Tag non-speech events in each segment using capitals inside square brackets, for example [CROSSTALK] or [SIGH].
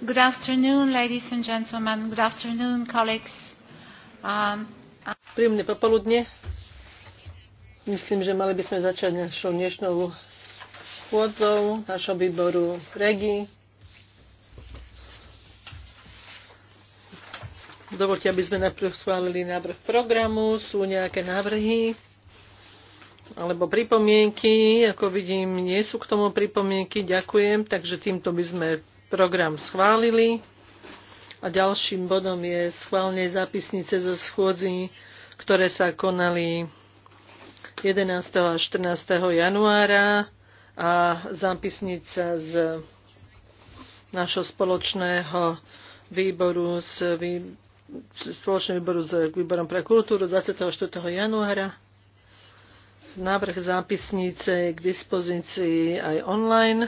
Good afternoon, ladies and gentlemen. Good afternoon, colleagues. Um, Príjemné popoludne. Myslím, že mali by sme začať našou dnešnou schôdzou našou výboru REGI. Dovolte, aby sme najprv schválili návrh programu. Sú nejaké návrhy? alebo pripomienky. Ako vidím, nie sú k tomu pripomienky. Ďakujem. Takže týmto by sme program schválili. A ďalším bodom je schválne zápisnice zo schôdzi, ktoré sa konali 11. a 14. januára a zápisnica z našho spoločného výboru s výboru výboru s výborom pre kultúru 24. januára. Návrh zápisnice je k dispozícii aj online.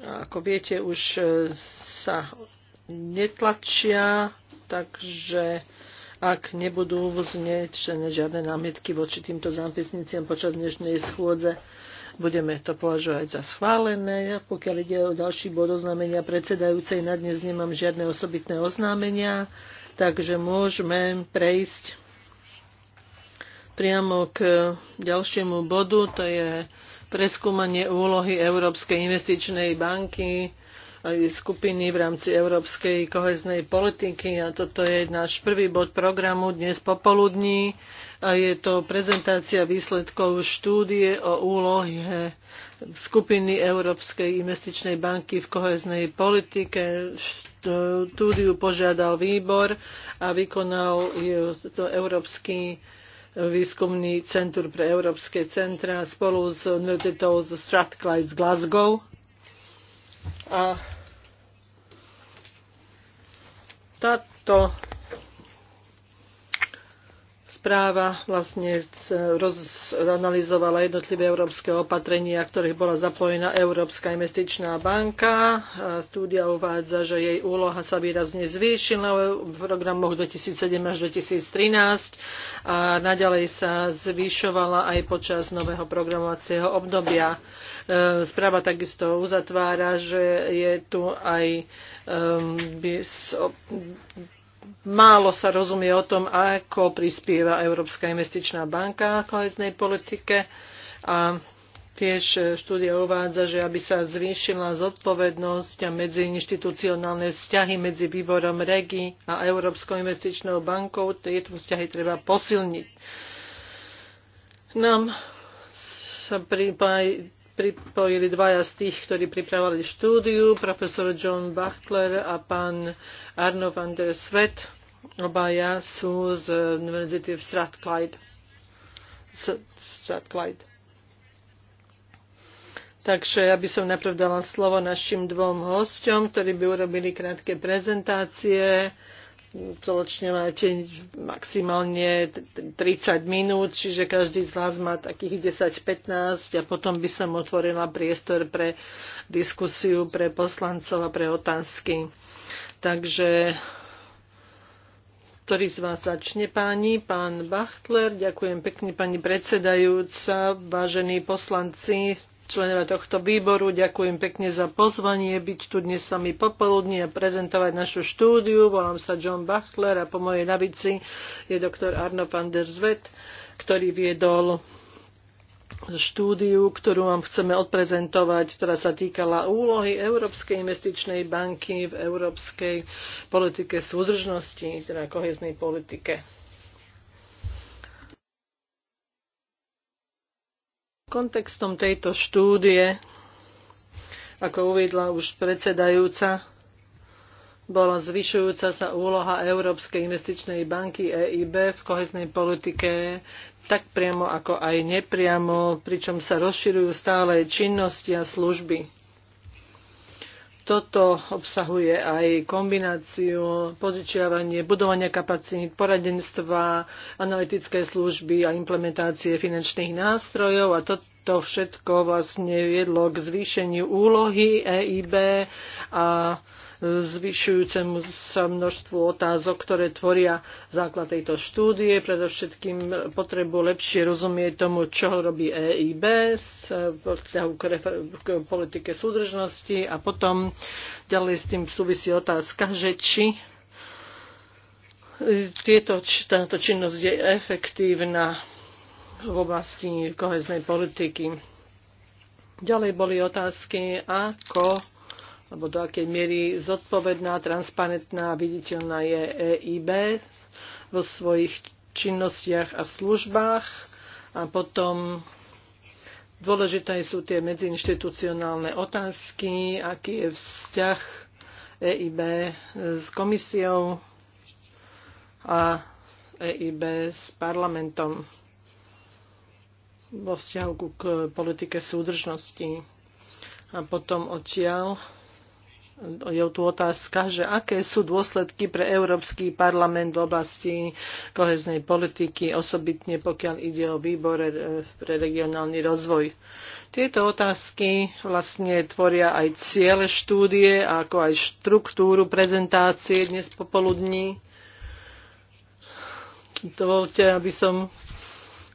Ako viete, už e, sa netlačia, takže ak nebudú vzniečené žiadne námietky voči týmto zápisniciam počas dnešnej schôdze, budeme to považovať za schválené. Pokiaľ ide o ďalší bod oznámenia predsedajúcej, na dnes nemám žiadne osobitné oznámenia, takže môžeme prejsť priamo k ďalšiemu bodu, to je preskúmanie úlohy Európskej investičnej banky skupiny v rámci európskej koheznej politiky a toto je náš prvý bod programu dnes popoludní a je to prezentácia výsledkov štúdie o úlohe skupiny Európskej investičnej banky v koheznej politike. Štúdiu požiadal výbor a vykonal to Európsky výskumný centrum pre európske centra spolu s univerzitou z Strathclyde z Glasgow. A táto správa vlastne rozanalizovala jednotlivé európske opatrenia, ktorých bola zapojená Európska investičná banka. Stúdia uvádza, že jej úloha sa výrazne zvýšila v programoch 2007 až 2013 a naďalej sa zvyšovala aj počas nového programovacieho obdobia. E, správa takisto uzatvára, že je tu aj um, málo sa rozumie o tom, ako prispieva Európska investičná banka koheznej politike a Tiež štúdia uvádza, že aby sa zvýšila zodpovednosť a inštitucionálne vzťahy medzi výborom REGI a Európskou investičnou bankou, tieto vzťahy treba posilniť. Nám sa pripáj, pripojili dvaja z tých, ktorí pripravovali štúdiu, profesor John Bachtler a pán Arno van der Svet. Obaja sú z Univerzity v Strathclyde. Strathclyde. Takže ja by som napravdala slovo našim dvom hosťom, ktorí by urobili krátke prezentácie celočne máte maximálne 30 minút, čiže každý z vás má takých 10-15 a potom by som otvorila priestor pre diskusiu, pre poslancov a pre otázky. Takže ktorý z vás začne páni? Pán Bachtler, ďakujem pekne pani predsedajúca, vážení poslanci, členovia tohto výboru. Ďakujem pekne za pozvanie byť tu dnes s vami popoludní a prezentovať našu štúdiu. Volám sa John Bachler a po mojej navici je doktor Arno van der Zvet, ktorý viedol štúdiu, ktorú vám chceme odprezentovať, ktorá sa týkala úlohy Európskej investičnej banky v európskej politike súdržnosti, teda koheznej politike. Kontextom tejto štúdie, ako uvidla už predsedajúca, bola zvyšujúca sa úloha Európskej investičnej banky EIB v koheznej politike tak priamo ako aj nepriamo, pričom sa rozširujú stále činnosti a služby. Toto obsahuje aj kombináciu požičiavanie, budovania kapacít, poradenstva, analytické služby a implementácie finančných nástrojov a toto všetko vlastne viedlo k zvýšeniu úlohy EIB a zvyšujúcemu sa množstvu otázok, ktoré tvoria základ tejto štúdie, predovšetkým potrebu lepšie rozumieť tomu, čo robí EIB k politike súdržnosti a potom ďalej s tým súvisí otázka, že či tieto, táto činnosť je efektívna v oblasti koheznej politiky. Ďalej boli otázky, ako alebo do akej miery zodpovedná, transparentná a viditeľná je EIB vo svojich činnostiach a službách. A potom dôležité sú tie medziinštitucionálne otázky, aký je vzťah EIB s komisiou a EIB s parlamentom vo vzťahu k politike súdržnosti. A potom odtiaľ je tu otázka, že aké sú dôsledky pre Európsky parlament v oblasti koheznej politiky, osobitne pokiaľ ide o výbore e, pre regionálny rozvoj. Tieto otázky vlastne tvoria aj ciele štúdie, ako aj štruktúru prezentácie dnes popoludní. Dovolte, aby som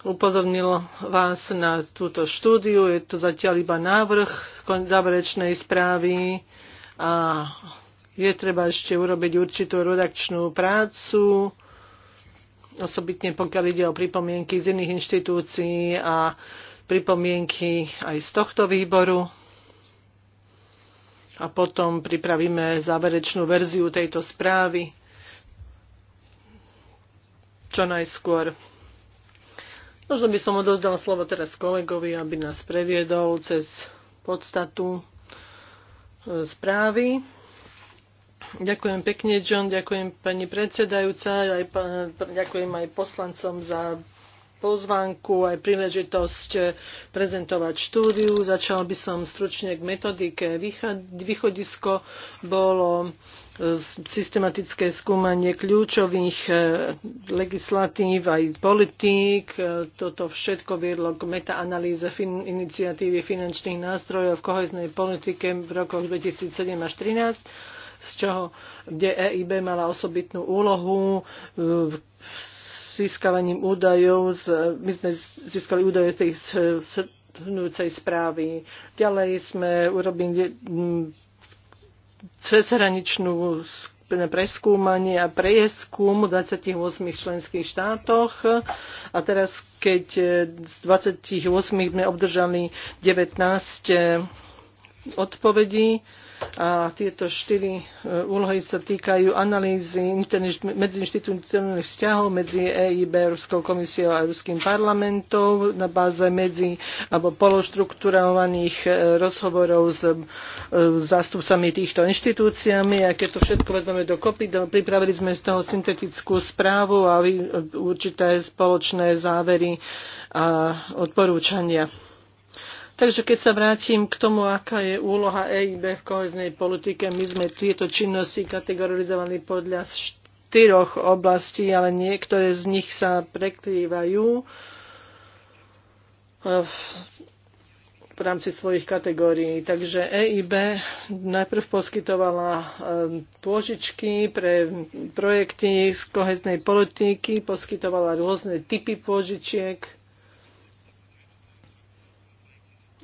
upozornil vás na túto štúdiu. Je to zatiaľ iba návrh záverečnej správy a je treba ešte urobiť určitú redakčnú prácu, osobitne pokiaľ ide o pripomienky z iných inštitúcií a pripomienky aj z tohto výboru. A potom pripravíme záverečnú verziu tejto správy čo najskôr. Možno by som odozdal slovo teraz kolegovi, aby nás previedol cez podstatu správy. Ďakujem pekne, John, ďakujem pani predsedajúca, aj pa, ďakujem aj poslancom za pozvánku, aj príležitosť eh, prezentovať štúdiu. Začal by som stručne k metodike. Východisko bolo systematické skúmanie kľúčových e, legislatív aj politík. E, toto všetko viedlo k metaanalýze fin- iniciatívy finančných nástrojov v koheznej politike v rokoch 2007 až 2013, z čoho, kde EIB mala osobitnú úlohu e, v získavaním údajov, z, my sme získali údaje tej srdnúcej správy. Ďalej sme urobili cezhraničnú preskúmanie a prieskum v 28 členských štátoch. A teraz, keď e, z 28 sme obdržali 19 e, odpovedí, a tieto štyri e, úlohy sa týkajú analýzy medziinstitucionálnych vzťahov medzi EIB, Európskou komisiou a Európskym parlamentom na báze medzi alebo pološtrukturovaných e, rozhovorov s e, zástupcami týchto inštitúciami a keď to všetko vezmeme do kopy, pripravili sme z toho syntetickú správu a určité spoločné závery a odporúčania. Takže keď sa vrátim k tomu, aká je úloha EIB v koheznej politike, my sme tieto činnosti kategorizovali podľa štyroch oblastí, ale niektoré z nich sa prekrývajú e, v rámci svojich kategórií. Takže EIB najprv poskytovala e, pôžičky pre projekty z koheznej politiky, poskytovala rôzne typy pôžičiek,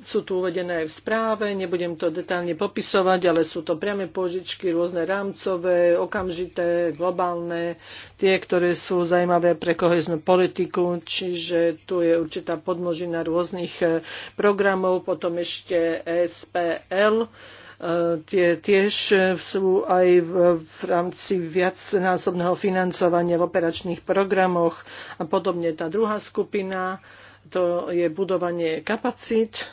sú tu uvedené aj v správe, nebudem to detálne popisovať, ale sú to priame požičky, rôzne rámcové, okamžité, globálne, tie, ktoré sú zaujímavé pre koheznú politiku, čiže tu je určitá podmnožina rôznych e, programov, potom ešte e SPL, e, tie tiež sú aj v, v rámci viacnásobného financovania v operačných programoch a podobne. Tá druhá skupina to je budovanie kapacít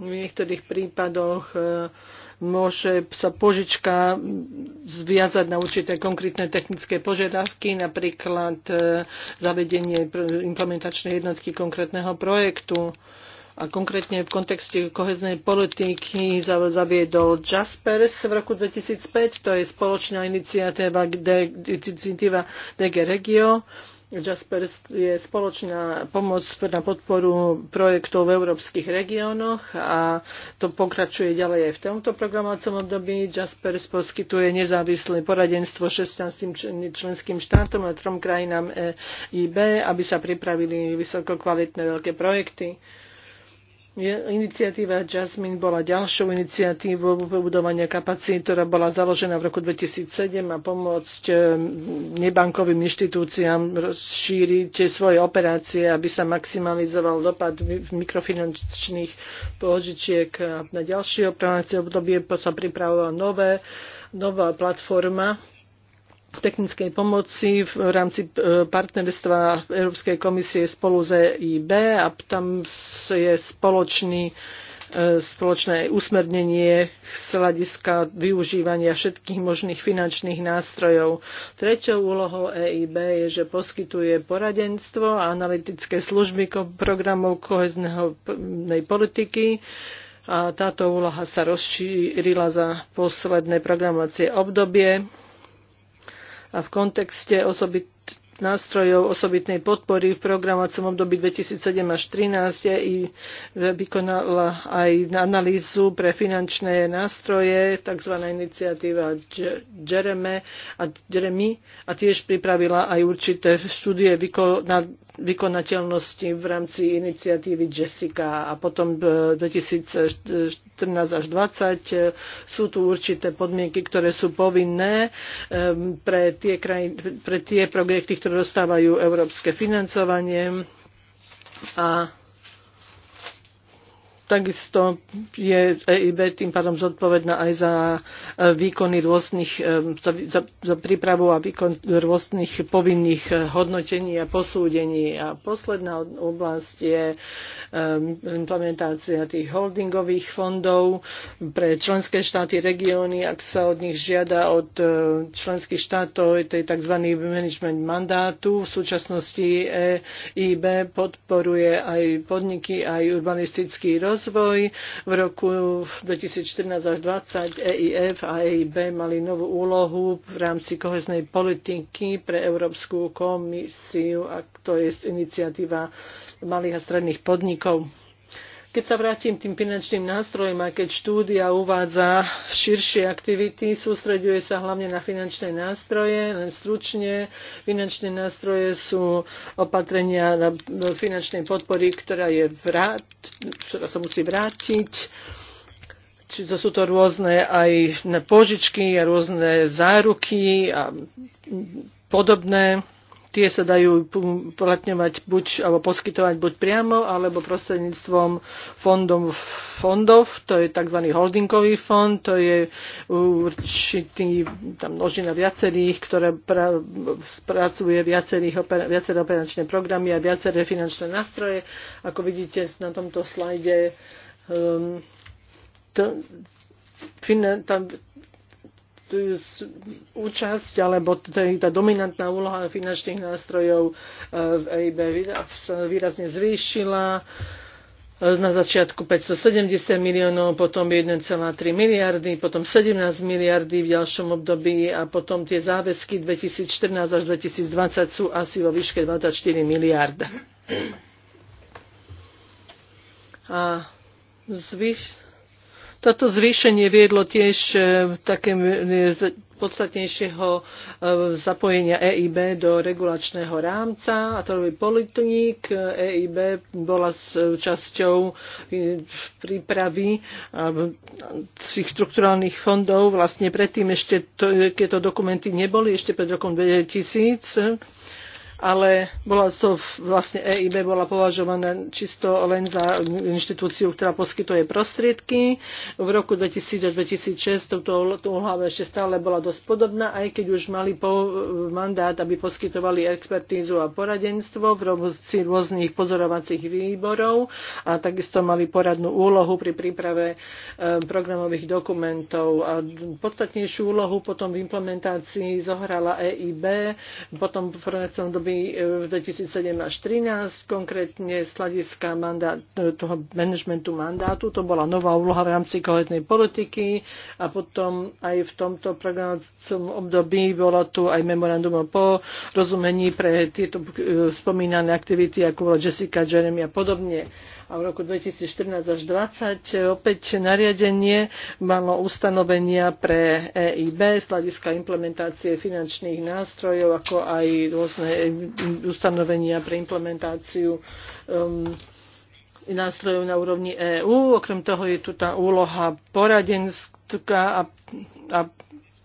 v niektorých prípadoch e, môže sa požička zviazať na určité konkrétne technické požiadavky, napríklad e, zavedenie implementačnej jednotky konkrétneho projektu. A konkrétne v kontexte koheznej politiky zaviedol Jaspers v roku 2005, to je spoločná iniciatíva, DG Regio Jaspers je spoločná pomoc na podporu projektov v európskych regiónoch a to pokračuje ďalej aj v tomto programovacom období. Jaspers poskytuje nezávislé poradenstvo 16 členským štátom a trom krajinám EIB, aby sa pripravili vysokokvalitné veľké projekty. Iniciatíva Jasmine bola ďalšou iniciatívou budovania kapacít, ktorá bola založená v roku 2007 a pomôcť e, nebankovým inštitúciám rozšíriť svoje operácie, aby sa maximalizoval dopad mikrofinančných požičiek. Na ďalšie operácie obdobie sa pripravila nové, nová platforma technickej pomoci v rámci e, partnerstva Európskej komisie spolu s EIB a tam je spoločný e, spoločné usmernenie z hľadiska využívania všetkých možných finančných nástrojov. Treťou úlohou EIB je, že poskytuje poradenstvo a analytické služby programov kohezného politiky. A táto úloha sa rozšírila za posledné programovacie obdobie a v kontexte osobit nástrojov osobitnej podpory v programovacom období 2007 až 2013 i vykonala aj analýzu pre finančné nástroje, tzv. iniciatíva Jeremy a, Jeremy a tiež pripravila aj určité štúdie na vykonateľnosti v rámci iniciatívy Jessica a potom 2014 až 2020 e, sú tu určité podmienky, ktoré sú povinné e, pre tie, kraj, pre tie projekty, ktoré dostávajú európske financovanie a takisto je EIB tým pádom zodpovedná aj za e, výkony rôznych, e, za, za, za prípravu a výkon rôznych povinných e, hodnotení a posúdení. A posledná oblasť je implementácia tých holdingových fondov pre členské štáty, regióny, ak sa od nich žiada od členských štátov, to je tzv. management mandátu. V súčasnosti EIB podporuje aj podniky, aj urbanistický rozvoj rozvoj. V roku 2014 až 2020 EIF a EIB mali novú úlohu v rámci koheznej politiky pre Európsku komisiu, a to je iniciatíva malých a stredných podnikov. Keď sa vrátim tým finančným nástrojom a keď štúdia uvádza širšie aktivity, sústreďuje sa hlavne na finančné nástroje, len stručne. Finančné nástroje sú opatrenia na finančnej podpory, ktorá, je vrát, ktorá sa musí vrátiť či to sú to rôzne aj požičky a rôzne záruky a podobné. Tie sa dajú platňovať buď, alebo poskytovať buď priamo, alebo prostredníctvom fondom fondov, to je tzv. holdingový fond, to je určitý tam množina viacerých, ktoré pra, spracuje viacerých, opera, viaceré operačné programy a viaceré finančné nástroje. Ako vidíte na tomto slajde, um, to, finan, tam, účasť alebo tá dominantná úloha finančných nástrojov e, v EIB výrazne zvýšila e, na začiatku 570 miliónov, potom 1,3 miliardy, potom 17 miliardy v ďalšom období a potom tie záväzky 2014 až 2020 sú asi vo výške 24 miliard. A zvyš, toto zvýšenie viedlo tiež e, také e, podstatnejšieho e, zapojenia EIB do regulačného rámca a to robí politník. EIB bola s časťou prípravy tých štrukturálnych fondov vlastne predtým ešte, keď to dokumenty neboli, ešte pred rokom 2000 ale bola to vlastne EIB bola považovaná čisto len za inštitúciu, ktorá poskytuje prostriedky. V roku 2000 až 2006 toto hlava ešte stále bola dosť podobná, aj keď už mali po, mandát, aby poskytovali expertízu a poradenstvo v rámci rôznych pozorovacích výborov a takisto mali poradnú úlohu pri príprave e, programových dokumentov. A podstatnejšiu úlohu potom v implementácii zohrala EIB, potom v prvnácom E, v 2017-2013, konkrétne z hľadiska e, toho manažmentu mandátu. To bola nová úloha v rámci kohetnej politiky a potom aj v tomto programovacom období bolo tu aj memorandum o porozumení pre tieto e, spomínané aktivity, ako bola Jessica, Jeremy a podobne a v roku 2014 až 2020 opäť nariadenie malo ustanovenia pre EIB z hľadiska implementácie finančných nástrojov, ako aj rôzne ustanovenia pre implementáciu um, nástrojov na úrovni EÚ. Okrem toho je tu tá úloha poradenská a, a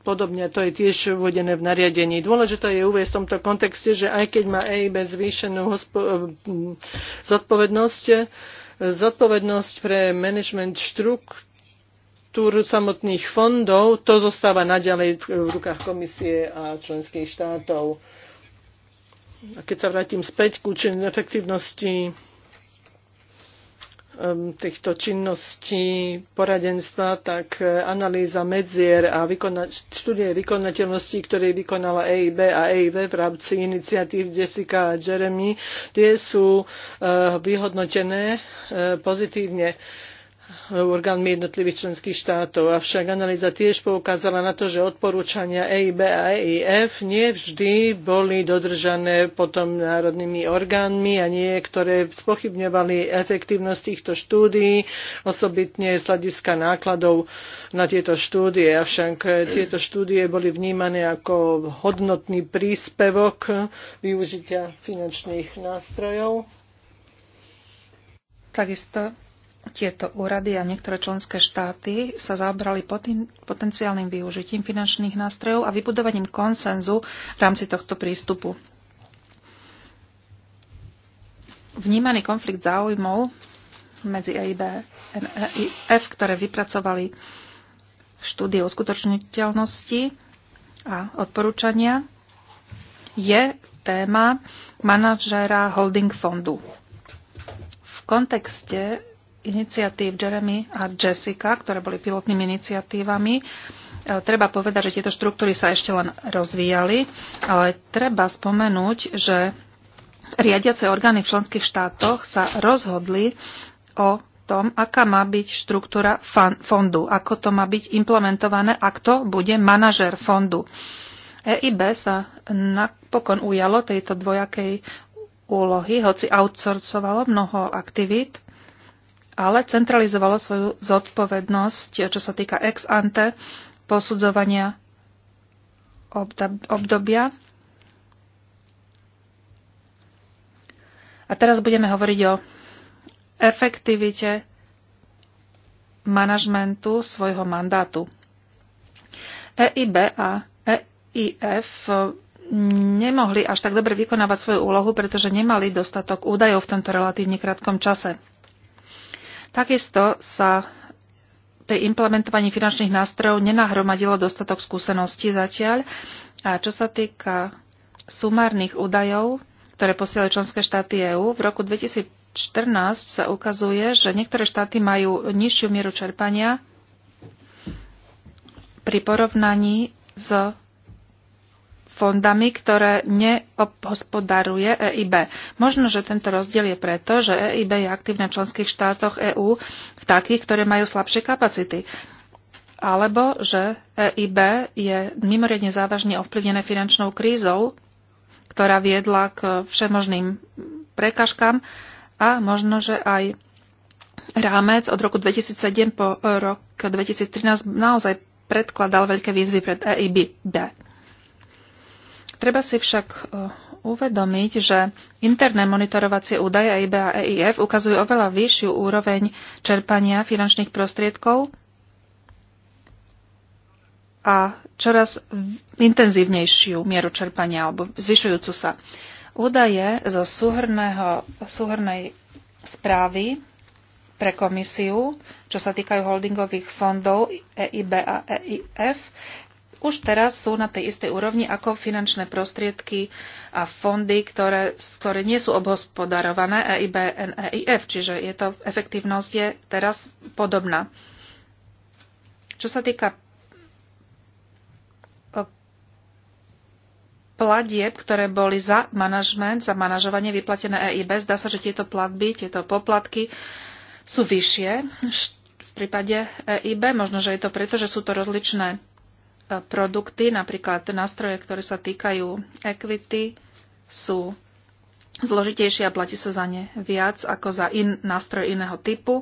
podobne. To je tiež uvedené v nariadení. Dôležité je uvieť v tomto kontexte, že aj keď má EIB zvýšenú eh, zodpovednosť, eh, zodpovednosť pre management štruktúr samotných fondov, to zostáva naďalej v rukách komisie a členských štátov. A keď sa vrátim späť ku efektivnosti týchto činností poradenstva, tak e, analýza medzier a vykona- štúdie vykonateľnosti, ktoré vykonala EIB a EIB v rámci iniciatív Jessica a Jeremy, tie sú e, vyhodnotené e, pozitívne orgánmi jednotlivých členských štátov. Avšak analýza tiež poukázala na to, že odporúčania EIB a EIF nevždy boli dodržané potom národnými orgánmi a niektoré spochybňovali efektívnosť týchto štúdií, osobitne z hľadiska nákladov na tieto štúdie. Avšak tieto štúdie boli vnímané ako hodnotný príspevok využitia finančných nástrojov. Takisto tieto úrady a niektoré členské štáty sa zabrali potenciálnym využitím finančných nástrojov a vybudovaním konsenzu v rámci tohto prístupu. Vnímaný konflikt záujmov medzi EIB a EIF, ktoré vypracovali štúdie uskutočniteľnosti a odporúčania, je téma manažéra holding fondu. V kontexte iniciatív Jeremy a Jessica, ktoré boli pilotnými iniciatívami, e, treba povedať, že tieto štruktúry sa ešte len rozvíjali, ale treba spomenúť, že riadiace orgány v členských štátoch sa rozhodli o tom, aká má byť štruktúra fondu, ako to má byť implementované a kto bude manažer fondu. EIB sa napokon ujalo tejto dvojakej úlohy, hoci outsourcovalo mnoho aktivít ale centralizovalo svoju zodpovednosť, čo sa týka ex ante posudzovania obdobia. A teraz budeme hovoriť o efektivite manažmentu svojho mandátu. EIB a EIF eh, nemohli až tak dobre vykonávať svoju úlohu, pretože nemali dostatok údajov v tomto relatívne krátkom čase. Takisto sa pri implementovaní finančných nástrojov nenahromadilo dostatok skúseností zatiaľ. A čo sa týka sumárnych údajov, ktoré posielajú členské štáty EÚ, v roku 2014 sa ukazuje, že niektoré štáty majú nižšiu mieru čerpania pri porovnaní s fondami, ktoré neobhospodaruje EIB. Možno, že tento rozdiel je preto, že EIB je aktívne v členských štátoch EÚ v takých, ktoré majú slabšie kapacity. Alebo, že EIB je mimoriadne závažne ovplyvnené finančnou krízou, ktorá viedla k všemožným prekažkám a možno, že aj rámec od roku 2007 po rok 2013 naozaj predkladal veľké výzvy pred EIB. Treba si však e, uvedomiť, že interné monitorovacie údaje EIB a EIF ukazujú oveľa vyššiu úroveň čerpania finančných prostriedkov a čoraz intenzívnejšiu mieru čerpania alebo zvyšujúcu sa. Údaje zo súhrného, súhrnej správy pre komisiu, čo sa týkajú holdingových fondov EIB a EIF, už teraz sú na tej istej úrovni ako finančné prostriedky a fondy, ktoré, ktoré nie sú obhospodarované EIB, NEIF, čiže je to, efektívnosť je teraz podobná. Čo sa týka e, platieb, ktoré boli za manažment, za manažovanie vyplatené EIB, zdá sa, že tieto platby, tieto poplatky sú vyššie v prípade EIB. Možno, že je to preto, že sú to rozličné produkty, napríklad nástroje, ktoré sa týkajú equity, sú zložitejšie a platí sa za ne viac ako za in, nástroj iného typu.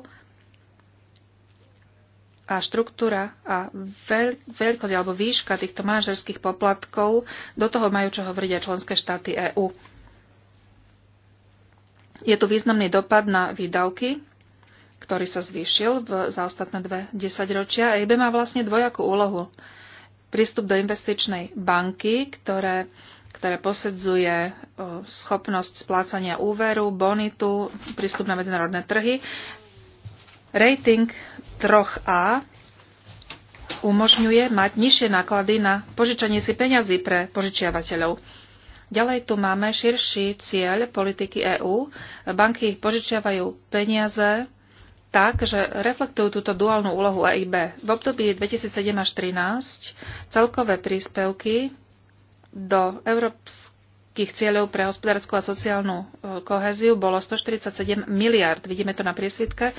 A štruktúra a veľ, veľkosť alebo výška týchto manažerských poplatkov do toho majú čo hovoriť aj členské štáty EÚ. Je tu významný dopad na výdavky, ktorý sa zvýšil v, za ostatné dve desaťročia. EIB má vlastne dvojakú úlohu prístup do investičnej banky, ktoré, ktoré posedzuje schopnosť splácania úveru, bonitu, prístup na medzinárodné trhy. Rating 3A umožňuje mať nižšie náklady na požičanie si peňazí pre požičiavateľov. Ďalej tu máme širší cieľ politiky EÚ. Banky požičiavajú peniaze tak, že reflektujú túto duálnu úlohu EIB. V období 2007 až 2013 celkové príspevky do európskych cieľov pre hospodárskú a sociálnu e, koheziu bolo 147 miliard. Vidíme to na priesvitke,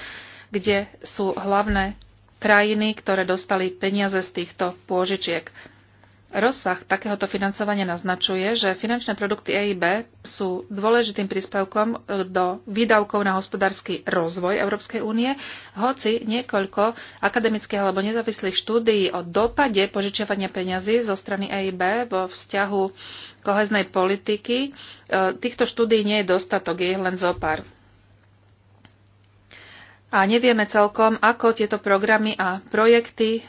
kde sú hlavné krajiny, ktoré dostali peniaze z týchto pôžičiek. Rozsah takéhoto financovania naznačuje, že finančné produkty EIB sú dôležitým príspevkom e, do výdavkov na hospodársky rozvoj Európskej únie, hoci niekoľko akademických alebo nezávislých štúdií o dopade požičiavania peňazí zo strany EIB vo vzťahu koheznej politiky, e, týchto štúdií nie je dostatok, je ich len zo pár. A nevieme celkom, ako tieto programy a projekty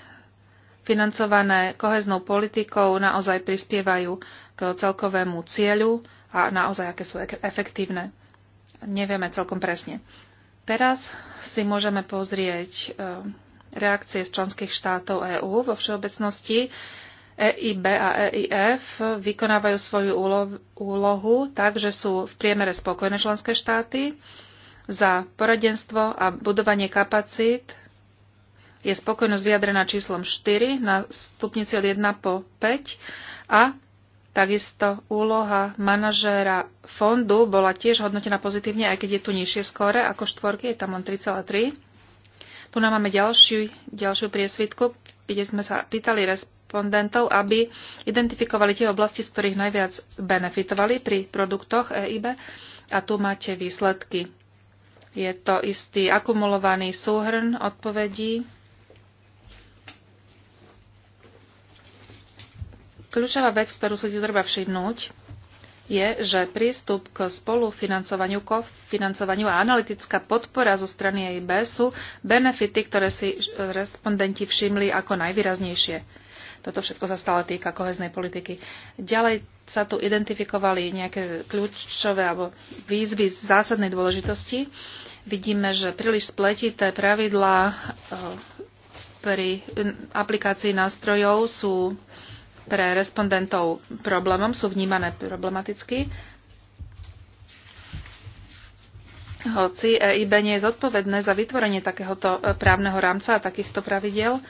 financované koheznou politikou naozaj prispievajú k celkovému cieľu a naozaj aké sú efektívne. Nevieme celkom presne. Teraz si môžeme pozrieť e, reakcie z členských štátov EÚ vo všeobecnosti. EIB a EIF vykonávajú svoju úlohu tak, že sú v priemere spokojné členské štáty za poradenstvo a budovanie kapacít je spokojnosť vyjadrená číslom 4 na stupnici od 1 po 5 a takisto úloha manažéra fondu bola tiež hodnotená pozitívne, aj keď je tu nižšie skóre ako štvorky, je tam len 3,3. Tu nám máme ďalšiu, ďalšiu priesvitku, kde sme sa pýtali respondentov, aby identifikovali tie oblasti, z ktorých najviac benefitovali pri produktoch EIB a tu máte výsledky. Je to istý akumulovaný súhrn odpovedí Kľúčová vec, ktorú si tu treba všimnúť, je, že prístup k spolufinancovaniu, kofinancovaniu a analytická podpora zo strany EIB sú benefity, ktoré si respondenti všimli ako najvýraznejšie. Toto všetko sa stále týka koheznej politiky. Ďalej sa tu identifikovali nejaké kľúčové alebo výzvy z zásadnej dôležitosti. Vidíme, že príliš spletité pravidlá eh, pri aplikácii nástrojov sú pre respondentov problémom, sú vnímané problematicky. Hoci EIB nie je zodpovedné za vytvorenie takéhoto e, právneho rámca a takýchto pravidiel,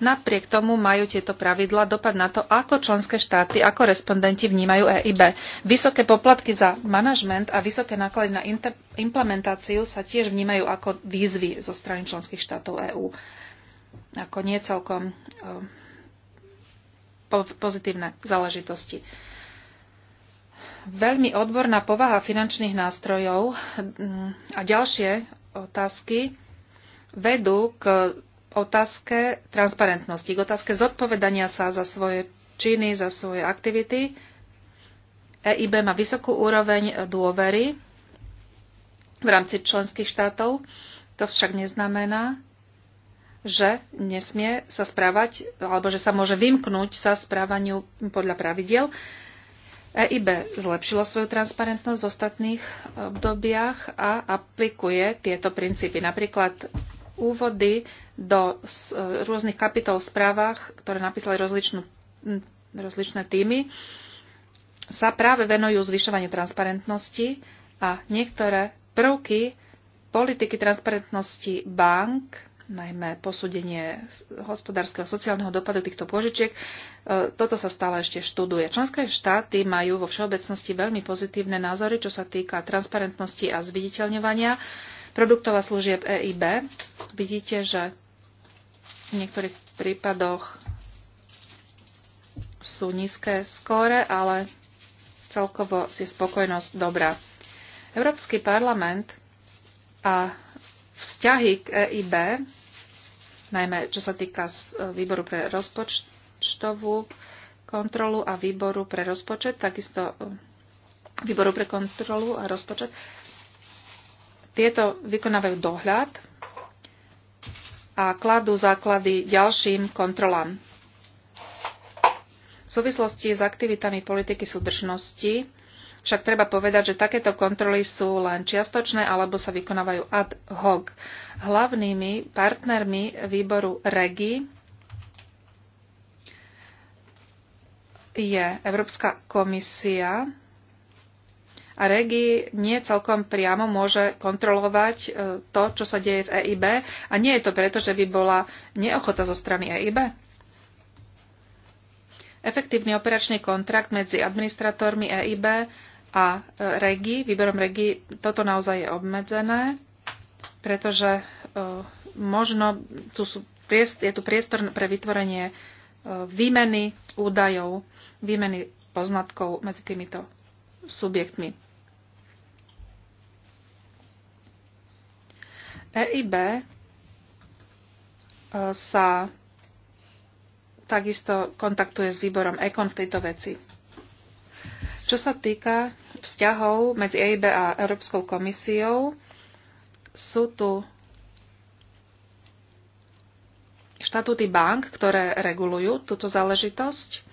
napriek tomu majú tieto pravidla dopad na to, ako členské štáty, ako respondenti vnímajú EIB. Vysoké poplatky za manažment a vysoké náklady na implementáciu sa tiež vnímajú ako výzvy zo strany členských štátov EÚ. Ako nie celkom e, pozitívne záležitosti. Veľmi odborná povaha finančných nástrojov mm, a ďalšie otázky vedú k otázke transparentnosti, k otázke zodpovedania sa za svoje činy, za svoje aktivity. EIB má vysokú úroveň dôvery v rámci členských štátov. To však neznamená, že nesmie sa správať, alebo že sa môže vymknúť sa správaniu podľa pravidiel. EIB zlepšilo svoju transparentnosť v ostatných obdobiach a aplikuje tieto princípy. Napríklad úvody do e, rôznych kapitol v správach, ktoré napísali rozličnú, rozličné týmy, sa práve venujú zvyšovaniu transparentnosti a niektoré prvky politiky transparentnosti bank najmä posúdenie hospodárskeho sociálneho dopadu týchto požičiek. E, toto sa stále ešte študuje. Členské štáty majú vo všeobecnosti veľmi pozitívne názory, čo sa týka transparentnosti a zviditeľňovania produktov a služieb EIB. Vidíte, že v niektorých prípadoch sú nízke skóre, ale celkovo je spokojnosť dobrá. Európsky parlament a vzťahy k EIB, najmä čo sa týka e, výboru pre rozpočtovú kontrolu a výboru pre rozpočet, takisto e, výboru pre kontrolu a rozpočet. Tieto vykonávajú dohľad a kladú základy ďalším kontrolám. V súvislosti s aktivitami politiky súdržnosti však treba povedať, že takéto kontroly sú len čiastočné alebo sa vykonávajú ad hoc. Hlavnými partnermi výboru REGI je Európska komisia a REGI nie celkom priamo môže kontrolovať e, to, čo sa deje v EIB a nie je to preto, že by bola neochota zo strany EIB. Efektívny operačný kontrakt medzi administratormi EIB a e, regi, výberom regi, toto naozaj je obmedzené, pretože e, možno tu sú, je tu priestor pre vytvorenie e, výmeny údajov, výmeny poznatkov medzi týmito subjektmi. EIB sa takisto kontaktuje s výborom EKON v tejto veci. Čo sa týka vzťahov medzi EIB a Európskou komisiou, sú tu štatúty bank, ktoré regulujú túto záležitosť.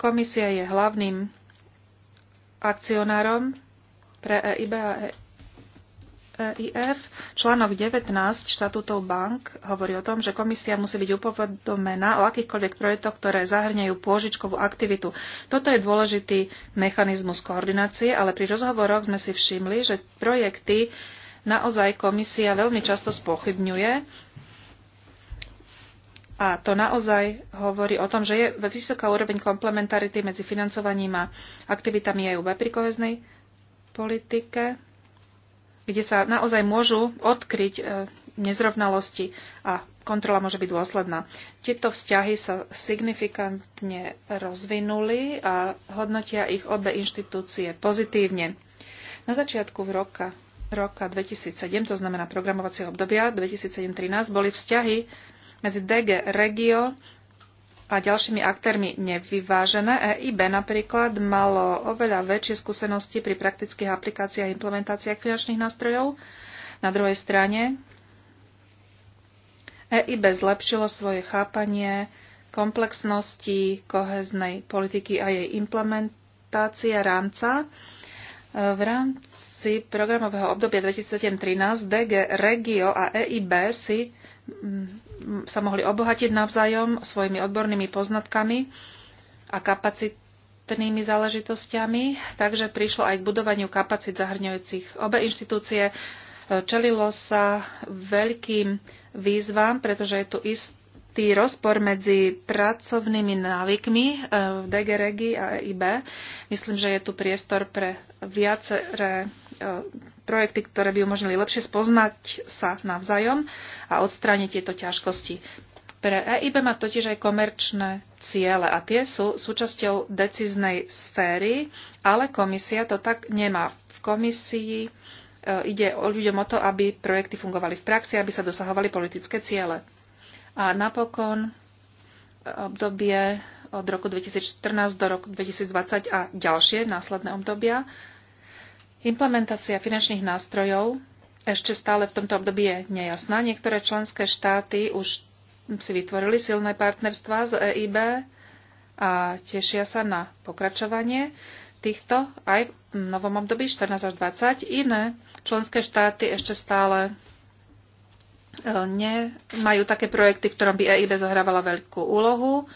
Komisia je hlavným akcionárom pre EIB a e EIF. Článok 19 štatútov bank hovorí o tom, že komisia musí byť upovedomená o akýchkoľvek projektoch, ktoré zahrňajú pôžičkovú aktivitu. Toto je dôležitý mechanizmus koordinácie, ale pri rozhovoroch sme si všimli, že projekty naozaj komisia veľmi často spochybňuje a to naozaj hovorí o tom, že je vysoká úroveň komplementarity medzi financovaním a aktivitami EUB pri koheznej politike kde sa naozaj môžu odkryť e, nezrovnalosti a kontrola môže byť dôsledná. Tieto vzťahy sa signifikantne rozvinuli a hodnotia ich obe inštitúcie pozitívne. Na začiatku roka, roka 2007, to znamená programovacieho obdobia 2007-2013, boli vzťahy medzi DG Regio a ďalšími aktérmi nevyvážené. EIB napríklad malo oveľa väčšie skúsenosti pri praktických aplikáciách a implementáciách finančných nástrojov. Na druhej strane EIB zlepšilo svoje chápanie komplexnosti koheznej politiky a jej implementácia rámca. E, v rámci programového obdobia 2007-2013 DG Regio a EIB si sa mohli obohatiť navzájom svojimi odbornými poznatkami a kapacitnými záležitostiami. takže prišlo aj k budovaniu kapacít zahrňujúcich obe inštitúcie. Čelilo sa veľkým výzvam, pretože je tu istý rozpor medzi pracovnými návykmi eh, v DG Regi a EIB. Myslím, že je tu priestor pre viaceré E, projekty, ktoré by umožnili lepšie spoznať sa navzájom a odstrániť tieto ťažkosti. Pre EIB má totiž aj komerčné ciele a tie sú súčasťou decíznej sféry, ale komisia to tak nemá. V komisii e, ide o ľuďom o to, aby projekty fungovali v praxi, aby sa dosahovali politické ciele. A napokon e, obdobie od roku 2014 do roku 2020 a ďalšie následné obdobia Implementácia finančných nástrojov ešte stále v tomto období je nejasná. Niektoré členské štáty už si vytvorili silné partnerstvá z EIB a tešia sa na pokračovanie týchto aj v novom období 14 až 20. Iné členské štáty ešte stále e, nemajú také projekty, v ktorom by EIB zohrávala veľkú úlohu,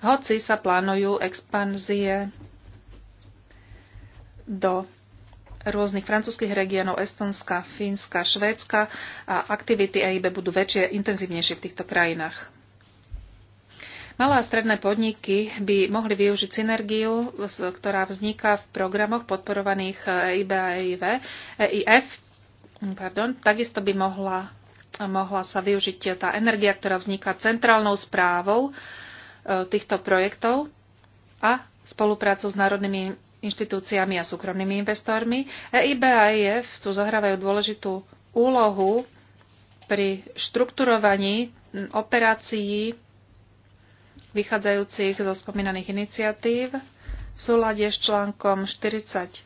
hoci sa plánujú expanzie do rôznych francúzských regiónov, Estonska, Fínska, Švédska a aktivity EIB budú väčšie, intenzívnejšie v týchto krajinách. Malé a stredné podniky by mohli využiť synergiu, ktorá vzniká v programoch podporovaných EIB a EIV, EIF. Pardon, takisto by mohla, mohla sa využiť tá energia, ktorá vzniká centrálnou správou e, týchto projektov a spoluprácu s národnými inštitúciami a súkromnými investormi. EIB a EIF tu zohrávajú dôležitú úlohu pri štrukturovaní operácií vychádzajúcich zo spomínaných iniciatív v súlade s článkom 43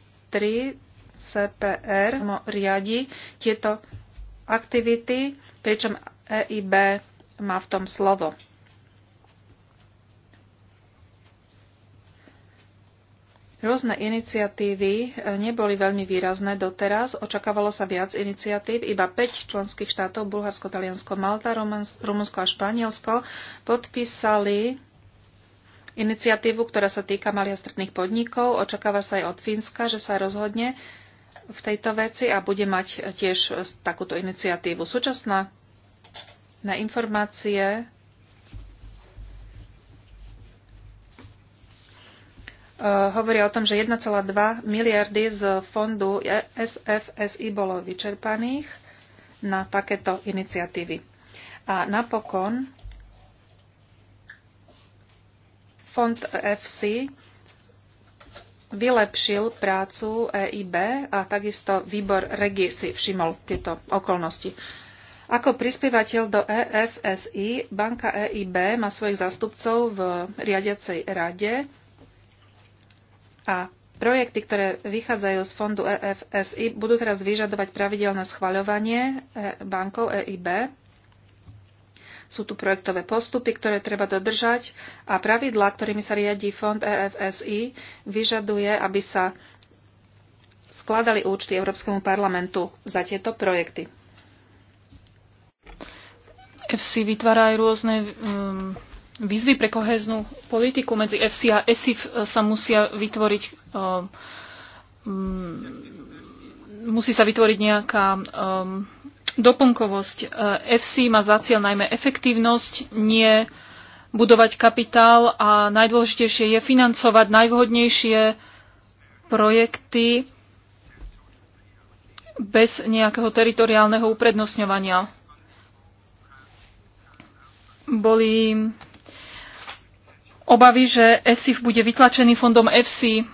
CPR riadi tieto aktivity, pričom EIB má v tom slovo. Rôzne iniciatívy e, neboli veľmi výrazné doteraz. Očakávalo sa viac iniciatív. Iba 5 členských štátov, Bulharsko, Taliansko, Malta, Rumunsko a Španielsko, podpísali iniciatívu, ktorá sa týka malých a stredných podnikov. Očakáva sa aj od Fínska, že sa rozhodne v tejto veci a bude mať e, tiež e, takúto iniciatívu. Súčasná na informácie Eh, hovoria o tom, že 1,2 miliardy z fondu SFSI bolo vyčerpaných na takéto iniciatívy. A napokon fond FC vylepšil prácu EIB a takisto výbor Regi si všimol tieto okolnosti. Ako prispievateľ do EFSI banka EIB má svojich zástupcov v riadiacej rade a projekty, ktoré vychádzajú z fondu EFSI, budú teraz vyžadovať pravidelné schvaľovanie e, bankov EIB. Sú tu projektové postupy, ktoré treba dodržať a pravidlá, ktorými sa riadí fond EFSI, vyžaduje, aby sa skladali účty Európskemu parlamentu za tieto projekty. EFSI vytvára aj rôzne um, výzvy pre koheznú politiku medzi FC a ESIF e, sa musia vytvoriť e, mm, musí sa vytvoriť nejaká e, doplnkovosť. FC má za cieľ najmä efektívnosť, nie budovať kapitál a najdôležitejšie je financovať najvhodnejšie projekty bez nejakého teritoriálneho uprednostňovania. Boli obavy, že ESIF bude vytlačený fondom EFSI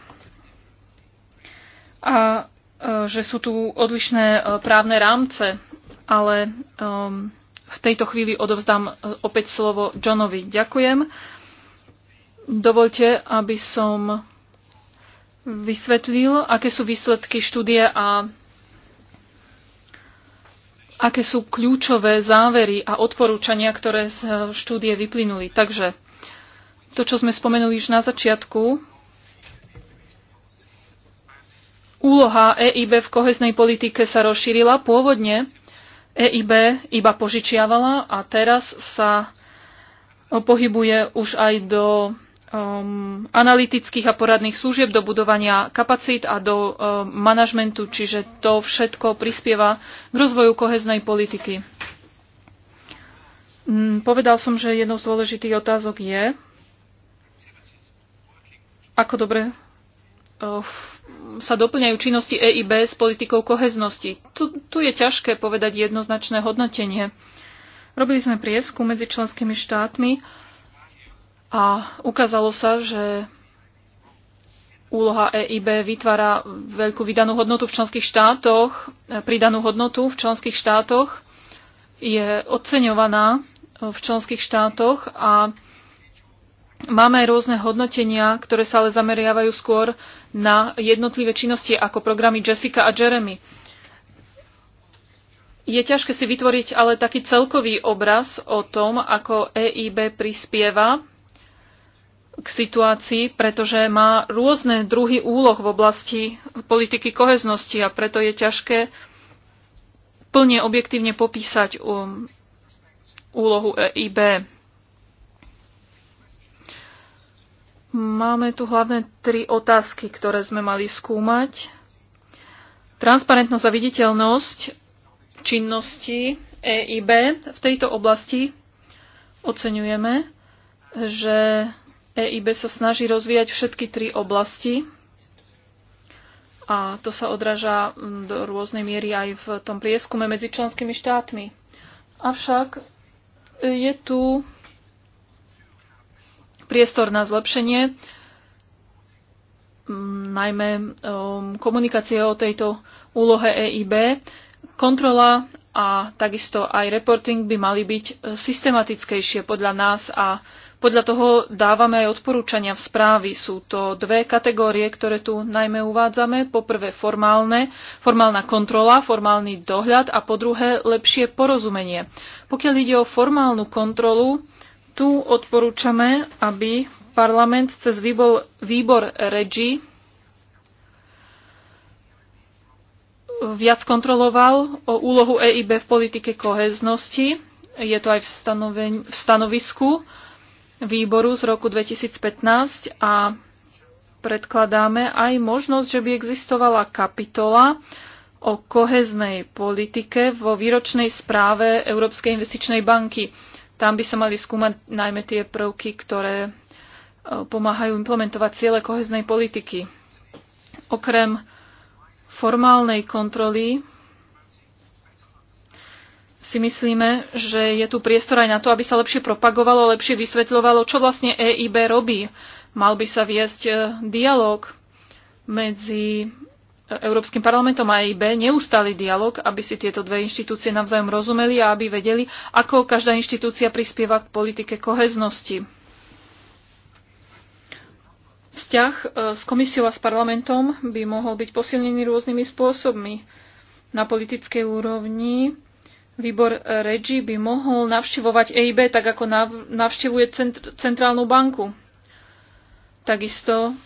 a e, že sú tu odlišné e, právne rámce, ale e, v tejto chvíli odovzdám opäť slovo Johnovi. Ďakujem. Dovolte, aby som vysvetlil, aké sú výsledky štúdie a aké sú kľúčové závery a odporúčania, ktoré z štúdie vyplynuli. Takže to, čo sme spomenuli už na začiatku, úloha EIB v koheznej politike sa rozšírila. Pôvodne EIB iba požičiavala a teraz sa e, pohybuje už aj do um, analytických a poradných služieb, do budovania kapacít a do um, manažmentu, čiže to všetko prispieva k rozvoju koheznej politiky. Mm, povedal som, že jednou z dôležitých otázok je, ako dobre eh, sa doplňajú činnosti EIB s politikou koheznosti. Tu, tu je ťažké povedať jednoznačné hodnotenie. Robili sme prieskum medzi členskými štátmi a ukázalo sa, že úloha EIB vytvára veľkú vydanú hodnotu v členských štátoch, eh, pridanú hodnotu v členských štátoch, je oceňovaná eh, v členských štátoch a Máme aj rôzne hodnotenia, ktoré sa ale zameriavajú skôr na jednotlivé činnosti ako programy Jessica a Jeremy. Je ťažké si vytvoriť ale taký celkový obraz o tom, ako EIB prispieva k situácii, pretože má rôzne druhy úloh v oblasti politiky koheznosti a preto je ťažké plne objektívne popísať um, úlohu EIB. Máme tu hlavné tri otázky, ktoré sme mali skúmať. Transparentnosť a viditeľnosť činnosti EIB v tejto oblasti oceňujeme, že EIB sa snaží rozvíjať všetky tri oblasti a to sa odráža do rôznej miery aj v tom prieskume medzi členskými štátmi. Avšak je tu priestor na zlepšenie, mm, najmä um, komunikácie o tejto úlohe EIB. Kontrola a takisto aj reporting by mali byť systematickejšie podľa nás a podľa toho dávame aj odporúčania v správy. Sú to dve kategórie, ktoré tu najmä uvádzame. Po prvé formálne, formálna kontrola, formálny dohľad a po druhé lepšie porozumenie. Pokiaľ ide o formálnu kontrolu, tu odporúčame, aby parlament cez výbor, výbor REGI viac kontroloval o úlohu EIB v politike koheznosti. Je to aj v, stanoven, v stanovisku výboru z roku 2015 a predkladáme aj možnosť, že by existovala kapitola o koheznej politike vo výročnej správe Európskej investičnej banky. Tam by sa mali skúmať najmä tie prvky, ktoré e, pomáhajú implementovať ciele koheznej politiky. Okrem formálnej kontroly si myslíme, že je tu priestor aj na to, aby sa lepšie propagovalo, lepšie vysvetľovalo, čo vlastne EIB robí. Mal by sa viesť e, dialog medzi Európskym parlamentom a EIB neustály dialog, aby si tieto dve inštitúcie navzájom rozumeli a aby vedeli, ako každá inštitúcia prispieva k politike koheznosti. Vzťah e, s komisiou a s parlamentom by mohol byť posilnený rôznymi spôsobmi. Na politickej úrovni výbor REGI by mohol navštevovať EIB tak, ako navštevuje centr- centrálnu banku. Takisto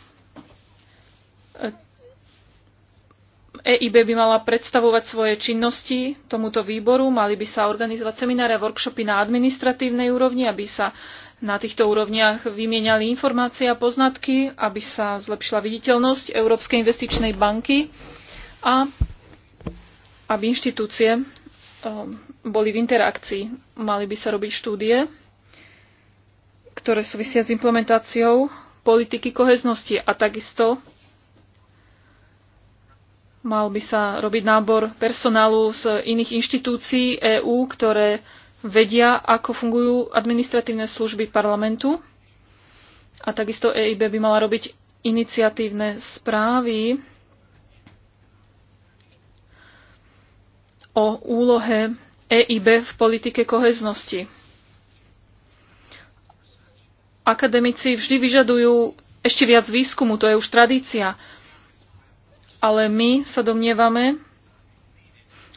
e, EIB by mala predstavovať svoje činnosti tomuto výboru, mali by sa organizovať semináre a workshopy na administratívnej úrovni, aby sa na týchto úrovniach vymieniali informácie a poznatky, aby sa zlepšila viditeľnosť Európskej investičnej banky a aby inštitúcie um, boli v interakcii. Mali by sa robiť štúdie, ktoré súvisia s implementáciou politiky koheznosti a takisto Mal by sa robiť nábor personálu z iných inštitúcií EÚ, ktoré vedia, ako fungujú administratívne služby parlamentu. A takisto EIB by mala robiť iniciatívne správy o úlohe EIB v politike koheznosti. Akademici vždy vyžadujú ešte viac výskumu, to je už tradícia ale my sa domnievame,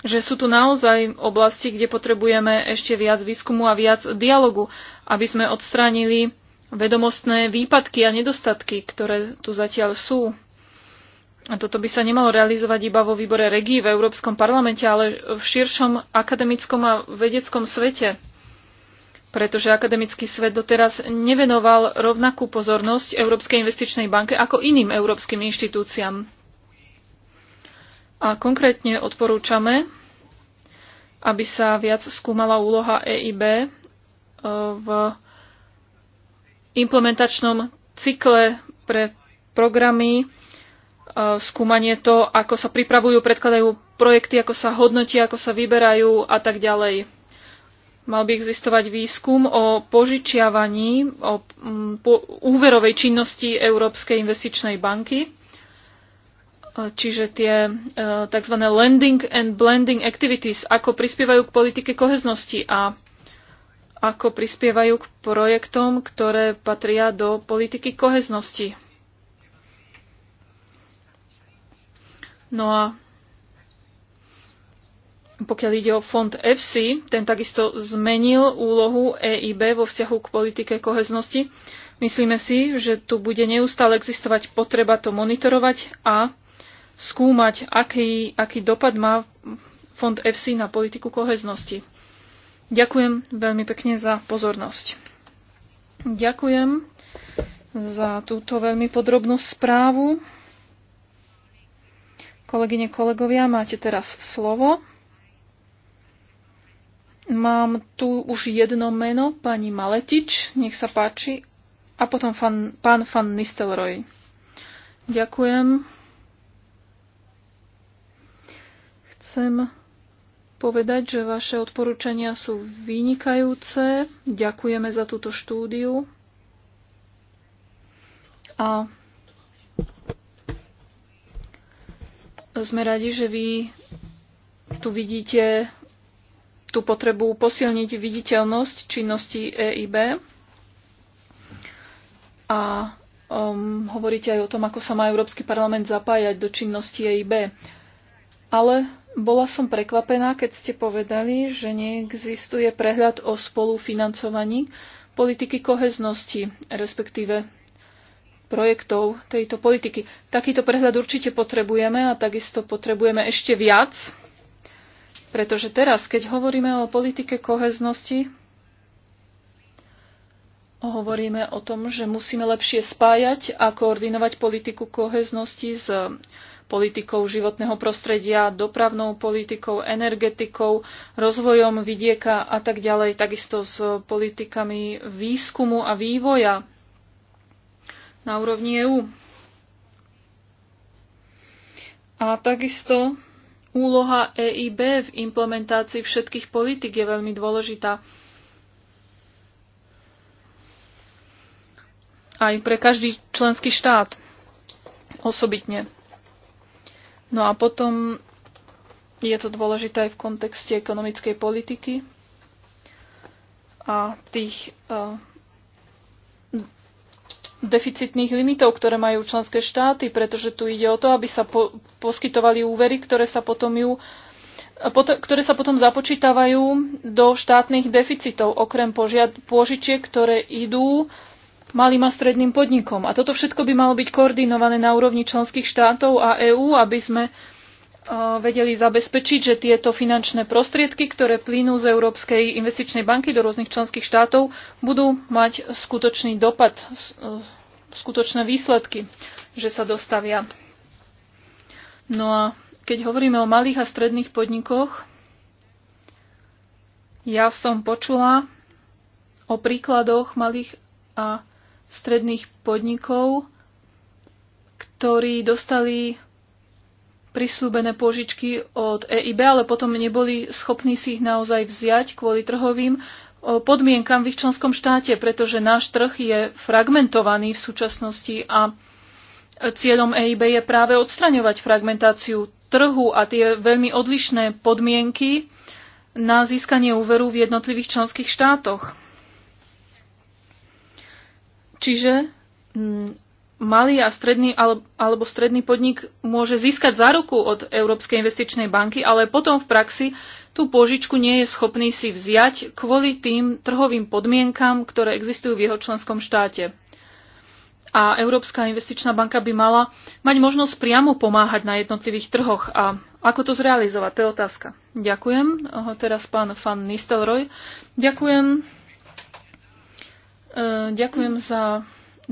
že sú tu naozaj oblasti, kde potrebujeme ešte viac výskumu a viac dialogu, aby sme odstránili vedomostné výpadky a nedostatky, ktoré tu zatiaľ sú. A toto by sa nemalo realizovať iba vo výbore regí v Európskom parlamente, ale v širšom akademickom a vedeckom svete. Pretože akademický svet doteraz nevenoval rovnakú pozornosť Európskej investičnej banke ako iným európskym inštitúciám. A konkrétne odporúčame, aby sa viac skúmala úloha EIB e, v implementačnom cykle pre programy, e, skúmanie to, ako sa pripravujú, predkladajú projekty, ako sa hodnotia, ako sa vyberajú a tak ďalej. Mal by existovať výskum o požičiavaní, o úverovej činnosti Európskej investičnej banky Čiže tie e, tzv. lending and blending activities, ako prispievajú k politike koheznosti a ako prispievajú k projektom, ktoré patria do politiky koheznosti. No a pokiaľ ide o fond FC, ten takisto zmenil úlohu EIB vo vzťahu k politike koheznosti. Myslíme si, že tu bude neustále existovať potreba to monitorovať a skúmať, aký, aký dopad má fond FC na politiku koheznosti. Ďakujem veľmi pekne za pozornosť. Ďakujem za túto veľmi podrobnú správu. Kolegyne, kolegovia, máte teraz slovo. Mám tu už jedno meno, pani Maletič, nech sa páči, a potom fan, pán Fan Nistelroj. Ďakujem. Chcem povedať, že vaše odporúčania sú vynikajúce. Ďakujeme za túto štúdiu. A sme radi, že vy tu vidíte tú potrebu posilniť viditeľnosť činnosti EIB. A um, hovoríte aj o tom, ako sa má Európsky parlament zapájať do činnosti EIB ale bola som prekvapená, keď ste povedali, že neexistuje prehľad o spolufinancovaní politiky koheznosti, respektíve projektov tejto politiky. Takýto prehľad určite potrebujeme a takisto potrebujeme ešte viac, pretože teraz, keď hovoríme o politike koheznosti, hovoríme o tom, že musíme lepšie spájať a koordinovať politiku koheznosti s politikou životného prostredia, dopravnou politikou, energetikou, rozvojom vidieka a tak ďalej, takisto s politikami výskumu a vývoja na úrovni EÚ. A takisto úloha EIB v implementácii všetkých politik je veľmi dôležitá. Aj pre každý členský štát osobitne. No a potom je to dôležité aj v kontexte ekonomickej politiky a tých uh, deficitných limitov, ktoré majú členské štáty, pretože tu ide o to, aby sa po, poskytovali úvery, ktoré sa potom ju ktoré sa potom započítavajú do štátnych deficitov, okrem požiad, pôžičiek, ktoré idú uh, malým a stredným podnikom. A toto všetko by malo byť koordinované na úrovni členských štátov a EÚ, aby sme e, vedeli zabezpečiť, že tieto finančné prostriedky, ktoré plynú z Európskej investičnej banky do rôznych členských štátov, budú mať skutočný dopad, e, skutočné výsledky, že sa dostavia. No a keď hovoríme o malých a stredných podnikoch, ja som počula o príkladoch malých a stredných podnikov, ktorí dostali prislúbené požičky od EIB, ale potom neboli schopní si ich naozaj vziať kvôli trhovým eh, podmienkam v ich členskom štáte, pretože náš trh je fragmentovaný v súčasnosti a cieľom EIB je práve odstraňovať fragmentáciu trhu a tie veľmi odlišné podmienky na získanie úveru v jednotlivých členských štátoch. Čiže mm, malý a stredný alebo stredný podnik môže získať záruku od Európskej investičnej banky, ale potom v praxi tú požičku nie je schopný si vziať kvôli tým trhovým podmienkam, ktoré existujú v jeho členskom štáte. A Európska investičná banka by mala mať možnosť priamo pomáhať na jednotlivých trhoch. A ako to zrealizovať, to je otázka. Ďakujem. Teraz pán Fan Nistelroj. Ďakujem E, ďakujem za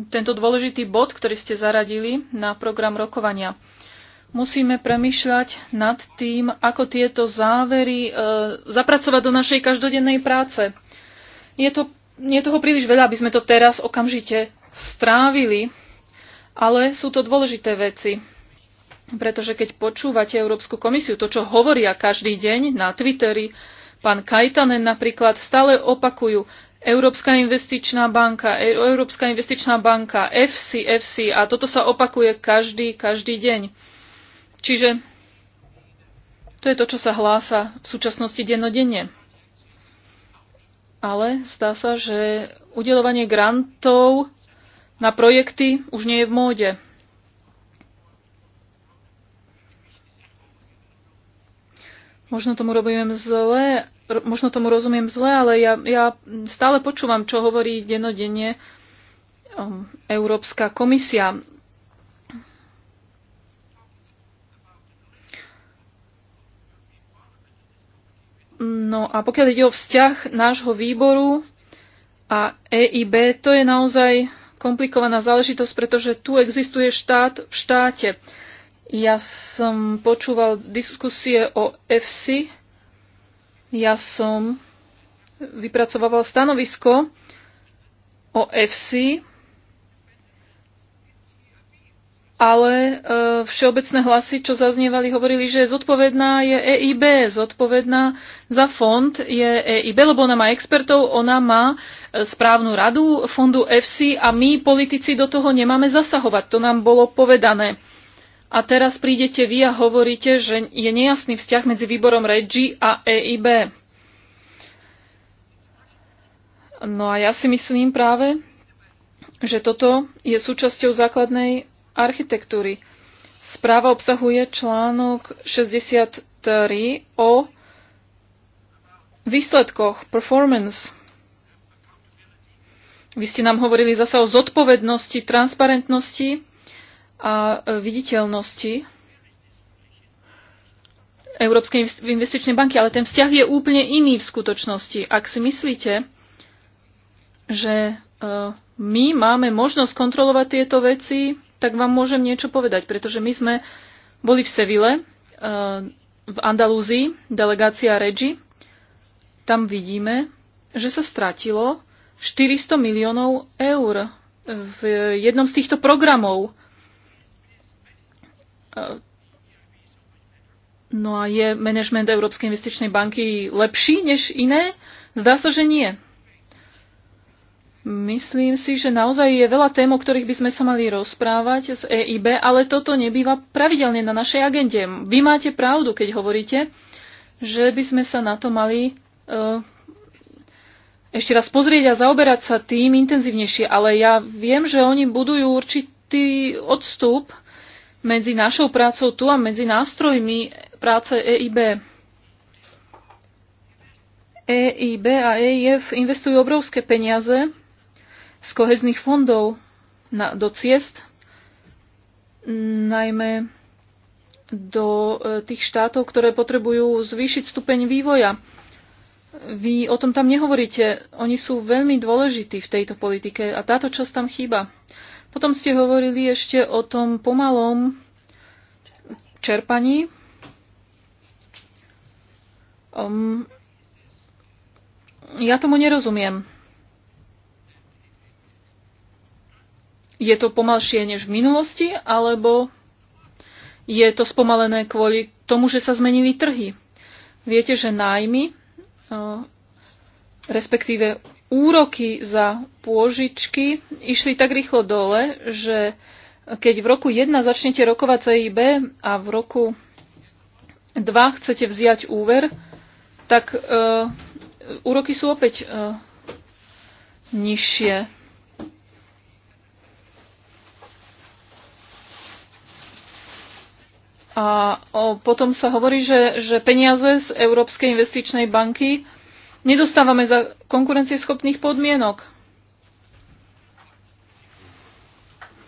tento dôležitý bod, ktorý ste zaradili na program rokovania. Musíme premyšľať nad tým, ako tieto závery e, zapracovať do našej každodennej práce. Je, to, je toho príliš veľa, aby sme to teraz okamžite strávili, ale sú to dôležité veci. Pretože keď počúvate Európsku komisiu, to, čo hovoria každý deň na Twitteri, pán Kajtanen napríklad, stále opakujú, Európska investičná banka, e- Európska investičná banka, FC, FC a toto sa opakuje každý, každý deň. Čiže to je to, čo sa hlása v súčasnosti dennodenne. Ale zdá sa, že udelovanie grantov na projekty už nie je v móde. Možno tomu robíme zle, možno tomu rozumiem zle, ale ja, ja stále počúvam, čo hovorí denodenne um, Európska komisia. No a pokiaľ ide o vzťah nášho výboru a EIB, to je naozaj komplikovaná záležitosť, pretože tu existuje štát v štáte. Ja som počúval diskusie o EFSI, ja som vypracovala stanovisko o FC, ale e, všeobecné hlasy, čo zaznievali, hovorili, že zodpovedná je EIB, zodpovedná za fond je EIB, lebo ona má expertov, ona má e, správnu radu fondu FC a my, politici, do toho nemáme zasahovať. To nám bolo povedané a teraz prídete vy a hovoríte, že je nejasný vzťah medzi výborom REGI a EIB. No a ja si myslím práve, že toto je súčasťou základnej architektúry. Správa obsahuje článok 63 o výsledkoch, performance. Vy ste nám hovorili zasa o zodpovednosti, transparentnosti a e, viditeľnosti Európskej investičnej banky, ale ten vzťah je úplne iný v skutočnosti. Ak si myslíte, že e, my máme možnosť kontrolovať tieto veci, tak vám môžem niečo povedať, pretože my sme boli v Sevile, e, v Andalúzii, delegácia Regi. Tam vidíme, že sa stratilo 400 miliónov eur v jednom z týchto programov. Eh, no a je manažment Európskej investičnej banky lepší než iné? Zdá sa, že nie. Myslím si, že naozaj je veľa tém, o ktorých by sme sa mali rozprávať z EIB, ale toto nebýva pravidelne na našej agende. Vy máte pravdu, keď hovoríte, že by sme sa na to mali uh, ešte raz pozrieť a zaoberať sa tým intenzívnejšie, ale ja viem, že oni budujú určitý odstup medzi našou prácou tu a medzi nástrojmi práce EIB. EIB a EIF investujú obrovské peniaze z kohezných fondov na, do ciest, najmä do e, tých štátov, ktoré potrebujú zvýšiť stupeň vývoja. Vy o tom tam nehovoríte. Oni sú veľmi dôležití v tejto politike a táto časť tam chýba. Potom ste hovorili ešte o tom pomalom čerpaní. Um, ja tomu nerozumiem. Je to pomalšie než v minulosti, alebo je to spomalené kvôli tomu, že sa zmenili trhy? Viete, že nájmy, ehm, respektíve úroky za pôžičky išli tak rýchlo dole, že keď v roku 1 začnete rokovať CIB e a v roku 2 chcete vziať úver, tak e, úroky sú opäť e, nižšie. A o, potom sa hovorí, že, že peniaze z Európskej investičnej banky nedostávame za konkurencieschopných podmienok.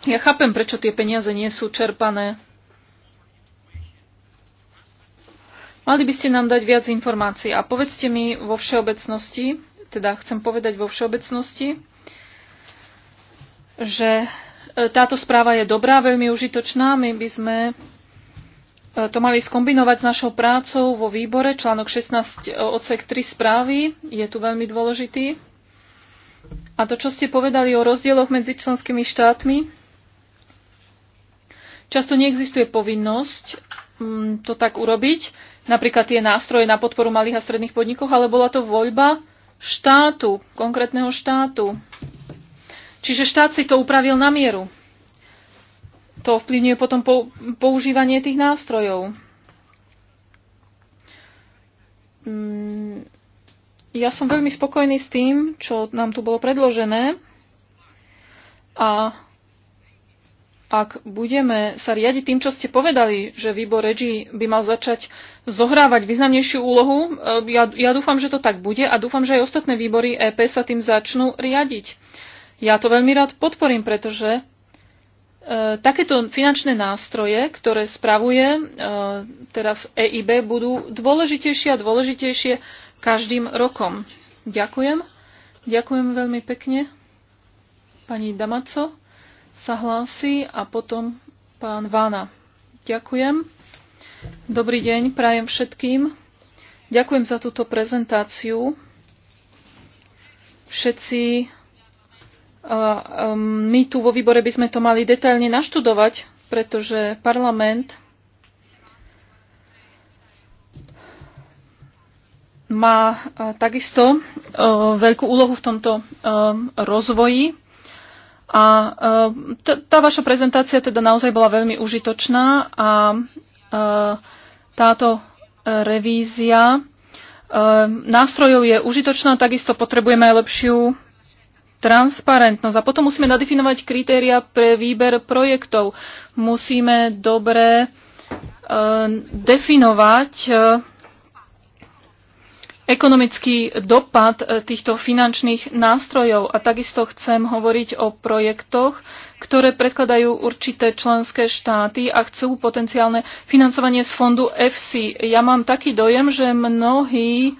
Ja chápem, prečo tie peniaze nie sú čerpané. Mali by ste nám dať viac informácií a povedzte mi vo všeobecnosti, teda chcem povedať vo všeobecnosti, že e, táto správa je dobrá, veľmi užitočná. My by sme to mali skombinovať s našou prácou vo výbore. Článok 16 e, odsek 3 správy je tu veľmi dôležitý. A to, čo ste povedali o rozdieloch medzi členskými štátmi, často neexistuje povinnosť mm, to tak urobiť, napríklad tie nástroje na podporu malých a stredných podnikov, ale bola to voľba štátu, konkrétneho štátu. Čiže štát si to upravil na mieru to ovplyvňuje potom používanie tých nástrojov. Mm, ja som veľmi spokojný s tým, čo nám tu bolo predložené a ak budeme sa riadiť tým, čo ste povedali, že výbor Regi by mal začať zohrávať významnejšiu úlohu, e, ja, ja dúfam, že to tak bude a dúfam, že aj ostatné výbory EP sa tým začnú riadiť. Ja to veľmi rád podporím, pretože E, takéto finančné nástroje, ktoré spravuje e, teraz EIB, budú dôležitejšie a dôležitejšie každým rokom. Ďakujem. Ďakujem veľmi pekne. Pani Damaco sa hlási a potom pán Vána. Ďakujem. Dobrý deň, prajem všetkým. Ďakujem za túto prezentáciu. Všetci Um, my tu vo výbore by sme to mali detailne naštudovať, pretože parlament má takisto veľkú úlohu v tomto rozvoji. A tá vaša prezentácia teda naozaj bola veľmi užitočná a táto revízia nástrojov je užitočná, takisto potrebujeme aj lepšiu transparentnosť. A potom musíme nadefinovať kritéria pre výber projektov. Musíme dobre e, definovať e, ekonomický dopad e, týchto finančných nástrojov a takisto chcem hovoriť o projektoch, ktoré predkladajú určité členské štáty a chcú potenciálne financovanie z fondu FC. Ja mám taký dojem, že mnohí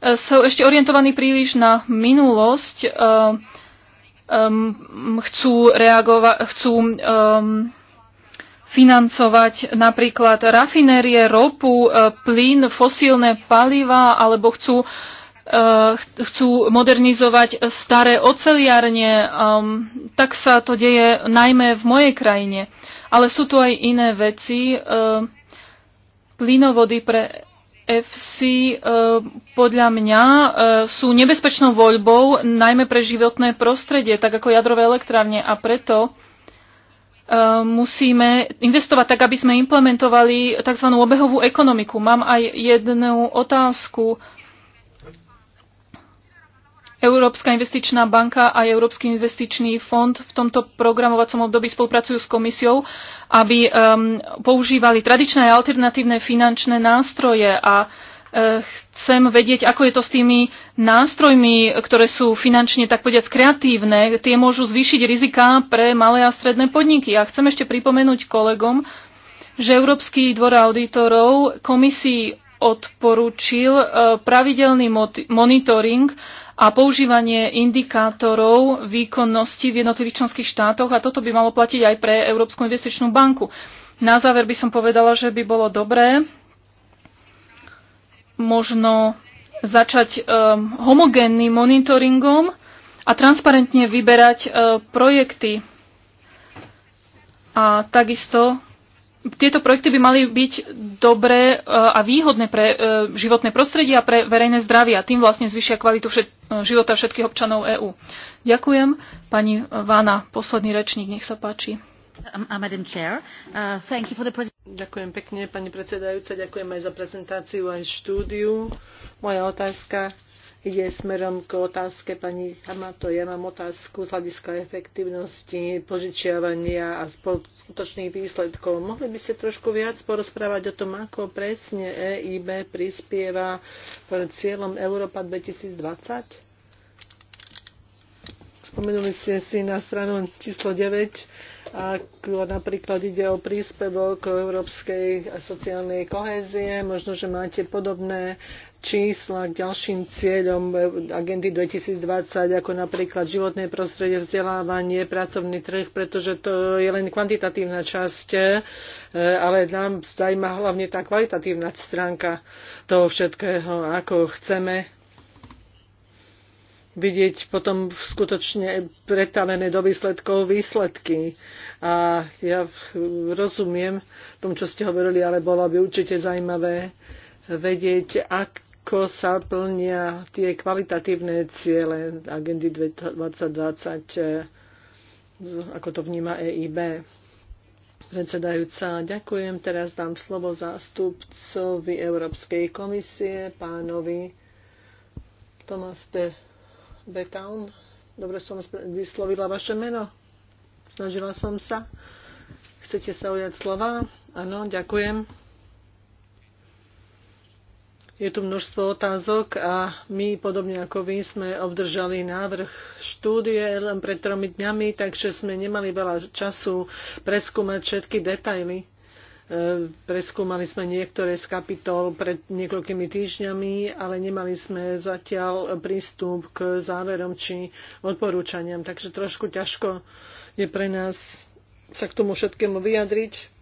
sú ešte orientovaní príliš na minulosť, um, chcú, reagovať, chcú um, financovať napríklad rafinérie, ropu, e, plyn, fosílne paliva, alebo chcú, e, chcú modernizovať staré oceliárne. Ehm, tak sa to deje najmä v mojej krajine. Ale sú tu aj iné veci. Plynovody pre FC e, podľa mňa e, sú nebezpečnou voľbou najmä pre životné prostredie, tak ako jadrové elektrárne a preto e, musíme investovať tak, aby sme implementovali tzv. obehovú ekonomiku. Mám aj jednu otázku. Európska investičná banka a Európsky investičný fond v tomto programovacom období spolupracujú s komisiou, aby um, používali tradičné a alternatívne finančné nástroje a uh, chcem vedieť, ako je to s tými nástrojmi, ktoré sú finančne, tak povediac, kreatívne. Tie môžu zvýšiť riziká pre malé a stredné podniky. A chcem ešte pripomenúť kolegom, že Európsky dvor auditorov komisii odporúčil uh, pravidelný monitoring a používanie indikátorov výkonnosti v jednotlivých členských štátoch a toto by malo platiť aj pre Európsku investičnú banku. Na záver by som povedala, že by bolo dobré možno začať um, homogénnym monitoringom a transparentne vyberať uh, projekty. A takisto tieto projekty by mali byť dobré e, a výhodné pre e, životné prostredie a pre verejné zdravie a tým vlastne zvyšia kvalitu všet- e, života všetkých občanov EÚ. Ďakujem. Pani Vána, posledný rečník, nech sa páči. Ďakujem pekne, pani predsedajúca, ďakujem aj za prezentáciu, aj štúdiu. Moja otázka ide smerom k otázke pani Hamato. Ja mám otázku z hľadiska efektívnosti požičiavania a skutočných výsledkov. Mohli by ste trošku viac porozprávať o tom, ako presne EIB prispieva cieľom Európa 2020? Spomenuli ste si na stranu číslo 9 ak napríklad ide o príspevok európskej sociálnej kohézie. Možno, že máte podobné čísla k ďalším cieľom agendy 2020, ako napríklad životné prostredie, vzdelávanie, pracovný trh, pretože to je len kvantitatívna časť, e, ale nám zdajma hlavne tá kvalitatívna stránka toho všetkého, ako chceme vidieť potom skutočne pretavené do výsledkov výsledky. A ja rozumiem tom, čo ste hovorili, ale bolo by určite zaujímavé vedieť, ako sa plnia tie kvalitatívne ciele agendy 2020, ako to vníma EIB predsedajúca. Ďakujem. Teraz dám slovo zástupcovi Európskej komisie, pánovi Tomas de Betown. Dobre som vyslovila vaše meno. Snažila som sa. Chcete sa ujať slova? Áno, ďakujem. Je tu množstvo otázok a my, podobne ako vy, sme obdržali návrh štúdie len pred tromi dňami, takže sme nemali veľa času preskúmať všetky detaily. Ehm, preskúmali sme niektoré z kapitol pred niekoľkými týždňami, ale nemali sme zatiaľ prístup k záverom či odporúčaniam, takže trošku ťažko je pre nás sa k tomu všetkému vyjadriť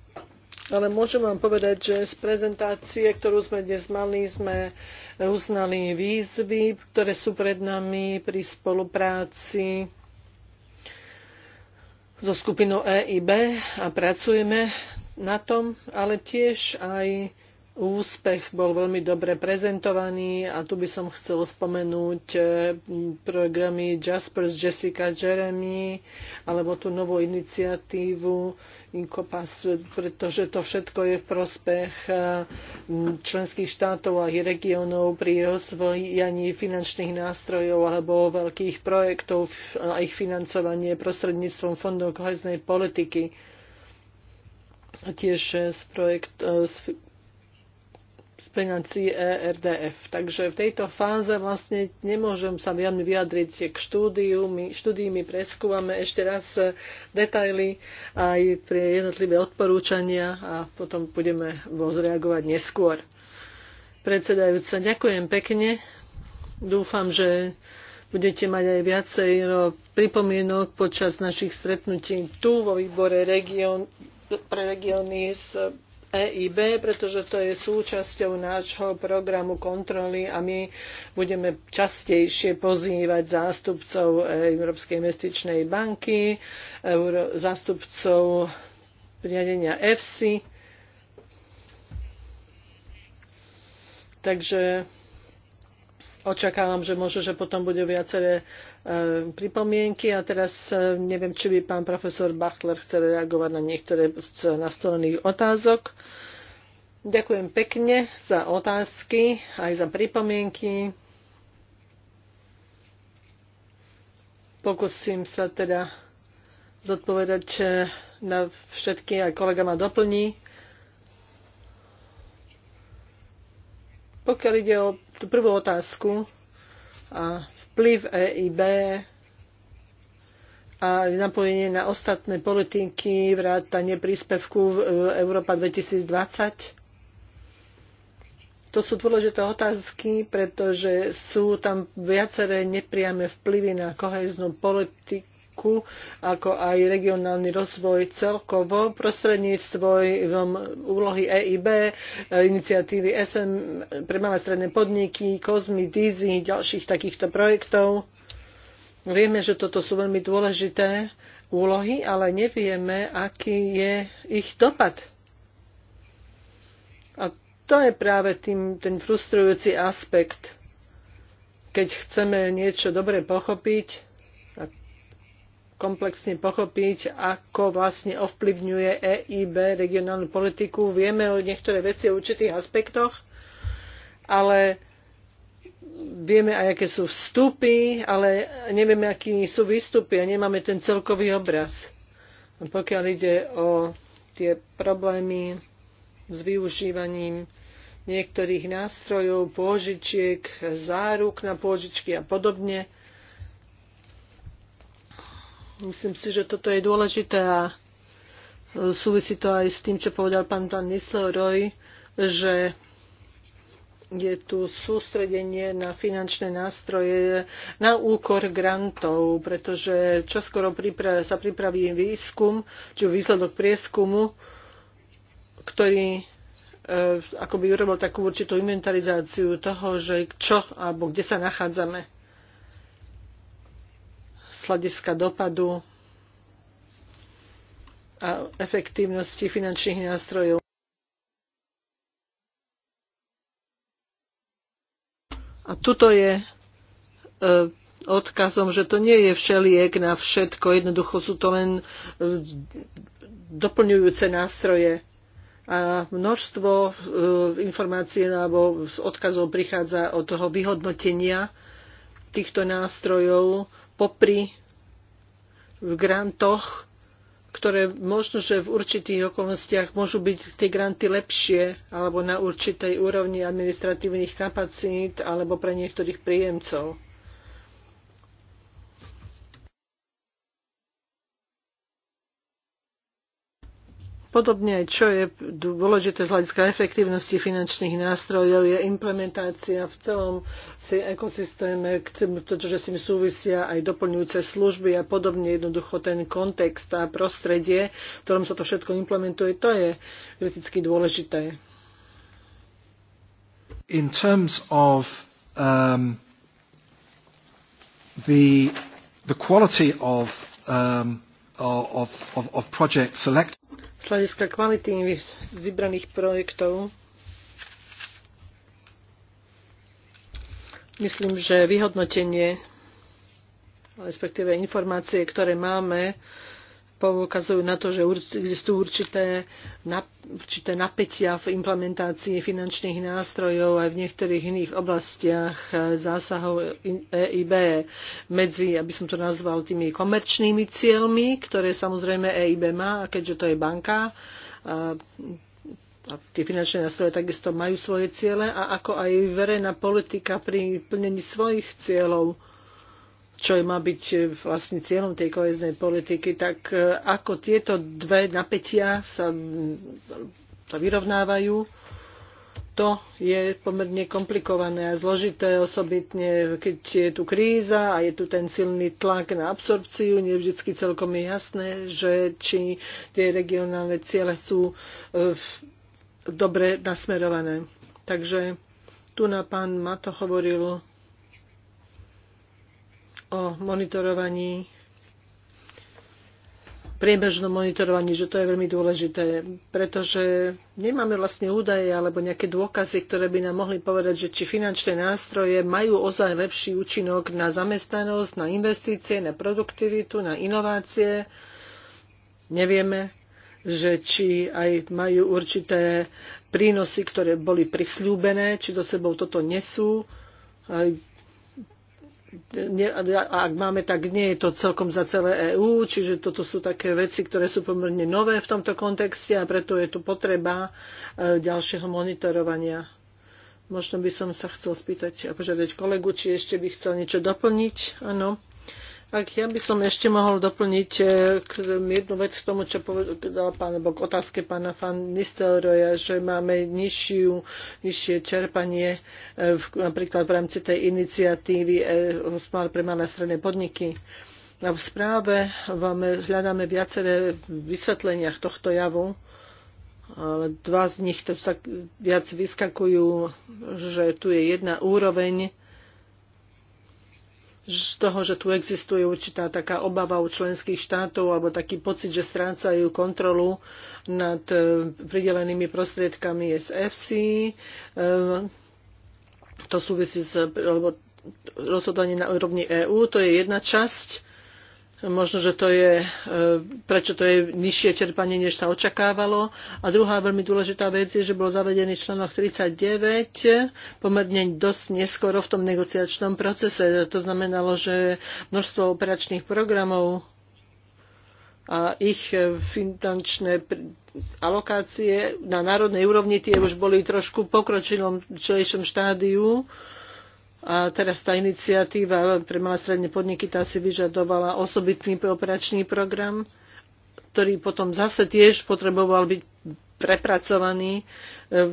ale môžem vám povedať, že z prezentácie, ktorú sme dnes mali, sme uznali výzvy, ktoré sú pred nami pri spolupráci so skupinou EIB a pracujeme na tom, ale tiež aj úspech bol veľmi dobre prezentovaný a tu by som chcel spomenúť e, programy Jaspers, Jessica, Jeremy alebo tú novú iniciatívu Incopass, pretože to všetko je v prospech e, členských štátov a regiónov pri rozvojaní finančných nástrojov alebo veľkých projektov a ich financovanie prostredníctvom fondov koheznej politiky a tiež e, z, projekt, e, z financií ERDF. Takže v tejto fáze vlastne nemôžem sa veľmi vyjadriť k štúdiu. My, štúdii my preskúvame ešte raz e, detaily aj pre jednotlivé odporúčania a potom budeme zreagovať neskôr. Predsedajúca, ďakujem pekne. Dúfam, že budete mať aj viacej pripomienok počas našich stretnutí tu vo výbore región pre regióny z EIB, pretože to je súčasťou nášho programu kontroly a my budeme častejšie pozývať zástupcov Európskej investičnej banky, zástupcov riadenia EFSI. Takže očakávam, že možno, že potom budú viaceré e, pripomienky a teraz e, neviem, či by pán profesor Bachler chcel reagovať na niektoré z nastolených otázok. Ďakujem pekne za otázky, aj za pripomienky. Pokúsim sa teda zodpovedať e, na všetky, aj kolega ma doplní. Pokiaľ ide o tú prvú otázku a vplyv EIB a napojenie na ostatné politiky, vrátanie príspevku v e, Európa 2020? To sú dôležité otázky, pretože sú tam viaceré nepriame vplyvy na koheznú politiku banku, ako aj regionálny rozvoj celkovo prostredníctvom úlohy EIB, iniciatívy SM pre malé stredné podniky, COSMI, DIZI, ďalších takýchto projektov. Vieme, že toto sú veľmi dôležité úlohy, ale nevieme, aký je ich dopad. A to je práve tým, ten frustrujúci aspekt. Keď chceme niečo dobre pochopiť, komplexne pochopiť, ako vlastne ovplyvňuje EIB regionálnu politiku. Vieme o niektoré veci o určitých aspektoch, ale vieme aj, aké sú vstupy, ale nevieme, akí sú výstupy a nemáme ten celkový obraz. Pokiaľ ide o tie problémy s využívaním niektorých nástrojov, pôžičiek, záruk na pôžičky a podobne, Myslím si, že toto je dôležité a e, súvisí to aj s tým, čo povedal pán pán Nisleroy, že je tu sústredenie na finančné nástroje na úkor grantov, pretože čoskoro pripra- sa pripraví výskum, či výsledok prieskumu, ktorý e, ako by urobil takú určitú inventarizáciu toho, že čo alebo kde sa nachádzame hľadiska dopadu a efektívnosti finančných nástrojov. A tuto je e, odkazom, že to nie je všeliek na všetko, jednoducho sú to len e, doplňujúce nástroje. A množstvo e, informácií alebo odkazov prichádza od toho vyhodnotenia týchto nástrojov popri v grantoch, ktoré možno, že v určitých okolnostiach môžu byť tie granty lepšie alebo na určitej úrovni administratívnych kapacít alebo pre niektorých príjemcov. Podobne aj čo je dôležité z hľadiska efektívnosti finančných nástrojov je implementácia v celom si ekosystéme, to, čo s tým súvisia aj doplňujúce služby a podobne jednoducho ten kontext a prostredie, v ktorom sa to všetko implementuje, to je kriticky dôležité. In terms of um, the, the quality of, um, of, of, of project selection, z hľadiska kvality z vybraných projektov. Myslím, že vyhodnotenie, respektíve informácie, ktoré máme, poukazujú na to, že existujú určité, určité napätia v implementácii finančných nástrojov aj v niektorých iných oblastiach e, zásahov EIB medzi, aby som to nazval, tými komerčnými cieľmi, ktoré samozrejme EIB má, a keďže to je banka, a, a tie finančné nástroje takisto majú svoje ciele a ako aj verejná politika pri plnení svojich cieľov čo má byť e, vlastne cieľom tej koheznej politiky, tak e, ako tieto dve napätia sa, sa vyrovnávajú, to je pomerne komplikované a zložité, osobitne keď je tu kríza a je tu ten silný tlak na absorpciu, nie vždy celkom je jasné, že či tie regionálne ciele sú e, dobre nasmerované. Takže tu na pán Mato hovoril o monitorovaní priebežnom monitorovaní, že to je veľmi dôležité, pretože nemáme vlastne údaje alebo nejaké dôkazy, ktoré by nám mohli povedať, že či finančné nástroje majú ozaj lepší účinok na zamestnanosť, na investície, na produktivitu, na inovácie. Nevieme, že či aj majú určité prínosy, ktoré boli prislúbené, či do sebou toto nesú ak máme, tak nie je to celkom za celé EÚ, čiže toto sú také veci, ktoré sú pomerne nové v tomto kontexte a preto je tu potreba e, ďalšieho monitorovania. Možno by som sa chcel spýtať a požiadať kolegu, či ešte by chcel niečo doplniť. Áno. Ak ja by som ešte mohol doplniť eh, k jednu vec k tomu, čo povedal pán, alebo k otázke pána Fan Nistelroja, že máme nižšiu, nižšie čerpanie eh, v, napríklad v rámci tej iniciatívy eh, Smart pre malé stredné podniky. A v správe vám hľadáme viaceré vysvetleniach tohto javu, ale dva z nich to tak viac vyskakujú, že tu je jedna úroveň, z toho, že tu existuje určitá taká obava u členských štátov alebo taký pocit, že strácajú kontrolu nad e, pridelenými prostriedkami SFC, e, To súvisí s rozhodovaním na úrovni EÚ, to je jedna časť Možno, že to je, e, prečo to je nižšie čerpanie, než sa očakávalo. A druhá veľmi dôležitá vec je, že bol zavedený článok 39 pomerne dosť neskoro v tom negociačnom procese. To znamenalo, že množstvo operačných programov a ich e, finančné alokácie na národnej úrovni tie už boli trošku pokročilom čelejšom štádiu a teraz tá iniciatíva pre malé stredné podniky tá si vyžadovala osobitný operačný program, ktorý potom zase tiež potreboval byť prepracovaný e,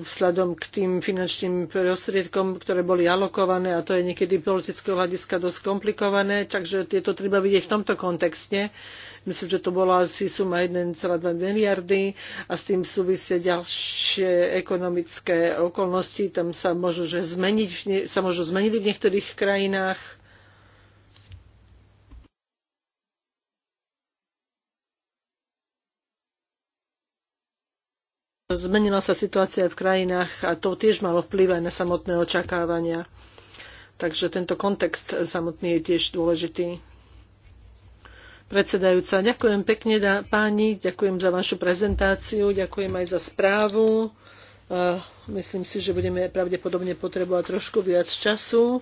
vzhľadom k tým finančným prostriedkom, ktoré boli alokované a to je niekedy politického hľadiska dosť komplikované, takže tieto treba vidieť v tomto kontexte. Myslím, že to bola asi suma 1,2 miliardy a s tým súvisia ďalšie ekonomické okolnosti. Tam sa môžu, že zmeniť, sa môžu zmeniť v niektorých krajinách Zmenila sa situácia v krajinách a to tiež malo vplyv aj na samotné očakávania. Takže tento kontext samotný je tiež dôležitý. Predsedajúca, ďakujem pekne dá, páni, ďakujem za vašu prezentáciu, ďakujem aj za správu. Myslím si, že budeme pravdepodobne potrebovať trošku viac času,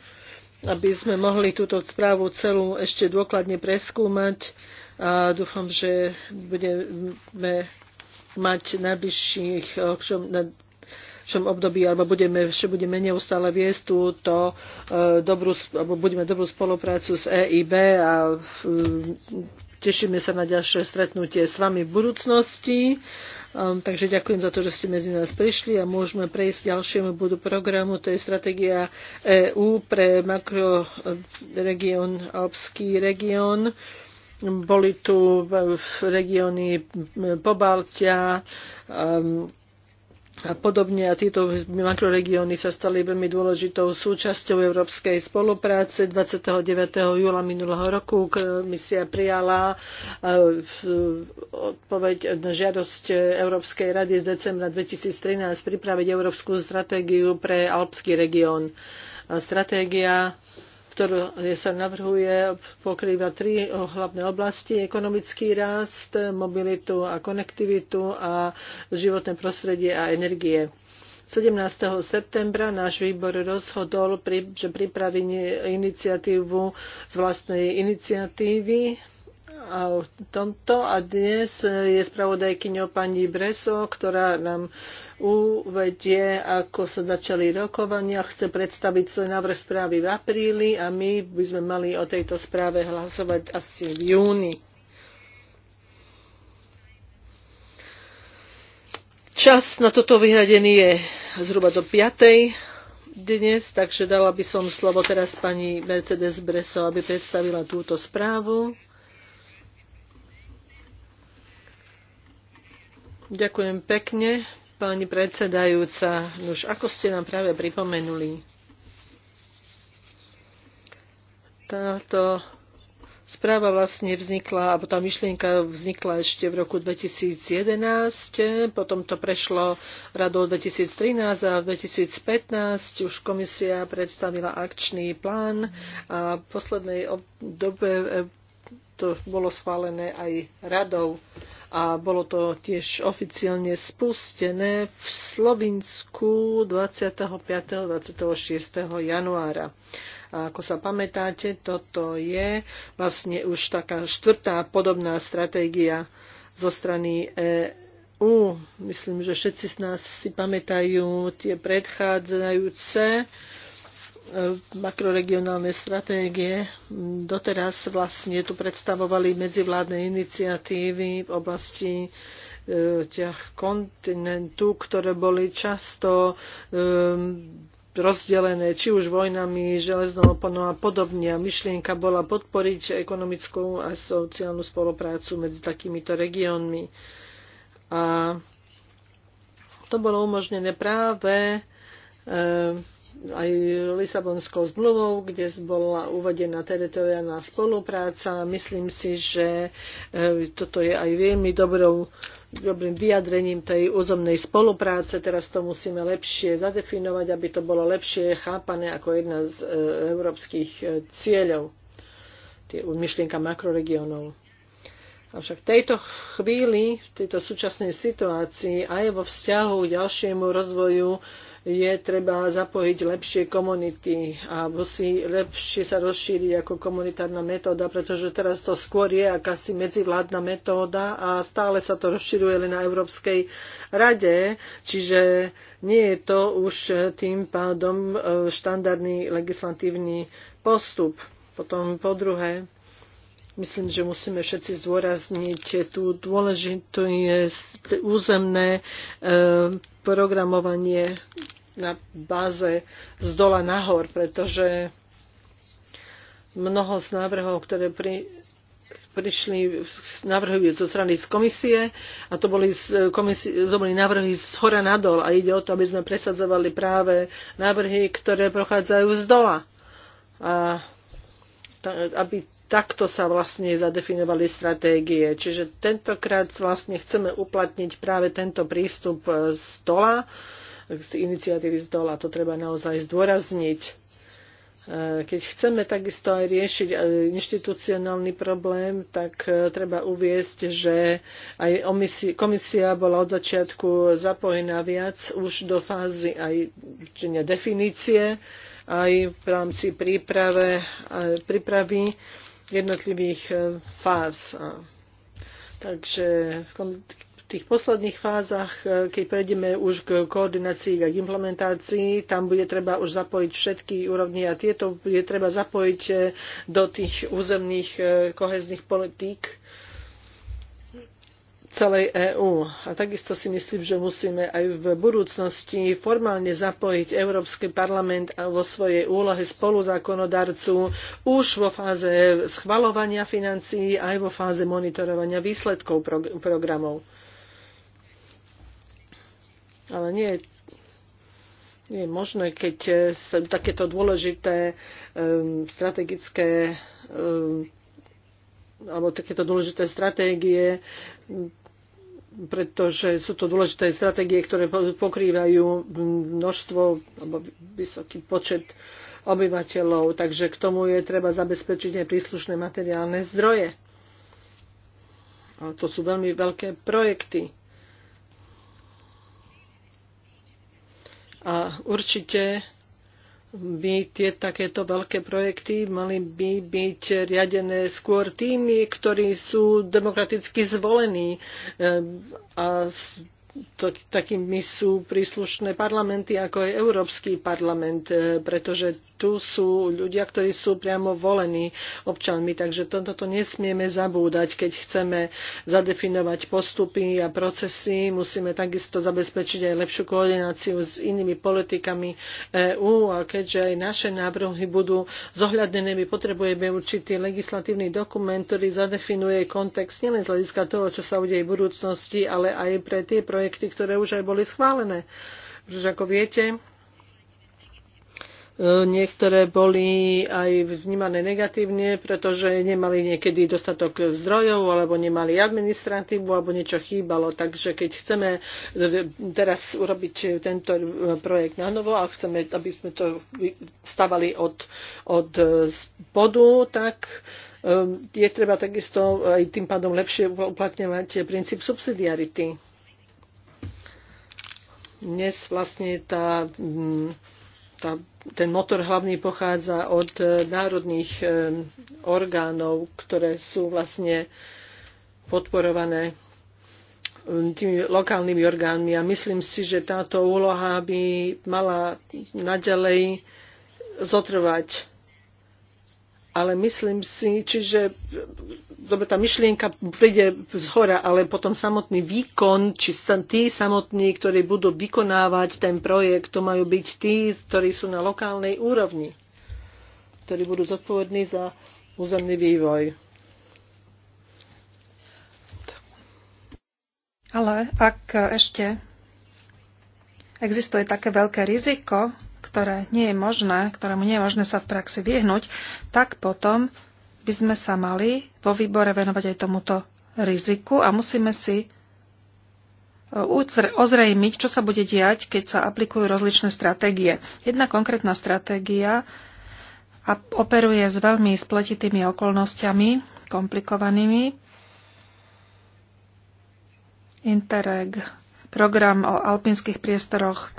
aby sme mohli túto správu celú ešte dôkladne preskúmať. A dúfam, že budeme mať najbližších eh, všom období, alebo budeme, že budeme neustále viesť túto e, dobrú, alebo budeme dobrú spoluprácu s EIB a e, tešíme sa na ďalšie stretnutie s vami v budúcnosti. Um, takže ďakujem za to, že ste medzi nás prišli a môžeme prejsť k ďalšiemu bodu programu, to je stratégia EÚ pre makroregión, alpský región. Boli tu regióny Pobaltia, um, a podobne. A tieto makroregióny sa stali veľmi dôležitou súčasťou európskej spolupráce. 29. júla minulého roku komisia prijala uh, odpoveď na žiadosť Európskej rady z decembra 2013 pripraviť európsku stratégiu pre alpský región. Stratégia ktorú sa navrhuje, pokrýva tri hlavné oblasti. Ekonomický rast, mobilitu a konektivitu a životné prostredie a energie. 17. septembra náš výbor rozhodol, že pripraví iniciatívu z vlastnej iniciatívy o tomto a dnes je spravodajkyňou pani Breso, ktorá nám uvedie, ako sa začali rokovania, chce predstaviť svoj návrh správy v apríli a my by sme mali o tejto správe hlasovať asi v júni. Čas na toto vyhradený je zhruba do 5 dnes, takže dala by som slovo teraz pani Mercedes Breso, aby predstavila túto správu. Ďakujem pekne, pani predsedajúca. Už ako ste nám práve pripomenuli, táto správa vlastne vznikla, alebo tá myšlienka vznikla ešte v roku 2011, potom to prešlo radou 2013 a v 2015 už komisia predstavila akčný plán a v poslednej dobe to bolo schválené aj radou a bolo to tiež oficiálne spustené v Slovinsku 25. 26. januára. A ako sa pamätáte, toto je vlastne už taká štvrtá podobná stratégia zo strany EU. Myslím, že všetci z nás si pamätajú tie predchádzajúce E, makroregionálne stratégie doteraz vlastne tu predstavovali medzivládne iniciatívy v oblasti e, kontinentu, ktoré boli často e, rozdelené či už vojnami, železnou oponou a podobne. A myšlienka bola podporiť ekonomickú a sociálnu spoluprácu medzi takýmito regiónmi. A to bolo umožnené práve aj Lisabonskou zmluvou, kde bola uvedená teritoriálna spolupráca. Myslím si, že e, toto je aj veľmi dobrou dobrým vyjadrením tej územnej spolupráce. Teraz to musíme lepšie zadefinovať, aby to bolo lepšie chápané ako jedna z e, európskych e, cieľov, tie myšlienka makroregiónov. Avšak v tejto chvíli, v tejto súčasnej situácii aj vo vzťahu k ďalšiemu rozvoju je treba zapojiť lepšie komunity a musí lepšie sa rozšíriť ako komunitárna metóda, pretože teraz to skôr je akási medzivládna metóda a stále sa to rozširuje len na Európskej rade, čiže nie je to už tým pádom e, štandardný legislatívny postup. Potom po druhé, Myslím, že musíme všetci zdôrazniť tú dôležitú je územné e, programovanie na báze z dola nahor, pretože mnoho z návrhov, ktoré pri, prišli, navrhujú zo strany z komisie a to boli, z komisie, to boli návrhy z hora nadol a ide o to, aby sme presadzovali práve návrhy, ktoré prochádzajú z dola. A aby takto sa vlastne zadefinovali stratégie. Čiže tentokrát vlastne chceme uplatniť práve tento prístup e, z dola, z iniciatívy z dola. To treba naozaj zdôrazniť. E, keď chceme takisto aj riešiť e, inštitucionálny problém, tak treba uviesť, že aj komisia bola od začiatku zapojená viac už do fázy aj definície, aj v rámci príprave, prípravy jednotlivých e, fáz. Takže v tých posledných fázach, e, keď prejdeme už k koordinácii a k implementácii, tam bude treba už zapojiť všetky úrovni a tieto bude treba zapojiť e, do tých územných kohezných politík celej EÚ. A takisto si myslím, že musíme aj v budúcnosti formálne zapojiť Európsky parlament vo svojej úlohe spoluzákonodarcu už vo fáze schvalovania financií aj vo fáze monitorovania výsledkov prog- programov. Ale nie, nie je možné, keď sa takéto dôležité um, strategické um, alebo takéto dôležité stratégie pretože sú to dôležité stratégie, ktoré pokrývajú množstvo alebo vysoký počet obyvateľov, takže k tomu je treba zabezpečiť aj príslušné materiálne zdroje. A to sú veľmi veľké projekty. A určite by tie takéto veľké projekty mali by byť riadené skôr tými, ktorí sú demokraticky zvolení eh, a to, takými sú príslušné parlamenty, ako je Európsky parlament, e, pretože tu sú ľudia, ktorí sú priamo volení občanmi, takže toto to nesmieme zabúdať, keď chceme zadefinovať postupy a procesy. Musíme takisto zabezpečiť aj lepšiu koordináciu s inými politikami EÚ a keďže aj naše návrhy budú zohľadnené, my potrebujeme určitý legislatívny dokument, ktorý zadefinuje kontext nielen z hľadiska toho, čo sa udeje v budúcnosti, ale aj pre tie projekty, projekty, ktoré už aj boli schválené. Pretože ako viete, e, Niektoré boli aj vnímané negatívne, pretože nemali niekedy dostatok zdrojov, alebo nemali administratívu, alebo niečo chýbalo. Takže keď chceme teraz urobiť tento projekt na novo a chceme, aby sme to stavali od, od spodu, tak e, je treba takisto aj tým pádom lepšie uplatňovať princíp subsidiarity dnes vlastne tá, mm, tá, ten motor hlavný pochádza od e, národných e, orgánov, ktoré sú vlastne podporované tými lokálnymi orgánmi a myslím si, že táto úloha by mala naďalej zotrvať ale myslím si, čiže dobre, tá myšlienka príde z hora, ale potom samotný výkon, či tí samotní, ktorí budú vykonávať ten projekt, to majú byť tí, ktorí sú na lokálnej úrovni, ktorí budú zodpovední za územný vývoj. Ale ak ešte existuje také veľké riziko, ktoré nie je možné, ktorému nie je možné sa v praxi vyhnúť, tak potom by sme sa mali vo výbore venovať aj tomuto riziku a musíme si e, ozrejmiť, čo sa bude diať, keď sa aplikujú rozličné stratégie. Jedna konkrétna stratégia operuje s veľmi spletitými okolnostiami, komplikovanými. Interreg, program o alpinských priestoroch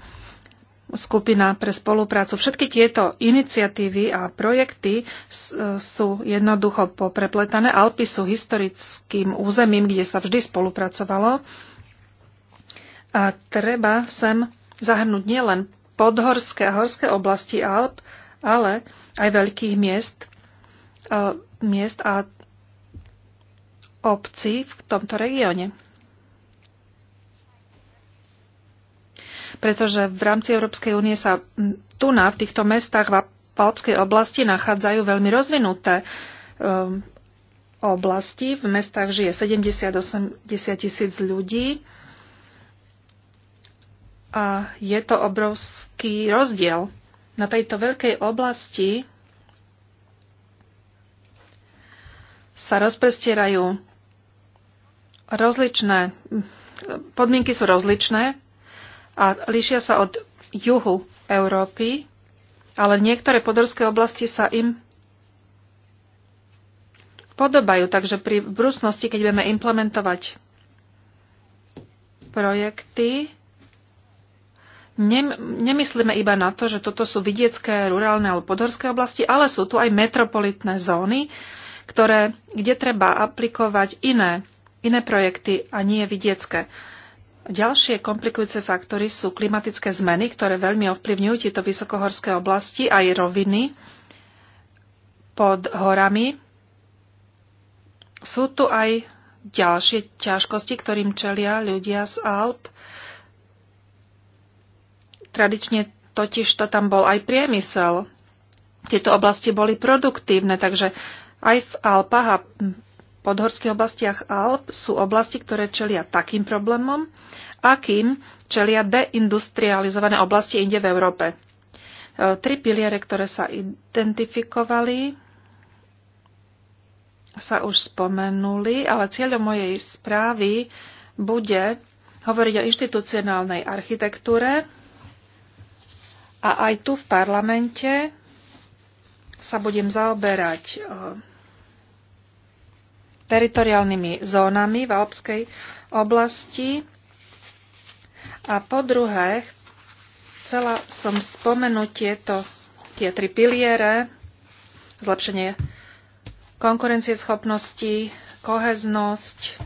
skupina pre spoluprácu. Všetky tieto iniciatívy a projekty e, sú jednoducho poprepletané. Alpy sú historickým územím, kde sa vždy spolupracovalo. A treba sem zahrnúť nielen podhorské a horské oblasti Alp, ale aj veľkých miest, e, miest a obcí v tomto regióne. pretože v rámci Európskej únie sa tu na v týchto mestách v Alpskej oblasti nachádzajú veľmi rozvinuté um, oblasti. V mestách žije 70-80 tisíc ľudí a je to obrovský rozdiel. Na tejto veľkej oblasti sa rozprestierajú rozličné, podmienky sú rozličné a líšia sa od juhu Európy, ale niektoré podorské oblasti sa im podobajú, takže pri brúcnosti, keď budeme implementovať projekty, nemyslíme iba na to, že toto sú vidiecké, rurálne alebo podhorské oblasti, ale sú tu aj metropolitné zóny, ktoré, kde treba aplikovať iné, iné projekty a nie vidiecké. Ďalšie komplikujúce faktory sú klimatické zmeny, ktoré veľmi ovplyvňujú tieto vysokohorské oblasti aj roviny pod horami. Sú tu aj ďalšie ťažkosti, ktorým čelia ľudia z Alp. Tradične totiž to tam bol aj priemysel. Tieto oblasti boli produktívne, takže aj v Alpách a podhorských oblastiach Alp sú oblasti, ktoré čelia takým problémom, akým čelia deindustrializované oblasti inde v Európe. E, tri piliere, ktoré sa identifikovali, sa už spomenuli, ale cieľom mojej správy bude hovoriť o inštitucionálnej architektúre a aj tu v parlamente sa budem zaoberať e, teritoriálnymi zónami v Alpskej oblasti. A po druhé, chcela som spomenúť tieto, tie tri piliere, zlepšenie konkurencieschopnosti, koheznosť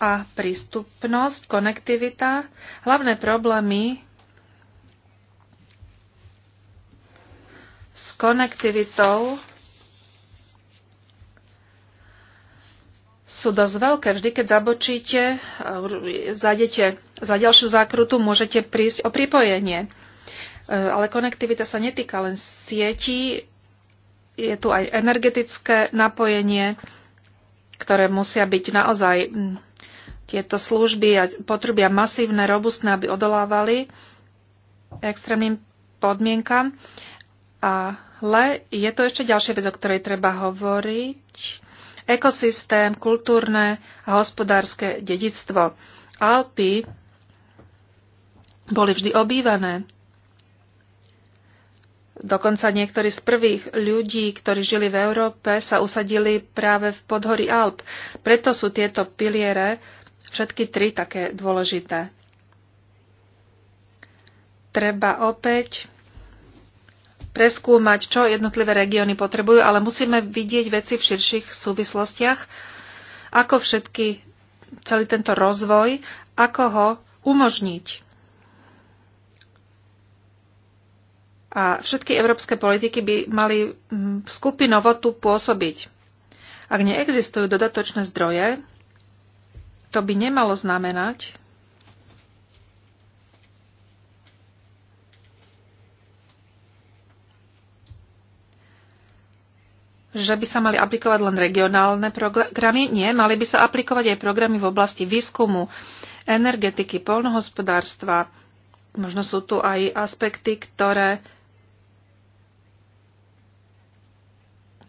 a prístupnosť, konektivita. Hlavné problémy s konektivitou sú dosť veľké. Vždy, keď zabočíte, e, zájdete za ďalšiu zákrutu, môžete prísť o pripojenie. E, ale konektivita sa netýka len sieti, je tu aj energetické napojenie, ktoré musia byť naozaj tieto služby a potrubia masívne, robustné, aby odolávali extrémnym podmienkam. Ale je to ešte ďalšia vec, o ktorej treba hovoriť ekosystém, kultúrne a hospodárske dedictvo. Alpy boli vždy obývané. Dokonca niektorí z prvých ľudí, ktorí žili v Európe, sa usadili práve v podhorí Alp. Preto sú tieto piliere, všetky tri také dôležité. Treba opäť preskúmať, čo jednotlivé regióny potrebujú, ale musíme vidieť veci v širších súvislostiach, ako všetky, celý tento rozvoj, ako ho umožniť. A všetky európske politiky by mali mm, skupinovo tu pôsobiť. Ak neexistujú dodatočné zdroje, to by nemalo znamenať, že by sa mali aplikovať len regionálne programy. Nie, mali by sa aplikovať aj programy v oblasti výskumu, energetiky, polnohospodárstva. Možno sú tu aj aspekty, ktoré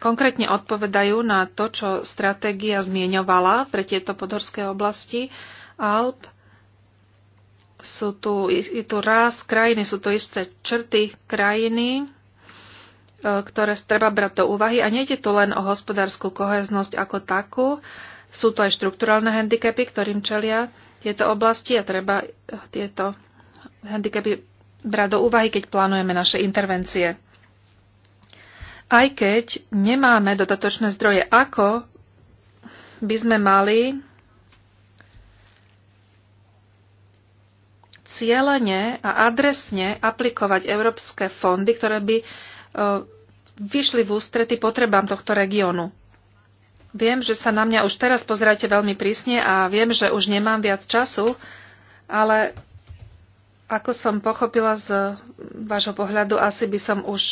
konkrétne odpovedajú na to, čo stratégia zmieňovala pre tieto podhorské oblasti Alp. Sú tu, je tu ráz krajiny, sú tu isté črty krajiny, E, ktoré treba brať do úvahy. A nejde tu len o hospodárskú koheznosť ako takú, sú to aj štrukturálne handicapy, ktorým čelia tieto oblasti a treba tieto handicapy brať do úvahy, keď plánujeme naše intervencie. Aj keď nemáme dodatočné zdroje, ako by sme mali cieľene a adresne aplikovať európske fondy, ktoré by vyšli v ústrety potrebám tohto regiónu. Viem, že sa na mňa už teraz pozeráte veľmi prísne a viem, že už nemám viac času, ale ako som pochopila z vášho pohľadu, asi by som už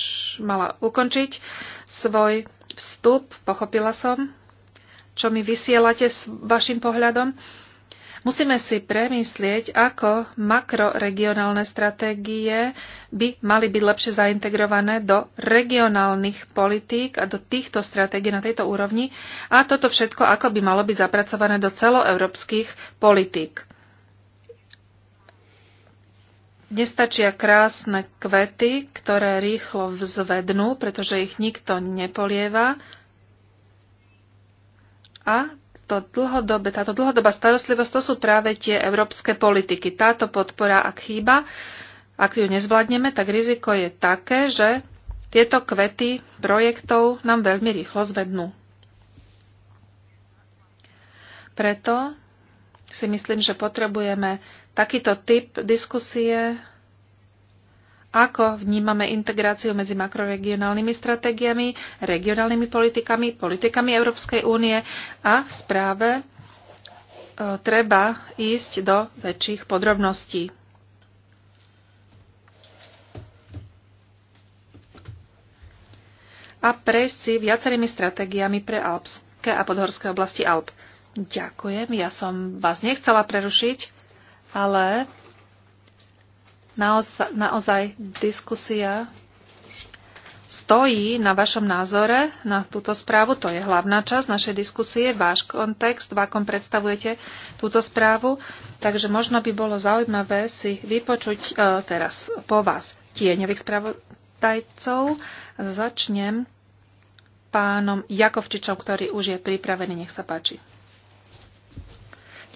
mala ukončiť svoj vstup. Pochopila som, čo mi vysielate s vašim pohľadom. Uh, Musíme si premyslieť, ako makroregionálne stratégie by mali byť lepšie zaintegrované do regionálnych politík a do týchto stratégií na tejto úrovni a toto všetko ako by malo byť zapracované do celoeurópskych politík. Nestačia krásne kvety, ktoré rýchlo vzvednú, pretože ich nikto nepolieva. A to dlhodobé, táto dlhodobá starostlivosť, to sú práve tie európske politiky. Táto podpora, ak chýba, ak ju nezvládneme, tak riziko je také, že tieto kvety projektov nám veľmi rýchlo zvednú. Preto si myslím, že potrebujeme takýto typ diskusie ako vnímame integráciu medzi makroregionálnymi stratégiami, regionálnymi politikami, politikami Európskej únie a v správe e, treba ísť do väčších podrobností. a prejsť si viacerými stratégiami pre alpské a podhorské oblasti Alp. Ďakujem, ja som vás nechcela prerušiť, ale naozaj, naozaj diskusia stojí na vašom názore na túto správu. To je hlavná časť našej diskusie, váš kontext, v akom predstavujete túto správu. Takže možno by bolo zaujímavé si vypočuť e, teraz po vás tieňových spravodajcov. Začnem pánom Jakovčičom, ktorý už je pripravený. Nech sa páči.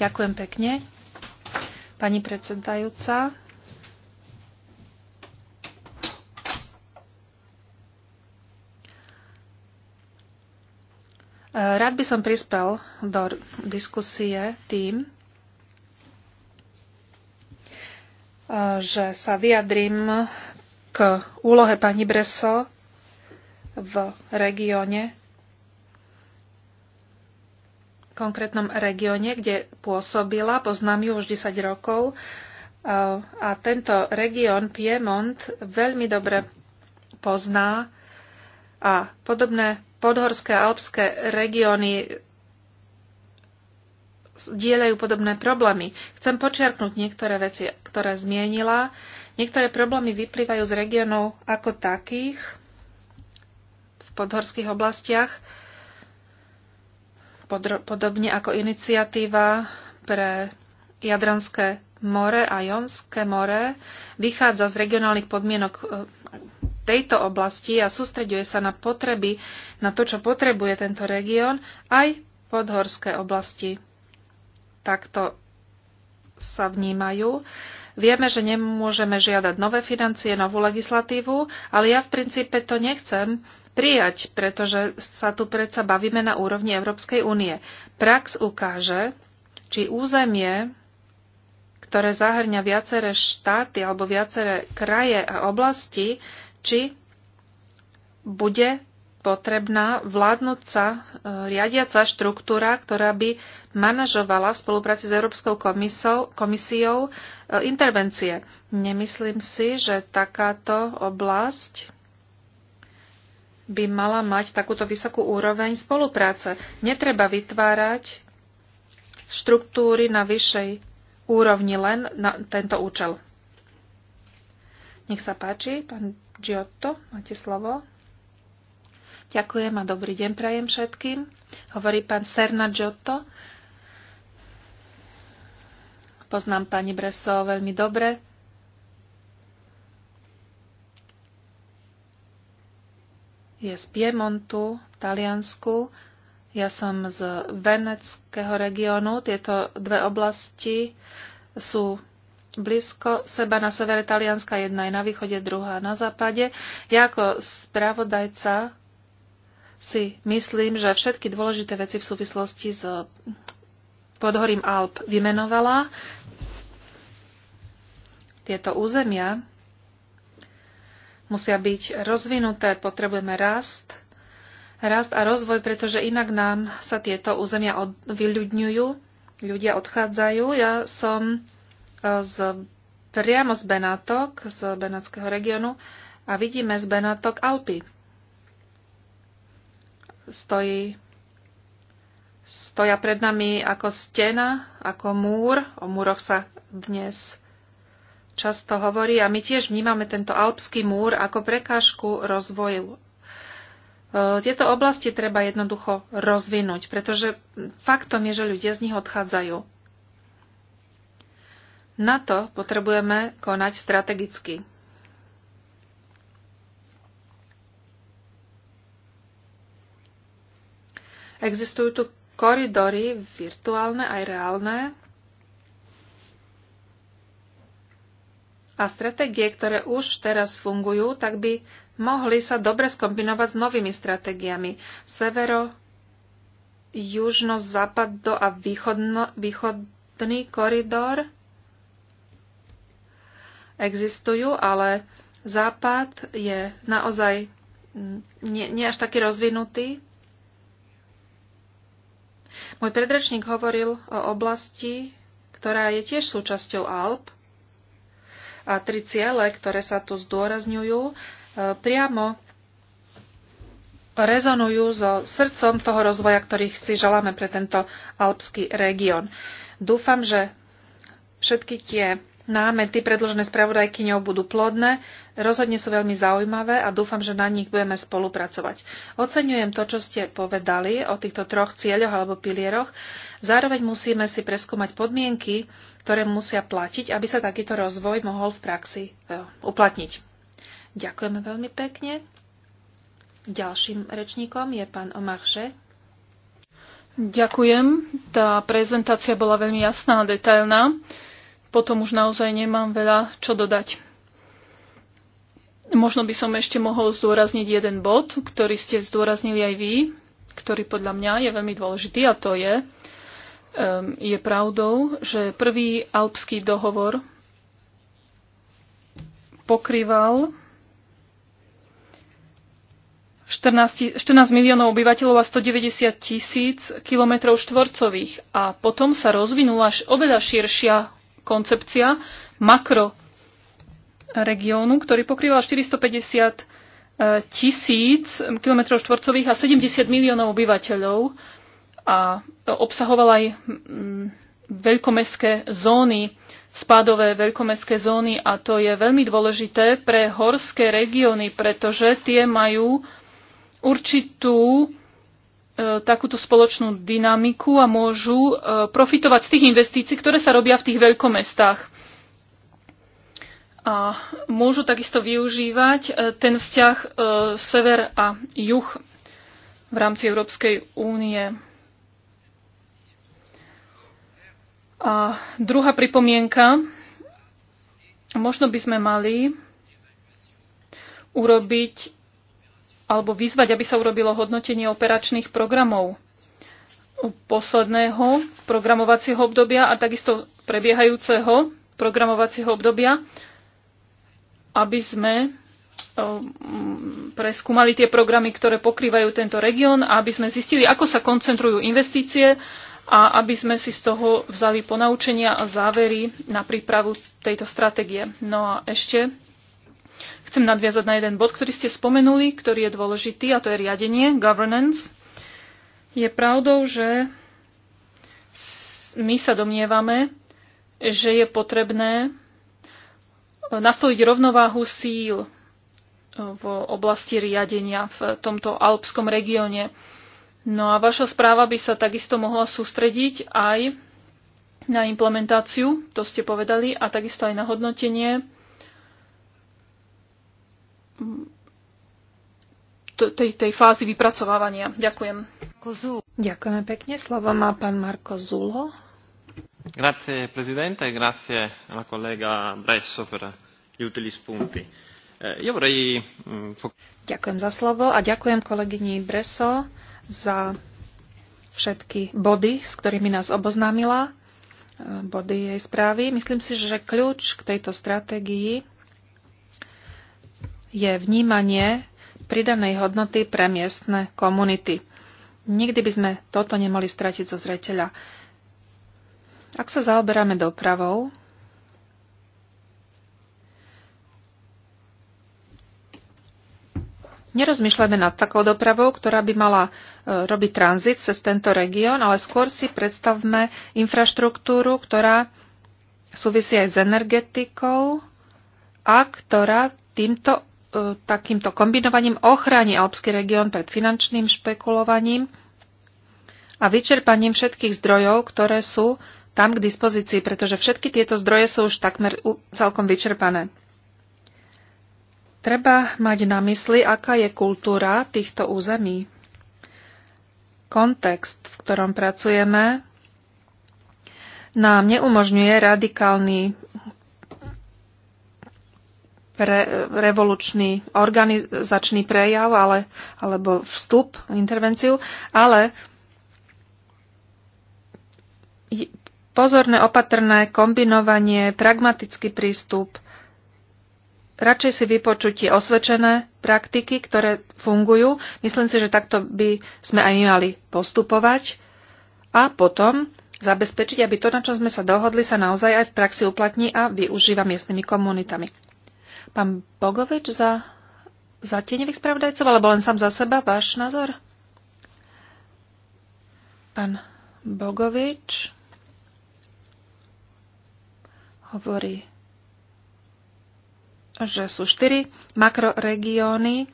Ďakujem pekne. Pani predsedajúca, Eh, rád by som prispel do diskusie tým, eh, že sa vyjadrím k úlohe pani Breso v regióne, konkrétnom regióne, kde pôsobila. Poznám ju už 10 rokov. Eh, a tento región Piemont veľmi dobre pozná a podobné podhorské a alpské regióny dielajú podobné problémy. Chcem počiarknúť niektoré veci, ktoré zmienila. Niektoré problémy vyplývajú z regiónov ako takých v podhorských oblastiach, podobne ako iniciatíva pre Jadranské more a Jonské more vychádza z regionálnych podmienok tejto oblasti a sústreďuje sa na potreby, na to, čo potrebuje tento región, aj podhorské oblasti. Takto sa vnímajú. Vieme, že nemôžeme žiadať nové financie, novú legislatívu, ale ja v princípe to nechcem prijať, pretože sa tu predsa bavíme na úrovni Európskej únie. Prax ukáže, či územie, ktoré zahrňa viaceré štáty alebo viaceré kraje a oblasti, či bude potrebná vládnúca, e, riadiaca štruktúra, ktorá by manažovala v spolupráci s Európskou komisou, komisiou e, intervencie. Nemyslím si, že takáto oblasť by mala mať takúto vysokú úroveň spolupráce. Netreba vytvárať štruktúry na vyššej úrovni len na tento účel. Nech sa páči, pán Giotto, máte slovo. Ďakujem a dobrý deň prajem všetkým. Hovorí pán Serna Giotto. Poznám pani Breso veľmi dobre. Je z Piemontu v Taliansku. Ja som z Veneckého regiónu. Tieto dve oblasti sú blízko seba na severe Talianska, jedna je na východe, druhá na západe. Ja ako spravodajca si myslím, že všetky dôležité veci v súvislosti s eh, podhorím Alp vymenovala. Tieto územia musia byť rozvinuté, potrebujeme rast, rast a rozvoj, pretože inak nám sa tieto územia vyľudňujú, ľudia odchádzajú. Ja som z, priamo z Benátok, z Benátskeho regiónu a vidíme z Benátok Alpy. Stojí, stoja pred nami ako stena, ako múr. O múroch sa dnes často hovorí a my tiež vnímame tento alpský múr ako prekážku rozvoju e, tieto oblasti treba jednoducho rozvinúť, pretože faktom je, že ľudia z nich odchádzajú. Na to potrebujeme konať strategicky. Existujú tu koridory virtuálne aj reálne a stratégie, ktoré už teraz fungujú, tak by mohli sa dobre skombinovať s novými stratégiami. Severo, južno, do a východno, východný koridor – existujú, ale Západ je naozaj nie, nie až taký rozvinutý. Môj predrečník hovoril o oblasti, ktorá je tiež súčasťou Alp. A tri ciele, ktoré sa tu zdôrazňujú, e, priamo rezonujú so srdcom toho rozvoja, ktorý si želáme pre tento alpský región. Dúfam, že všetky tie Námety predložené spravodajkyňou budú plodné, rozhodne sú veľmi zaujímavé a dúfam, že na nich budeme spolupracovať. Oceňujem to, čo ste povedali o týchto troch cieľoch alebo pilieroch. Zároveň musíme si preskúmať podmienky, ktoré musia platiť, aby sa takýto rozvoj mohol v praxi e, uplatniť. Ďakujeme veľmi pekne. Ďalším rečníkom je pán Omarše. Ďakujem. Tá prezentácia bola veľmi jasná a detailná potom už naozaj nemám veľa čo dodať. Možno by som ešte mohol zdôrazniť jeden bod, ktorý ste zdôraznili aj vy, ktorý podľa mňa je veľmi dôležitý a to je, um, je pravdou, že prvý alpský dohovor pokrýval 14, 14 miliónov obyvateľov a 190 tisíc kilometrov štvorcových. A potom sa rozvinula oveľa širšia koncepcia makroregiónu, ktorý pokrýval 450 e, tisíc kilometrov štvorcových a 70 miliónov obyvateľov a obsahoval aj mm, veľkomestské zóny, spádové veľkomestské zóny a to je veľmi dôležité pre horské regióny, pretože tie majú určitú E, takúto spoločnú dynamiku a môžu e, profitovať z tých investícií, ktoré sa robia v tých veľkomestách. A môžu takisto využívať e, ten vzťah sever a juh v rámci Európskej únie. A druhá pripomienka. Možno by sme mali urobiť alebo vyzvať, aby sa urobilo hodnotenie operačných programov posledného programovacieho obdobia a takisto prebiehajúceho programovacieho obdobia, aby sme e, preskúmali tie programy, ktoré pokrývajú tento región a aby sme zistili, ako sa koncentrujú investície a aby sme si z toho vzali ponaučenia a závery na prípravu tejto stratégie. No a ešte chcem nadviazať na jeden bod, ktorý ste spomenuli, ktorý je dôležitý, a to je riadenie, governance. Je pravdou, že my sa domnievame, že je potrebné e, nastoliť rovnováhu síl e, v oblasti riadenia v tomto alpskom regióne. No a vaša správa by sa takisto mohla sústrediť aj na implementáciu, to ste povedali, a takisto aj na hodnotenie tej, tej fázy vypracovávania. Ďakujem. Ďakujeme pekne. Slovo má pán Marko Zulo. Grazie Presidente, grazie alla collega Bresso per gli utili spunti. Eh, Io vorrei... Mm, ďakujem za slovo a ďakujem kolegyni Bresso za všetky body, s ktorými nás oboznámila, eh, body jej správy. Myslím si, že kľúč k tejto stratégii je vnímanie pridanej hodnoty pre miestne komunity. Nikdy by sme toto nemali stratiť zo zreteľa. Ak sa zaoberáme dopravou, Nerozmýšľame nad takou dopravou, ktorá by mala e, robiť tranzit cez tento región, ale skôr si predstavme infraštruktúru, ktorá súvisí aj s energetikou a ktorá týmto E, takýmto kombinovaním ochráni Alpský región pred finančným špekulovaním a vyčerpaním všetkých zdrojov, ktoré sú tam k dispozícii, pretože všetky tieto zdroje sú už takmer celkom vyčerpané. Treba mať na mysli, aká je kultúra týchto území. Kontext, v ktorom pracujeme, nám neumožňuje radikálny pre, revolučný organizačný prejav ale, alebo vstup, intervenciu, ale pozorné, opatrné kombinovanie, pragmatický prístup, radšej si vypočutie osvedčené praktiky, ktoré fungujú. Myslím si, že takto by sme aj mali postupovať a potom zabezpečiť, aby to, na čo sme sa dohodli, sa naozaj aj v praxi uplatní a využíva miestnymi komunitami. Pán Bogovič za, za tieňových spravodajcov, alebo len sám za seba, váš názor? Pán Bogovič hovorí, že sú štyri makroregióny e,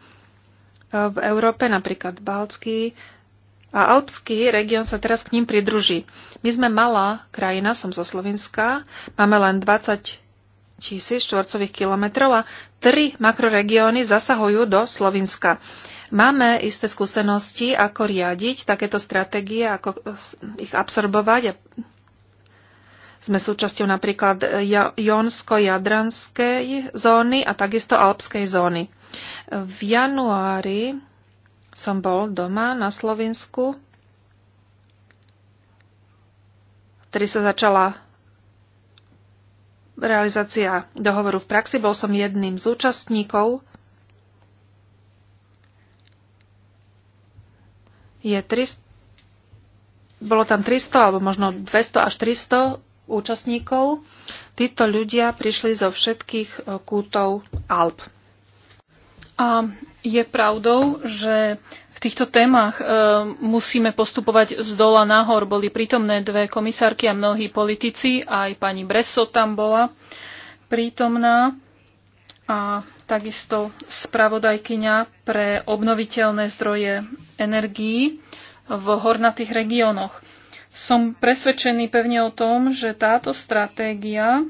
v Európe, napríklad Balcký, a Alpský región sa teraz k ním pridruží. My sme malá krajina, som zo Slovenska, máme len 20 tisíc štvorcových kilometrov a tri makroregióny zasahujú do Slovinska. Máme isté skúsenosti, ako riadiť takéto stratégie, ako ich absorbovať sme súčasťou napríklad Jonsko-Jadranskej zóny a takisto Alpskej zóny. V januári som bol doma na Slovensku, ktorý sa začala realizácia dohovoru v praxi. Bol som jedným z účastníkov. Je 300, bolo tam 300 alebo možno 200 až 300 účastníkov. Títo ľudia prišli zo všetkých eh, kútov Alp. A je pravdou, že v týchto témach e, musíme postupovať z dola nahor. Boli prítomné dve komisárky a mnohí politici, aj pani Bresso tam bola prítomná a takisto spravodajkyňa pre obnoviteľné zdroje energií v hornatých regiónoch. Som presvedčený pevne o tom, že táto stratégia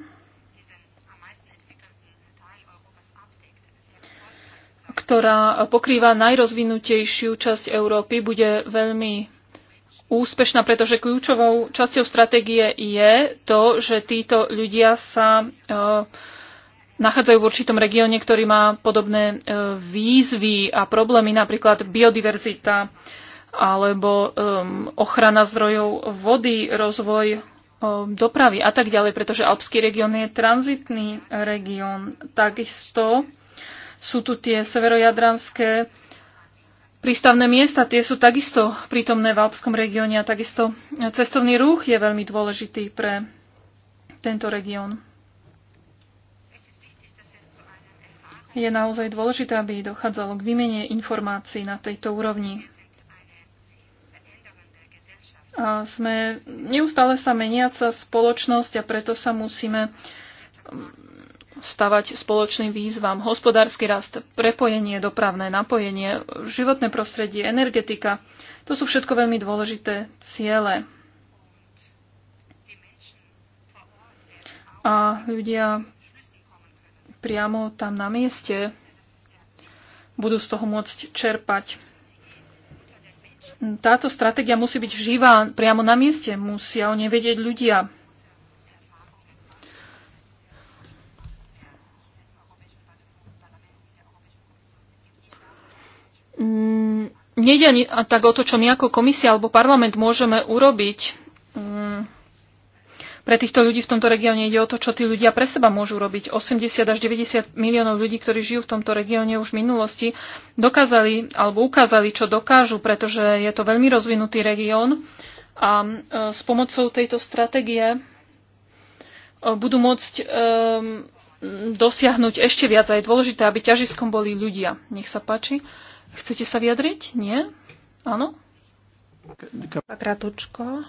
ktorá pokrýva najrozvinutejšiu časť Európy, bude veľmi úspešná, pretože kľúčovou časťou stratégie je to, že títo ľudia sa e, nachádzajú v určitom regióne, ktorý má podobné e, výzvy a problémy, napríklad biodiverzita alebo ochrana zdrojov vody, rozvoj dopravy a tak ďalej, pretože Alpský región je tranzitný región. Takisto sú tu tie severojadranské prístavné miesta, tie sú takisto prítomné v Alpskom regióne a takisto cestovný ruch je veľmi dôležitý pre tento región. Je naozaj dôležité, aby dochádzalo k výmene informácií na tejto úrovni. A sme neustále sa meniaca spoločnosť a preto sa musíme stavať spoločným výzvam. Hospodársky rast, prepojenie, dopravné napojenie, životné prostredie, energetika. To sú všetko veľmi dôležité ciele. A ľudia priamo tam na mieste budú z toho môcť čerpať. Táto stratégia musí byť živá priamo na mieste, musia o nej vedieť ľudia. Mm, nejde ani tak o to, čo my ako komisia alebo parlament môžeme urobiť. Mm, pre týchto ľudí v tomto regióne ide o to, čo tí ľudia pre seba môžu robiť. 80 až 90 miliónov ľudí, ktorí žijú v tomto regióne už v minulosti, dokázali alebo ukázali, čo dokážu, pretože je to veľmi rozvinutý región a e, s pomocou tejto stratégie e, budú môcť e, dosiahnuť ešte viac a je dôležité, aby ťažiskom boli ľudia. Nech sa páči. Chcete sa vyjadriť? Nie? Áno? Kratučko.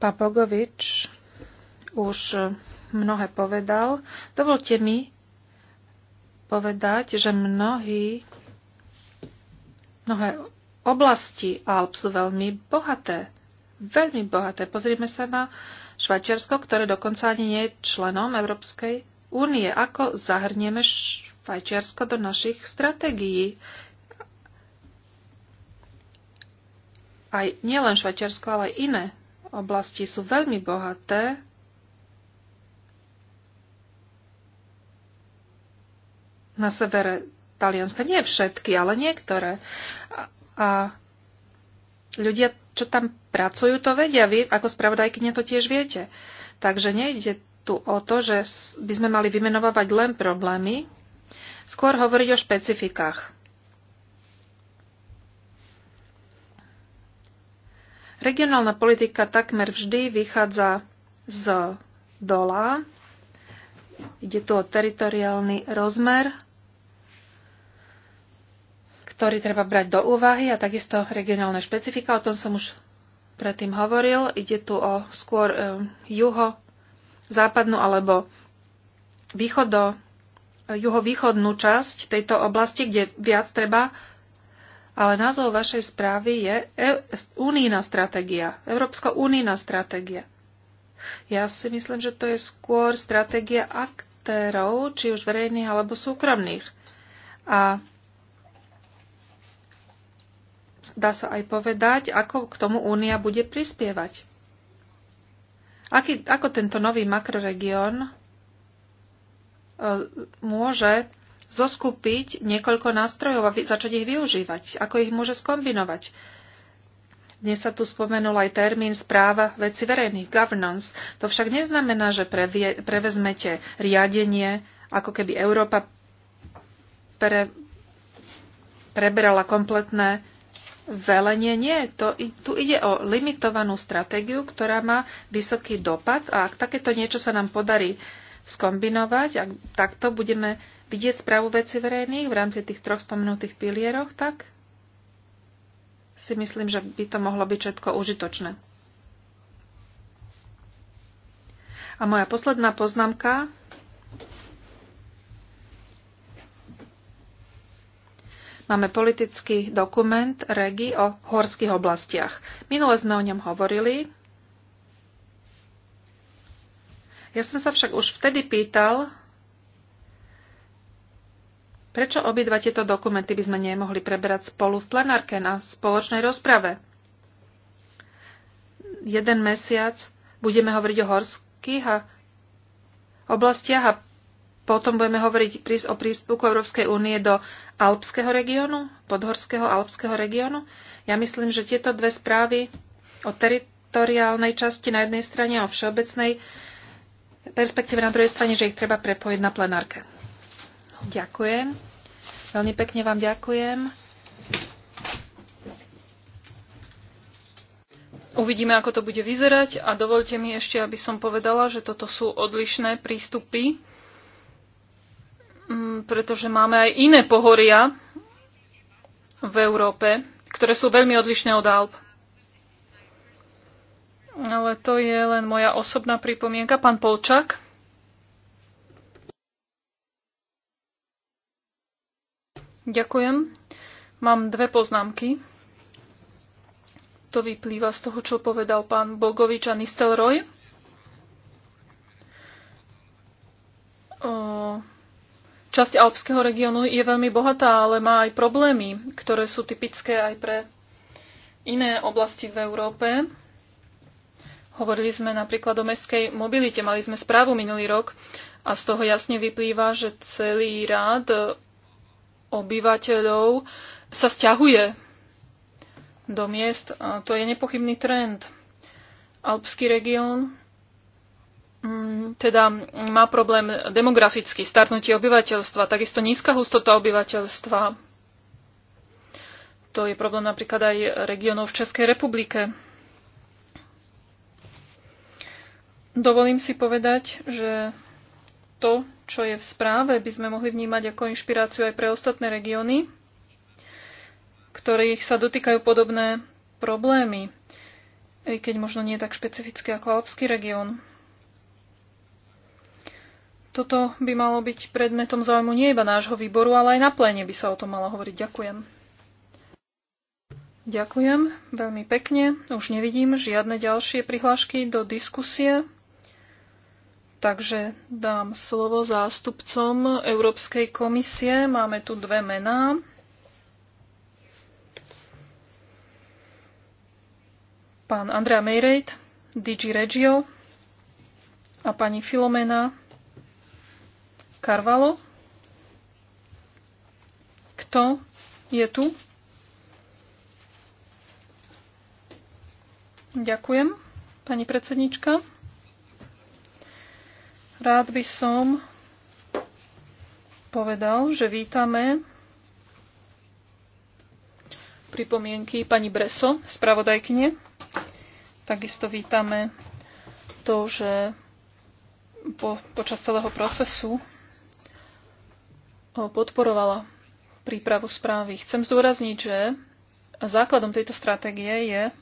Pán Pogovič už mnohé povedal. Dovolte mi povedať, že mnohí, mnohé oblasti Alp sú veľmi bohaté. Veľmi bohaté. Pozrieme sa na Švajčiarsko, ktoré dokonca ani nie je členom Európskej únie. Ako zahrnieme š- fajčiarsko do našich stratégií. Aj nielen Švajčiarsko, ale aj iné oblasti sú veľmi bohaté na severe Talianska. Nie všetky, ale niektoré. A, a ľudia, čo tam pracujú, to vedia. Vy ako spravodajkyne to tiež viete. Takže nejde tu o to, že by sme mali vymenovať len problémy, skôr hovoriť o špecifikách. Regionálna politika takmer vždy vychádza z dola. Ide tu o teritoriálny rozmer, ktorý treba brať do úvahy a takisto regionálne špecifika. O tom som už predtým hovoril. Ide tu o skôr e, juho, západnú alebo východo juhovýchodnú časť tejto oblasti, kde viac treba. Ale názov vašej správy je Únijná e, stratégia, Európsko-únijná stratégia. Ja si myslím, že to je skôr stratégia aktérov, či už verejných alebo súkromných. A dá sa aj povedať, ako k tomu Únia bude prispievať. Aký, ako tento nový makroregión môže zoskupiť niekoľko nástrojov a začať ich využívať, ako ich môže skombinovať. Dnes sa tu spomenul aj termín správa veci verejných, governance. To však neznamená, že previe, prevezmete riadenie, ako keby Európa pre, preberala kompletné velenie. Nie, to, tu ide o limitovanú stratégiu, ktorá má vysoký dopad a ak takéto niečo sa nám podarí skombinovať, ak takto budeme vidieť správu veci verejných v rámci tých troch spomenutých pilieroch, tak si myslím, že by to mohlo byť všetko užitočné. A moja posledná poznámka Máme politický dokument REGI o horských oblastiach. Minule sme o ňom hovorili, Ja som sa však už vtedy pýtal, prečo obidva tieto dokumenty by sme nemohli preberať spolu v plenárke na spoločnej rozprave. Jeden mesiac budeme hovoriť o horských a oblastiach a potom budeme hovoriť o príspevku Európskej únie do alpského regiónu, podhorského alpského regiónu. Ja myslím, že tieto dve správy o teritoriálnej časti na jednej strane a o všeobecnej perspektíve na druhej strane, že ich treba prepojiť na plenárke. Ďakujem. Veľmi pekne vám ďakujem. Uvidíme, ako to bude vyzerať a dovolte mi ešte, aby som povedala, že toto sú odlišné prístupy, mm, pretože máme aj iné pohoria v Európe, ktoré sú veľmi odlišné od Alp. Ale to je len moja osobná pripomienka. Pán Polčák. Ďakujem. Mám dve poznámky. To vyplýva z toho, čo povedal pán Bogovič a Nistelroj. Časť alpského regiónu je veľmi bohatá, ale má aj problémy, ktoré sú typické aj pre iné oblasti v Európe. Hovorili sme napríklad o mestskej mobilite. Mali sme správu minulý rok a z toho jasne vyplýva, že celý rád e, obyvateľov sa stiahuje do miest. A to je nepochybný trend. Alpský región mm, teda mm, má problém demografický, starnutie obyvateľstva, takisto nízka hustota obyvateľstva. To je problém napríklad aj regionov v Českej republike. Dovolím si povedať, že to, čo je v správe, by sme mohli vnímať ako inšpiráciu aj pre ostatné regióny, ktorých sa dotýkajú podobné problémy, aj keď možno nie tak špecifické ako alpský región. Toto by malo byť predmetom záujmu nie iba nášho výboru, ale aj na pléne by sa o tom malo hovoriť. Ďakujem. Ďakujem veľmi pekne. Už nevidím žiadne ďalšie prihlášky do diskusie. Takže dám slovo zástupcom Európskej komisie. Máme tu dve mená. Pán Andrea Mayrate, DG Regio a pani Filomena Carvalho. Kto je tu? Ďakujem, pani predsednička. Rád by som povedal, že vítame pripomienky pani Breso, spravodajkne. Takisto vítame to, že po, počas celého procesu eh, podporovala prípravu správy. Chcem zdôrazniť, že základom tejto stratégie je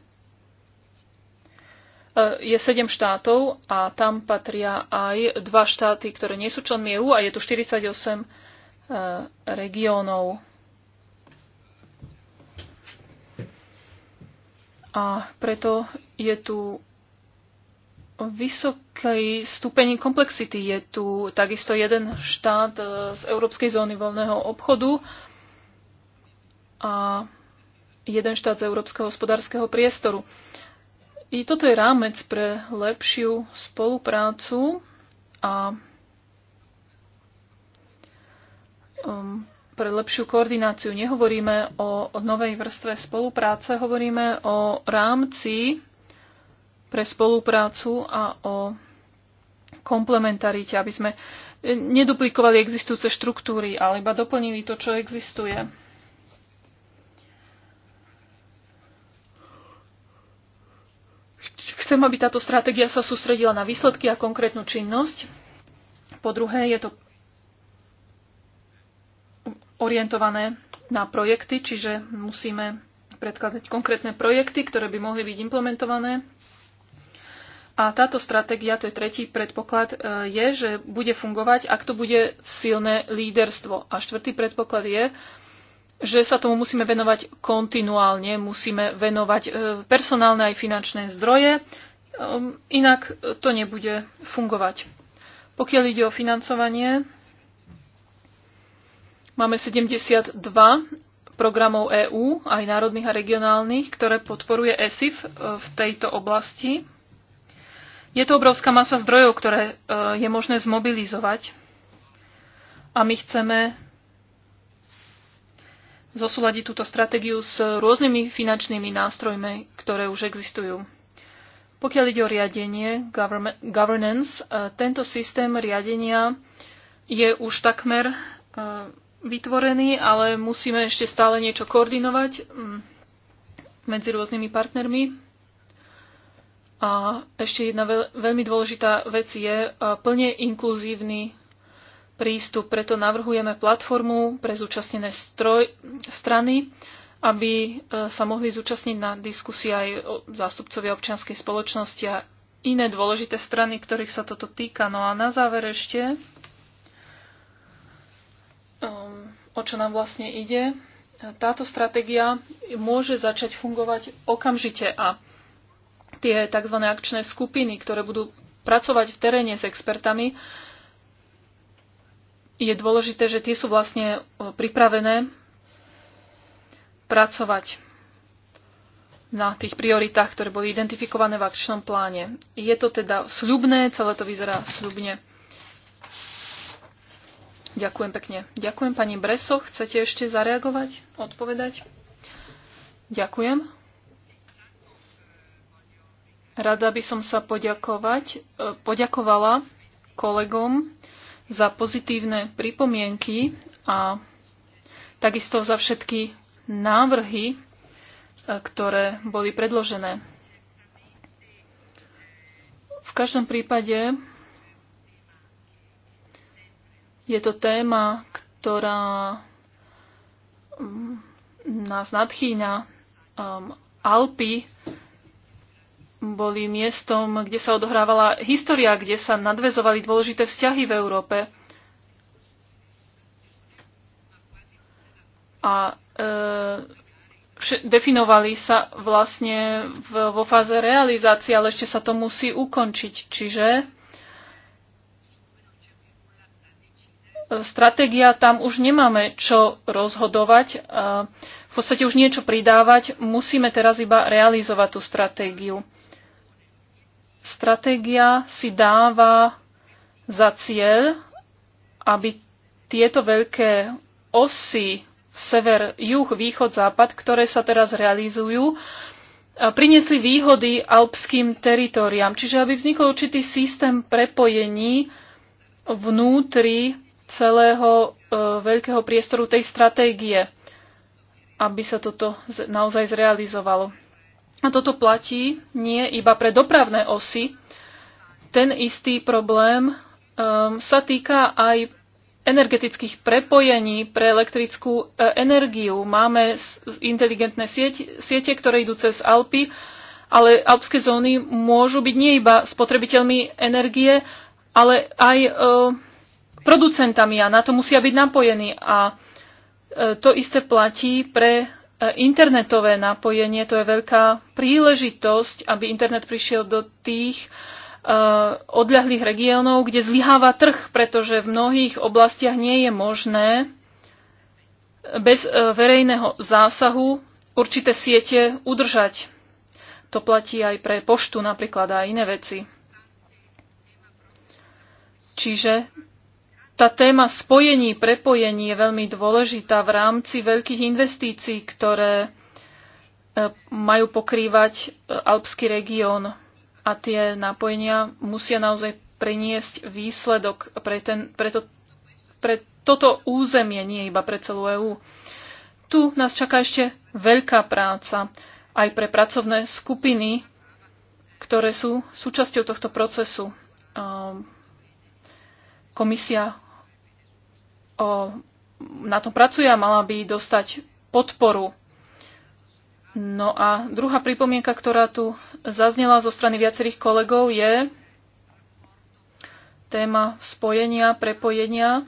E, je sedem štátov a tam patria aj dva štáty, ktoré nie sú členmi EÚ a je tu 48 e, regiónov. A preto je tu vysoký stupeň komplexity. Je tu takisto jeden štát e, z Európskej zóny voľného obchodu a jeden štát z Európskeho hospodárskeho priestoru. I toto je rámec pre lepšiu spoluprácu a um, pre lepšiu koordináciu. Nehovoríme o, o novej vrstve spolupráce, hovoríme o rámci pre spoluprácu a o komplementarite, aby sme neduplikovali existujúce štruktúry, ale iba doplnili to, čo existuje. Chcem, aby táto stratégia sa sústredila na výsledky a konkrétnu činnosť. Po druhé, je to orientované na projekty, čiže musíme predkladať konkrétne projekty, ktoré by mohli byť implementované. A táto stratégia, to je tretí predpoklad, e, je, že bude fungovať, ak to bude silné líderstvo. A štvrtý predpoklad je, že sa tomu musíme venovať kontinuálne, musíme venovať e, personálne aj finančné zdroje, e, inak to nebude fungovať. Pokiaľ ide o financovanie, máme 72 programov EÚ, aj národných a regionálnych, ktoré podporuje ESIF e, v tejto oblasti. Je to obrovská masa zdrojov, ktoré je možné zmobilizovať. A my chceme zosúľadiť túto stratégiu s rôznymi finančnými nástrojmi, ktoré už existujú. Pokiaľ ide o riadenie, governance, e, tento systém riadenia je už takmer e, vytvorený, ale musíme ešte stále niečo koordinovať mm, medzi rôznymi partnermi. A ešte jedna veľmi dôležitá vec je e, plne inkluzívny prístup. Preto navrhujeme platformu pre zúčastnené stroj, strany, aby e, sa mohli zúčastniť na diskusii aj zástupcovia občianskej spoločnosti a iné dôležité strany, ktorých sa toto týka. No a na záver ešte, um, o čo nám vlastne ide. Táto stratégia môže začať fungovať okamžite a tie tzv. akčné skupiny, ktoré budú pracovať v teréne s expertami, je dôležité, že tie sú vlastne e, pripravené pracovať na tých prioritách, ktoré boli identifikované v akčnom pláne. Je to teda sľubné, celé to vyzerá sľubne. Ďakujem pekne. Ďakujem pani Breso. Chcete ešte zareagovať, odpovedať? Ďakujem. Rada by som sa poďakovať, e, poďakovala kolegom za pozitívne pripomienky a takisto za všetky návrhy, e, ktoré boli predložené. V každom prípade je to téma, ktorá mm, nás nadchýňa. Um, Alpy boli miestom, kde sa odohrávala história, kde sa nadvezovali dôležité vzťahy v Európe. A e, definovali sa vlastne v, vo fáze realizácie, ale ešte sa to musí ukončiť. Čiže e, stratégia tam už nemáme čo rozhodovať, e, v podstate už niečo pridávať, musíme teraz iba realizovať tú stratégiu. Stratégia si dáva za cieľ, aby tieto veľké osy sever, juh, východ, západ, ktoré sa teraz realizujú, e, priniesli výhody alpským teritoriám. Čiže aby vznikol určitý systém prepojení vnútri celého e, veľkého priestoru tej stratégie, aby sa toto naozaj zrealizovalo. A toto platí nie iba pre dopravné osy. Ten istý problém um, sa týka aj energetických prepojení pre elektrickú e, energiu. Máme inteligentné sieť, siete, ktoré idú cez Alpy, ale alpské zóny môžu byť nie iba spotrebiteľmi energie, ale aj e, producentami a na to musia byť napojení. A e, to isté platí pre internetové napojenie, to je veľká príležitosť, aby internet prišiel do tých e, odľahlých regiónov, kde zlyháva trh, pretože v mnohých oblastiach nie je možné bez e, verejného zásahu určité siete udržať. To platí aj pre poštu napríklad a iné veci. Čiže tá téma spojení, prepojení je veľmi dôležitá v rámci veľkých investícií, ktoré e, majú pokrývať e, alpský región a tie napojenia musia naozaj priniesť výsledok pre, ten, pre, to, pre toto územie, nie iba pre celú EÚ. Tu nás čaká ešte veľká práca aj pre pracovné skupiny, ktoré sú súčasťou tohto procesu. Ehm, komisia o, na tom pracuje a mala by dostať podporu. No a druhá pripomienka, ktorá tu zaznela zo strany viacerých kolegov, je téma spojenia, prepojenia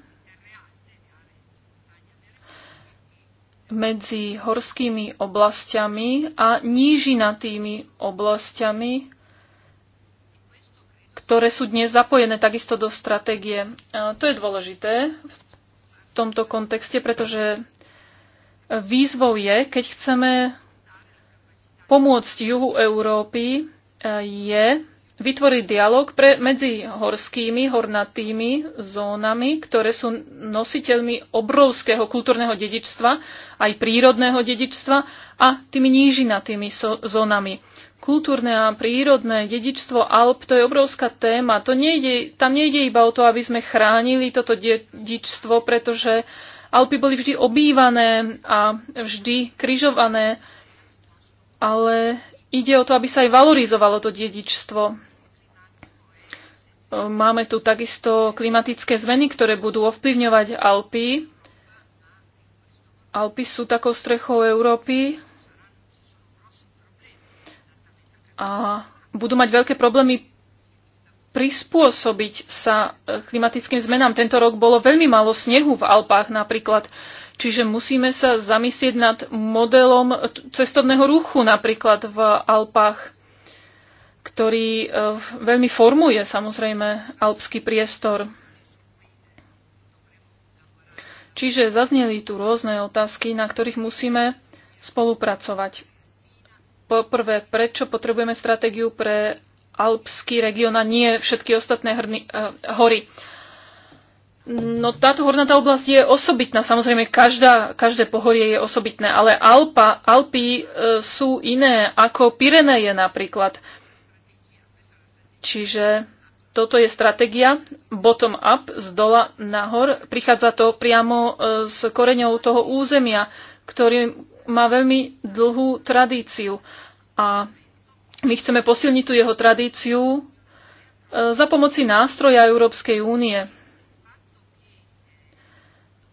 medzi horskými oblastiami a nížinatými oblastiami, ktoré sú dnes zapojené takisto do stratégie. To je dôležité v tomto kontexte, pretože výzvou je, keď chceme pomôcť juhu Európy, e, je vytvoriť dialog pre, medzi horskými, hornatými zónami, ktoré sú nositeľmi obrovského kultúrneho dedičstva, aj prírodného dedičstva a tými nížinatými so, zónami kultúrne a prírodné dedičstvo Alp, to je obrovská téma. To nejde, tam nejde iba o to, aby sme chránili toto dedičstvo, pretože Alpy boli vždy obývané a vždy kryžované, ale ide o to, aby sa aj valorizovalo to dedičstvo. Máme tu takisto klimatické zmeny, ktoré budú ovplyvňovať Alpy. Alpy sú takou strechou Európy, a budú mať veľké problémy prispôsobiť sa e, klimatickým zmenám. Tento rok bolo veľmi málo snehu v Alpách napríklad, čiže musíme sa zamyslieť nad modelom cestovného ruchu napríklad v Alpách, ktorý e, veľmi formuje samozrejme alpský priestor. Čiže zazneli tu rôzne otázky, na ktorých musíme spolupracovať. Poprvé, prečo potrebujeme stratégiu pre alpský región a nie všetky ostatné hrny, uh, hory. No táto hornatá oblasť je osobitná, samozrejme každá, každé pohorie je osobitné, ale Alpa, Alpy uh, sú iné ako Pireneje napríklad. Čiže toto je stratégia bottom up, z dola nahor. Prichádza to priamo uh, z koreňou toho územia, ktorý, má veľmi dlhú tradíciu a my chceme posilniť tú jeho tradíciu e, za pomoci nástroja Európskej únie.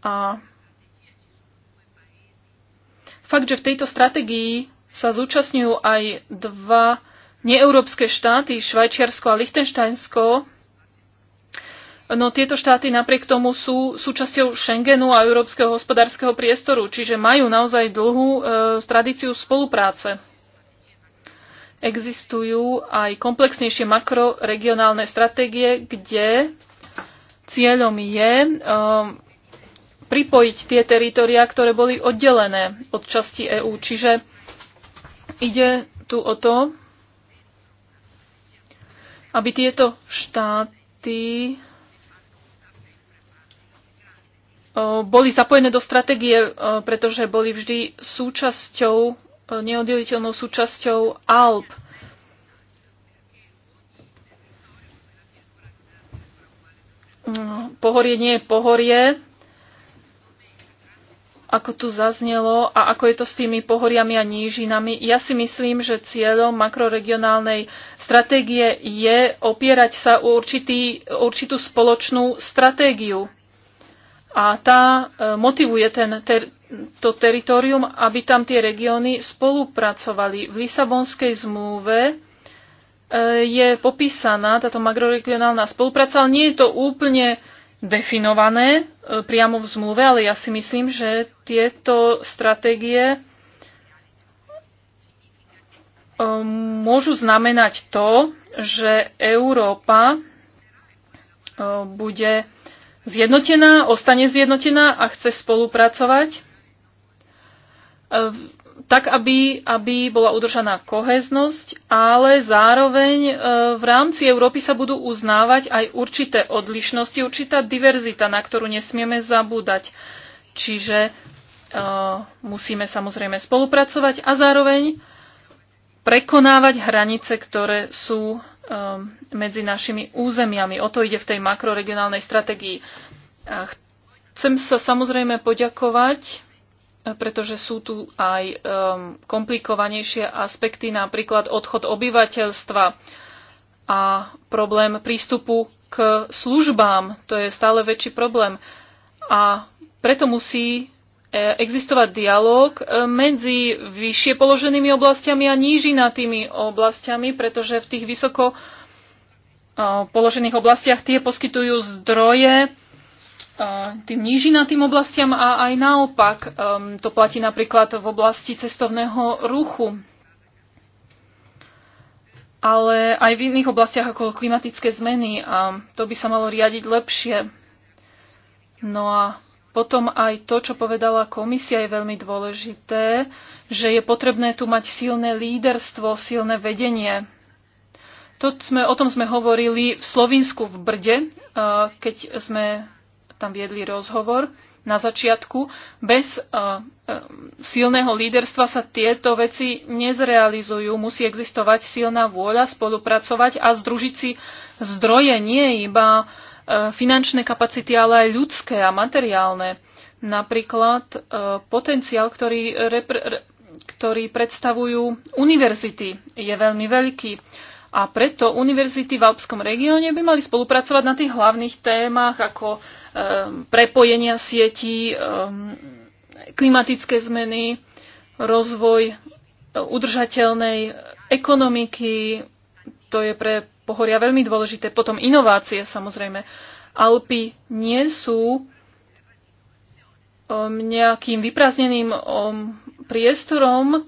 A fakt, že v tejto strategii sa zúčastňujú aj dva neeurópske štáty, Švajčiarsko a Lichtensteinsko, No tieto štáty napriek tomu sú súčasťou Schengenu a Európskeho hospodárskeho priestoru, čiže majú naozaj dlhú e, tradíciu spolupráce. Existujú aj komplexnejšie makroregionálne stratégie, kde cieľom je e, pripojiť tie teritoria, ktoré boli oddelené od časti EÚ. Čiže ide tu o to, aby tieto štáty E, boli zapojené do stratégie, e, pretože boli vždy súčasťou, e, neoddeliteľnou súčasťou Alp. Pohorie nie je pohorie, ako tu zaznelo a ako je to s tými pohoriami a nížinami. Ja si myslím, že cieľom makroregionálnej stratégie je opierať sa o určitú spoločnú stratégiu a tá e, motivuje ten, ter, to teritorium, aby tam tie regióny spolupracovali. V Lisabonskej zmluve e, je popísaná táto makroregionálna spolupráca, ale nie je to úplne definované e, priamo v zmluve, ale ja si myslím, že tieto stratégie môžu znamenať to, že Európa bude zjednotená, ostane zjednotená a chce spolupracovať e, tak, aby, aby bola udržaná koheznosť, ale zároveň e, v rámci Európy sa budú uznávať aj určité odlišnosti, určitá diverzita, na ktorú nesmieme zabúdať. Čiže e, musíme samozrejme spolupracovať a zároveň prekonávať hranice, ktoré sú Um, medzi našimi územiami. O to ide v tej makroregionálnej strategii. Chcem sa samozrejme poďakovať, pretože sú tu aj um, komplikovanejšie aspekty, napríklad odchod obyvateľstva a problém prístupu k službám. To je stále väčší problém. A preto musí E, existovať dialog e, medzi vyššie položenými oblastiami a nížinatými oblastiami, pretože v tých vysoko e, položených oblastiach tie poskytujú zdroje tým nížinatým oblastiam a aj naopak. To platí napríklad v oblasti cestovného ruchu. Ale aj v iných oblastiach ako klimatické zmeny a to by sa malo riadiť lepšie. No a potom aj to, čo povedala komisia, je veľmi dôležité, že je potrebné tu mať silné líderstvo, silné vedenie. To sme, o tom sme hovorili v Slovinsku v Brde, keď sme tam viedli rozhovor na začiatku. Bez silného líderstva sa tieto veci nezrealizujú. Musí existovať silná vôľa spolupracovať a združiť si zdroje, nie iba uh, E, finančné kapacity, ale aj ľudské a materiálne. Napríklad e, potenciál, ktorý, ktorý predstavujú univerzity, je veľmi veľký. A preto univerzity v Alpskom regióne by mali spolupracovať na tých hlavných témach ako e, prepojenia sietí, klimatické zmeny, rozvoj udržateľnej ekonomiky. To je pre pohoria veľmi dôležité. Potom inovácie samozrejme. Alpy nie sú um, nejakým vyprázdneným um, priestorom.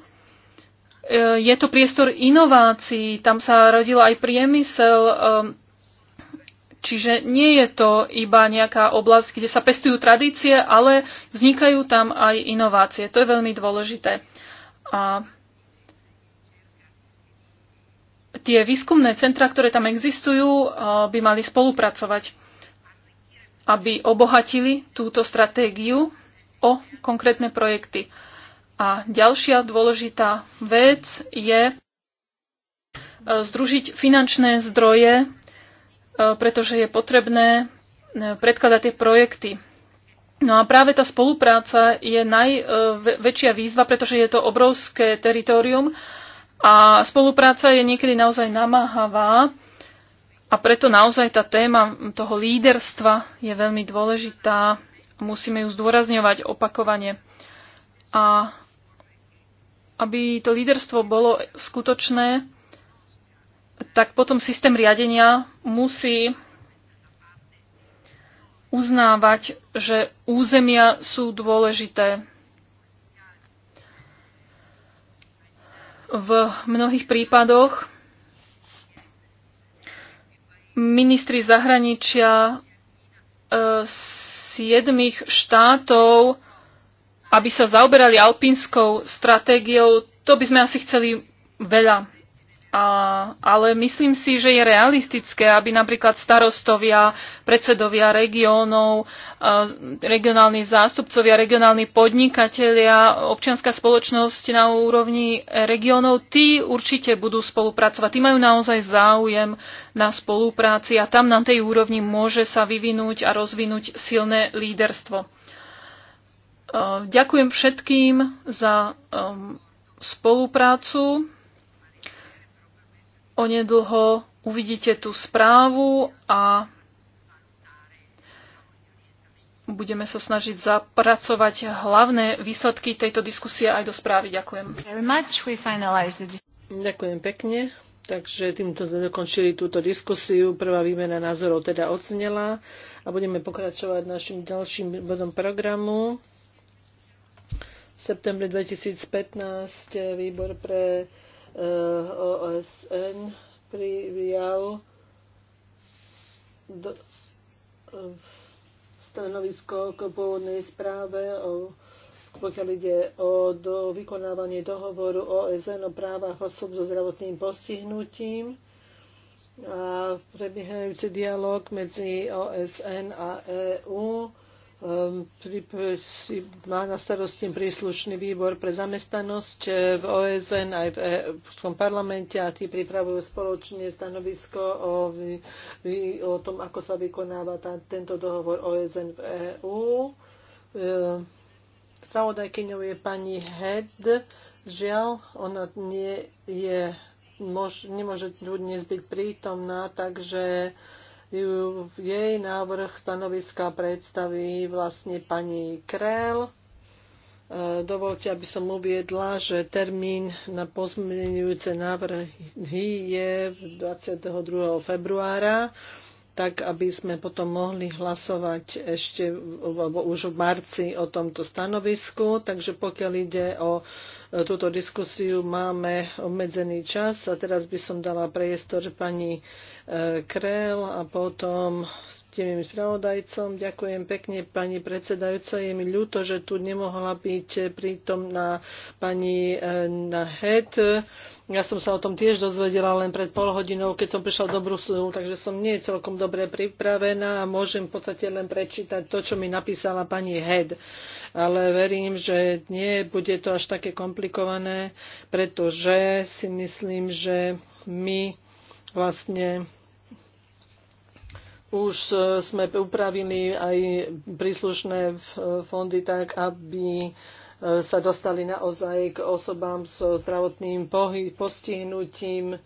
E, je to priestor inovácií, tam sa rodil aj priemysel, um, čiže nie je to iba nejaká oblasť, kde sa pestujú tradície, ale vznikajú tam aj inovácie. To je veľmi dôležité. A tie výskumné centra, ktoré tam existujú, eh, by mali spolupracovať, aby obohatili túto stratégiu o konkrétne projekty. A ďalšia dôležitá vec je eh, združiť finančné zdroje, eh, pretože je potrebné predkladať tie projekty. No a práve tá spolupráca je najväčšia výzva, pretože je to obrovské teritorium a spolupráca je niekedy naozaj namáhavá a preto naozaj tá téma toho líderstva je veľmi dôležitá. Musíme ju zdôrazňovať opakovane. A aby to líderstvo bolo skutočné, tak potom systém riadenia musí uznávať, že územia sú dôležité. v mnohých prípadoch ministri zahraničia e, siedmých štátov, aby sa zaoberali alpínskou stratégiou, to by sme asi chceli veľa a, ale myslím si, že je realistické, aby napríklad starostovia, predsedovia regiónov, regionálni zástupcovia, regionálni podnikatelia, občianská spoločnosť na úrovni regiónov, tí určite budú spolupracovať. Tí majú naozaj záujem na spolupráci a tam na tej úrovni môže sa vyvinúť a rozvinúť silné líderstvo. Ďakujem všetkým za um, spoluprácu. Onedlho uvidíte tú správu a budeme sa snažiť zapracovať hlavné výsledky tejto diskusie aj do správy. Ďakujem. Ďakujem pekne. Takže týmto sme dokončili túto diskusiu. Prvá výmena názorov teda ocenila a budeme pokračovať našim ďalším bodom programu. V septembri 2015 eh, výbor pre OSN prijal do, stanovisko k pôvodnej správe o pokiaľ ide o do vykonávanie dohovoru OSN o právach osob so zdravotným postihnutím a prebiehajúci dialog medzi OSN a EÚ Ehm, má na starosti príslušný výbor pre zamestnanosť eh, v OSN aj v Európskom parlamente a tí pripravujú spoločne stanovisko o, o tom, ako sa vykonáva tá, tento dohovor OSN v EÚ. Ehm, spravodajkyňou je pani Head. Žiaľ, ona nie je, mož, nemôže tu dnes byť prítomná, takže jej návrh stanoviska predstaví vlastne pani Krell. E, dovolte, aby som uviedla, že termín na pozmeňujúce návrhy je 22. februára, tak aby sme potom mohli hlasovať ešte už v marci o tomto stanovisku. Takže pokiaľ ide o túto diskusiu máme obmedzený čas a teraz by som dala priestor pani e, Krel a potom tým spravodajcom. Ďakujem pekne pani predsedajúca. Je mi ľúto, že tu nemohla byť prítomná pani na, e, na HED ja som sa o tom tiež dozvedela len pred pol hodinou, keď som prišla do Bruselu, takže som nie celkom dobre pripravená a môžem v podstate len prečítať to, čo mi napísala pani Head. Ale verím, že nie bude to až také komplikované, pretože si myslím, že my vlastne už sme upravili aj príslušné fondy tak, aby sa dostali naozaj k osobám s zdravotným postihnutím,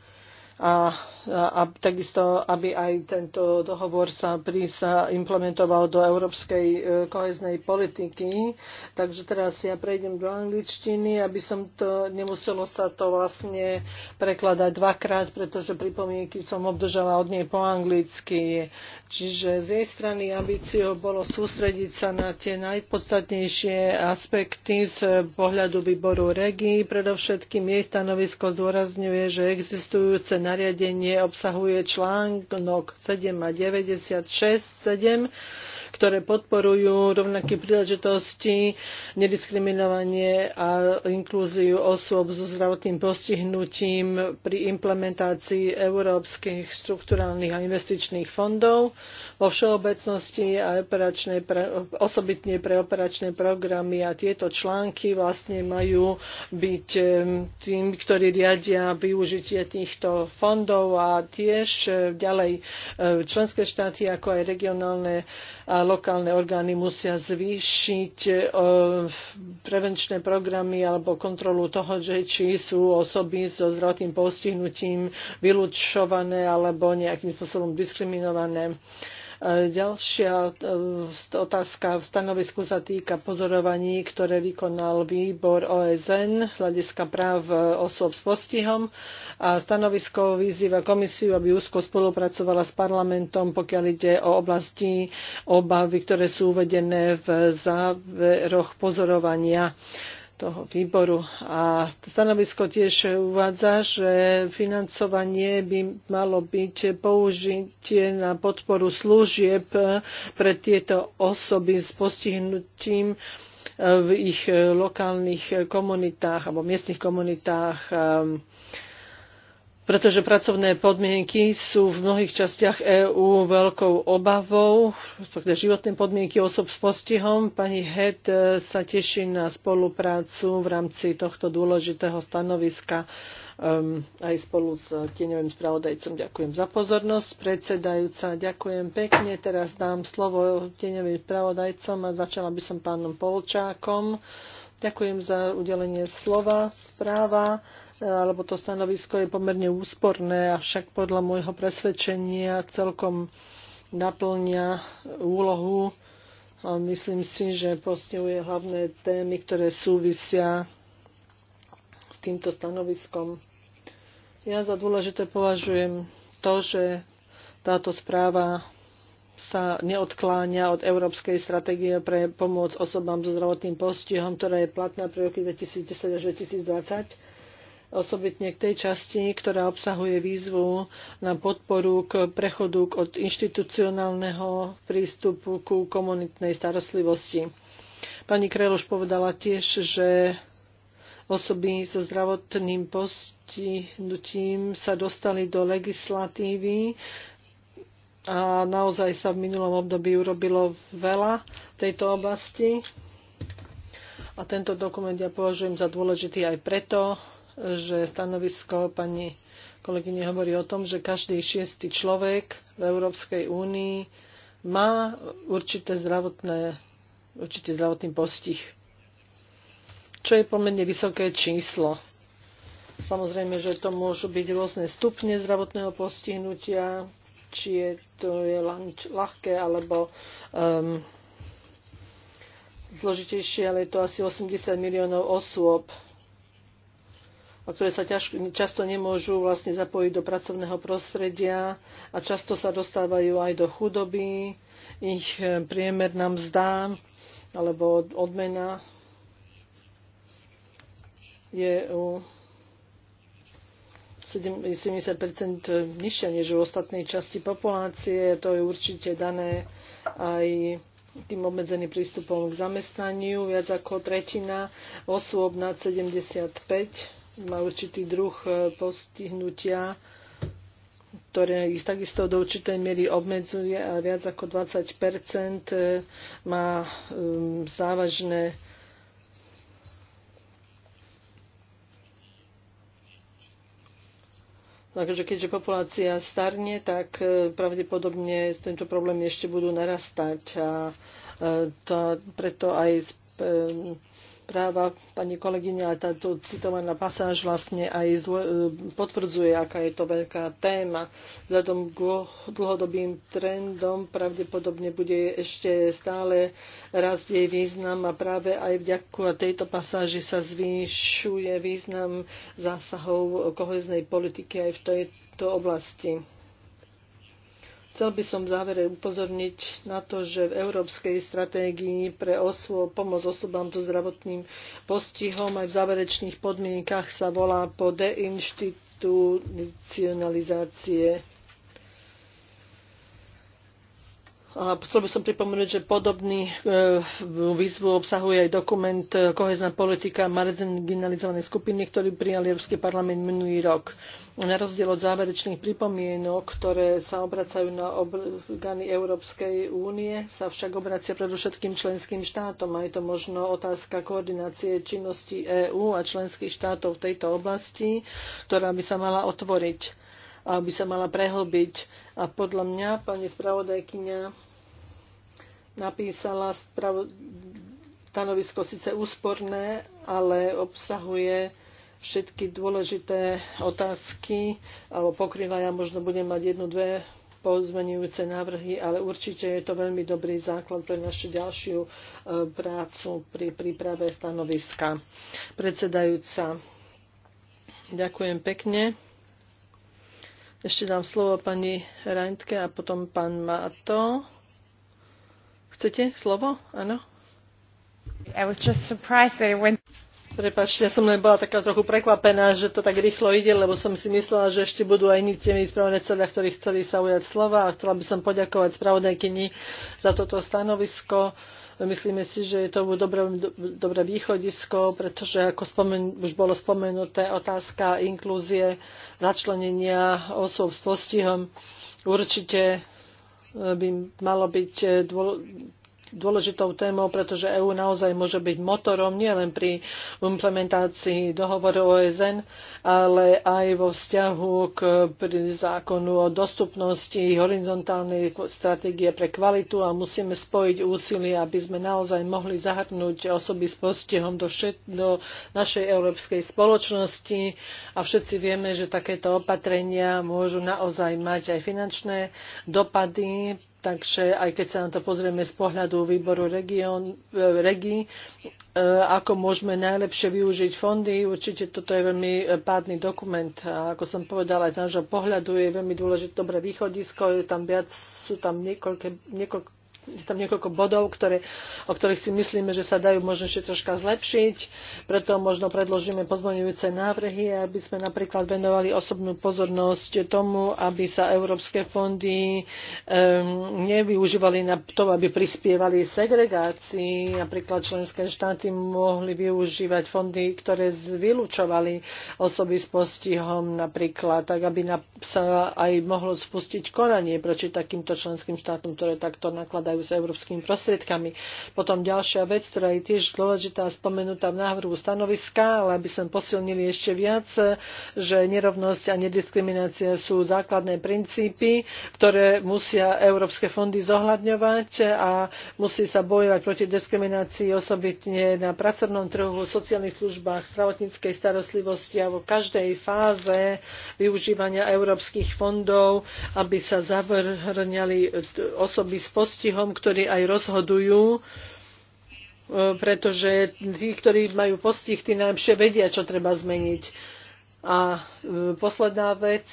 a, a, a takisto, aby aj tento dohovor sa, prí, sa implementoval do európskej e, koheznej politiky. Takže teraz ja prejdem do angličtiny, aby som to nemuselo sa to vlastne prekladať dvakrát, pretože pripomienky som obdržala od nej po anglicky. Čiže z jej strany ambíciou bolo sústrediť sa na tie najpodstatnejšie aspekty z pohľadu výboru regí. Predovšetkým jej stanovisko zdôrazňuje, že existujúce nariadenie obsahuje článok seven a ninety six seven ktoré podporujú rovnaké príležitosti, nediskriminovanie a inklúziu osôb so zdravotným postihnutím pri implementácii európskych štrukturálnych a investičných fondov vo všeobecnosti a operačné pre, osobitne pre operačné programy a tieto články vlastne majú byť tým, ktorí riadia využitie týchto fondov a tiež ďalej členské štáty ako aj regionálne a lokálne orgány musia zvýšiť e, prevenčné programy alebo kontrolu toho, že či sú osoby so zdravotným postihnutím vylúčované alebo nejakým spôsobom diskriminované. Ďalšia e, otázka v stanovisku sa týka pozorovaní, ktoré vykonal výbor OSN z hľadiska práv e, osôb s postihom a stanovisko vyzýva komisiu, aby úzko spolupracovala s parlamentom, pokiaľ ide o oblasti obavy, ktoré sú uvedené v záveroch pozorovania toho výboru. A stanovisko tiež uvádza, že financovanie by malo byť použitie na podporu služieb pre tieto osoby s postihnutím v ich lokálnych komunitách alebo miestnych komunitách pretože pracovné podmienky sú v mnohých častiach EÚ veľkou obavou, teda životné podmienky osob s postihom. Pani Het e, sa teší na spoluprácu v rámci tohto dôležitého stanoviska um, aj spolu s tieňovým spravodajcom. Ďakujem za pozornosť. Predsedajúca, ďakujem pekne. Teraz dám slovo tieňovým spravodajcom a začala by som pánom Polčákom. Ďakujem za udelenie slova. Správa alebo to stanovisko je pomerne úsporné, avšak podľa môjho presvedčenia celkom naplňa úlohu a myslím si, že postihuje hlavné témy, ktoré súvisia s týmto stanoviskom. Ja za dôležité považujem to, že táto správa sa neodkláňa od Európskej stratégie pre pomoc osobám so zdravotným postihom, ktorá je platná pre roky 2010 až 2020 osobitne k tej časti, ktorá obsahuje výzvu na podporu k prechodu od inštitucionálneho prístupu ku komunitnej starostlivosti. Pani Kreloš povedala tiež, že osoby so zdravotným postihnutím sa dostali do legislatívy a naozaj sa v minulom období urobilo veľa v tejto oblasti. A tento dokument ja považujem za dôležitý aj preto, že stanovisko pani kolegyne hovorí o tom, že každý šiestý človek v Európskej únii má určité zdravotné, určitý zdravotný postih, čo je pomerne vysoké číslo. Samozrejme, že to môžu byť rôzne stupne zdravotného postihnutia, či je to je ľahké alebo um, zložitejšie, ale je to asi 80 miliónov osôb ktoré sa ťažko, často nemôžu vlastne zapojiť do pracovného prostredia a často sa dostávajú aj do chudoby, ich e, nám zdá alebo odmena je u 70 nižšia než u ostatnej časti populácie. To je určite dané aj tým obmedzeným prístupom k zamestnaniu. Viac ako tretina osôb nad 75 má určitý druh e, postihnutia, ktoré ich takisto do určitej miery obmedzuje a viac ako 20 e, má um, závažné Takže keďže populácia starne, tak e, pravdepodobne tento problém ešte budú narastať a to, preto aj práva pani kolegyňa, táto citovaná pasáž vlastne aj e, potvrdzuje, aká je to veľká téma. Vzhľadom k dlhodobým trendom pravdepodobne bude ešte stále rast jej význam a práve aj vďaka tejto pasáži sa zvýšuje význam zásahov koheznej politiky aj v tejto oblasti. Chcel by som v závere upozorniť na to, že v Európskej stratégii pre osô, pomoc osobám so zdravotným postihom aj v záverečných podmienkach sa volá po deinstitucionalizácie A chcel by som pripomenúť, že podobný e, výzvu obsahuje aj dokument e, Kohezná politika marginalizovanej skupiny, ktorý prijal Európsky parlament minulý rok. Na rozdiel od záverečných pripomienok, ktoré sa obracajú na orgány Európskej únie, sa však obracia predovšetkým členským štátom. A je to možno otázka koordinácie činnosti EÚ a členských štátov v tejto oblasti, ktorá by sa mala otvoriť by sa mala prehlbiť. A podľa mňa pani spravodajkyňa napísala spravo- stanovisko síce úsporné, ale obsahuje všetky dôležité otázky, alebo pokrýva, ja možno budem mať jednu, dve pozmenujúce návrhy, ale určite je to veľmi dobrý základ pre našu ďalšiu e, prácu pri príprave stanoviska. Predsedajúca, ďakujem pekne. Ešte dám slovo pani Reintke a potom pán Mato. Chcete slovo? Áno? I was just surprised that it went... Prepačte, ja som len bola taká trochu prekvapená, že to tak rýchlo ide, lebo som si myslela, že ešte budú aj iní temi spravodajcovia, ktorí chceli sa ujať slova a chcela by som poďakovať spravodajkyni za toto stanovisko Myslíme si, že je to dobré, dobré východisko, pretože ako spomen, už bolo spomenuté, otázka inklúzie, začlenenia osôb s postihom určite eh, by malo byť dôležitou témou, pretože EÚ naozaj môže byť motorom nielen pri implementácii dohovoru OSN, ale aj vo vzťahu k zákonu o dostupnosti horizontálnej stratégie pre kvalitu a musíme spojiť úsilie, aby sme naozaj mohli zahrnúť osoby s postihom do, všet, do našej európskej spoločnosti a všetci vieme, že takéto opatrenia môžu naozaj mať aj finančné dopady Takže aj keď sa na to pozrieme z pohľadu výboru e, regí, e, ako môžeme najlepšie využiť fondy, určite toto je veľmi e, pádny dokument. A ako som povedala, aj z nášho pohľadu je veľmi dôležité dobré východisko, je tam viac, sú tam niekoľké, niekoľko je tam niekoľko bodov, ktoré, o ktorých si myslíme, že sa dajú možno ešte troška zlepšiť, preto možno predložíme pozvoňujúce návrhy, aby sme napríklad venovali osobnú pozornosť tomu, aby sa európske fondy um, nevyužívali na to, aby prispievali segregácii. Napríklad členské štáty mohli využívať fondy, ktoré vylúčovali osoby s postihom napríklad, tak aby sa aj mohlo spustiť konanie proti takýmto členským štátom, ktoré takto nakladajú nakladajú s európskymi prostriedkami. Potom ďalšia vec, ktorá je tiež dôležitá spomenutá v návrhu stanoviska, ale aby sme posilnili ešte viac, že nerovnosť a nediskriminácia sú základné princípy, ktoré musia európske fondy zohľadňovať a musí sa bojovať proti diskriminácii osobitne na pracovnom trhu, sociálnych službách, zdravotníckej starostlivosti a vo každej fáze využívania európskych fondov, aby sa zavrňali osoby s postihom tom, ktorí aj rozhodujú, e, pretože tí, ktorí majú postih, tí najlepšie vedia, čo treba zmeniť. A e, posledná vec,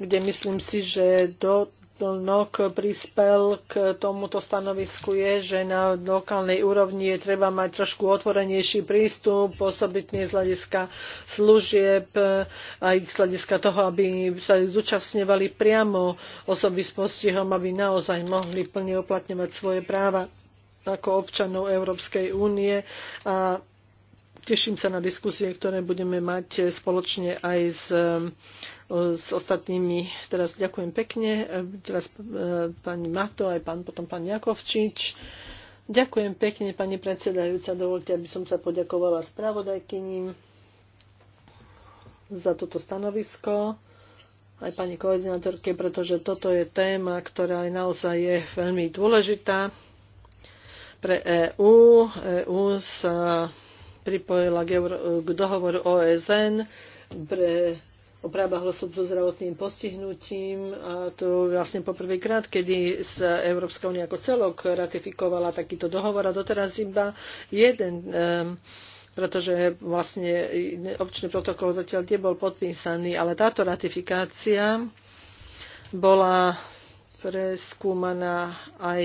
kde myslím si, že do doplnok prispel k tomuto stanovisku je, že na lokálnej úrovni je treba mať trošku otvorenejší prístup, osobitne z hľadiska služieb, aj z hľadiska toho, aby sa zúčastňovali priamo osoby s postihom, aby naozaj mohli plne uplatňovať svoje práva ako občanov Európskej únie a Teším sa na diskusie, ktoré budeme mať eh, spoločne aj s, eh, s ostatnými. Teraz ďakujem pekne. Eh, teraz pani Mato, aj pán, potom pán Jakovčič. Ďakujem pekne, pani predsedajúca. Dovolte, aby som sa poďakovala spravodajkyním za toto stanovisko aj pani koordinátorke, pretože toto je téma, ktorá je naozaj je veľmi dôležitá pre EÚ. EÚ sa pripojila k, Euro- k dohovoru OSN pre o právach osob so zdravotným postihnutím a to vlastne poprvýkrát, kedy sa Európska únia ako celok ratifikovala takýto dohovor a doteraz iba jeden um, pretože vlastne občný protokol zatiaľ nebol podpísaný, ale táto ratifikácia bola preskúmaná aj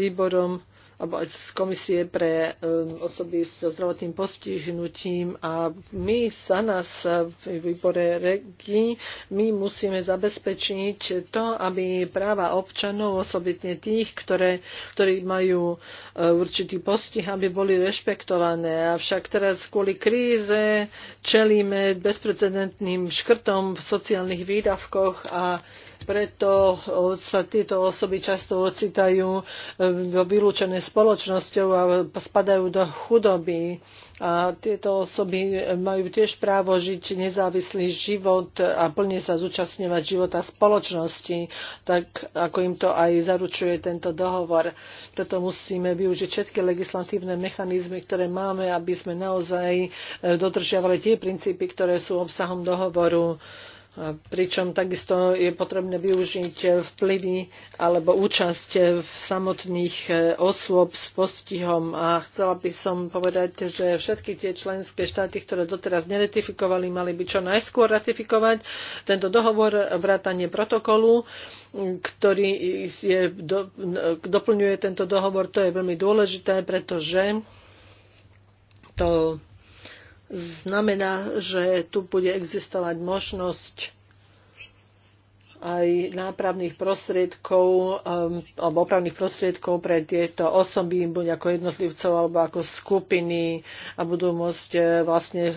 výborom alebo z Komisie pre um, osoby so zdravotným postihnutím a my sa nás v výbore REGI, my musíme zabezpečiť to, aby práva občanov, osobitne tých, ktoré, ktorí majú uh, určitý postih, aby boli rešpektované. Avšak teraz kvôli kríze čelíme bezprecedentným škrtom v sociálnych výdavkoch a preto sa tieto osoby často ocitajú e, vylúčené spoločnosťou a spadajú do chudoby. A tieto osoby majú tiež právo žiť nezávislý život a plne sa zúčastňovať života spoločnosti, tak ako im to aj zaručuje tento dohovor. Toto musíme využiť všetky legislatívne mechanizmy, ktoré máme, aby sme naozaj e, dodržiavali tie princípy, ktoré sú obsahom dohovoru pričom takisto je potrebné využiť vplyvy alebo účasť v samotných e, osôb s postihom. A chcela by som povedať, že všetky tie členské štáty, ktoré doteraz neratifikovali, mali by čo najskôr ratifikovať tento dohovor, vrátanie protokolu, ktorý je, do, e, doplňuje tento dohovor. To je veľmi dôležité, pretože to znamená, že tu bude existovať možnosť aj nápravných prostriedkov um, alebo opravných prostriedkov pre tieto osoby, buď ako jednotlivcov alebo ako skupiny a budú môcť e, vlastne e,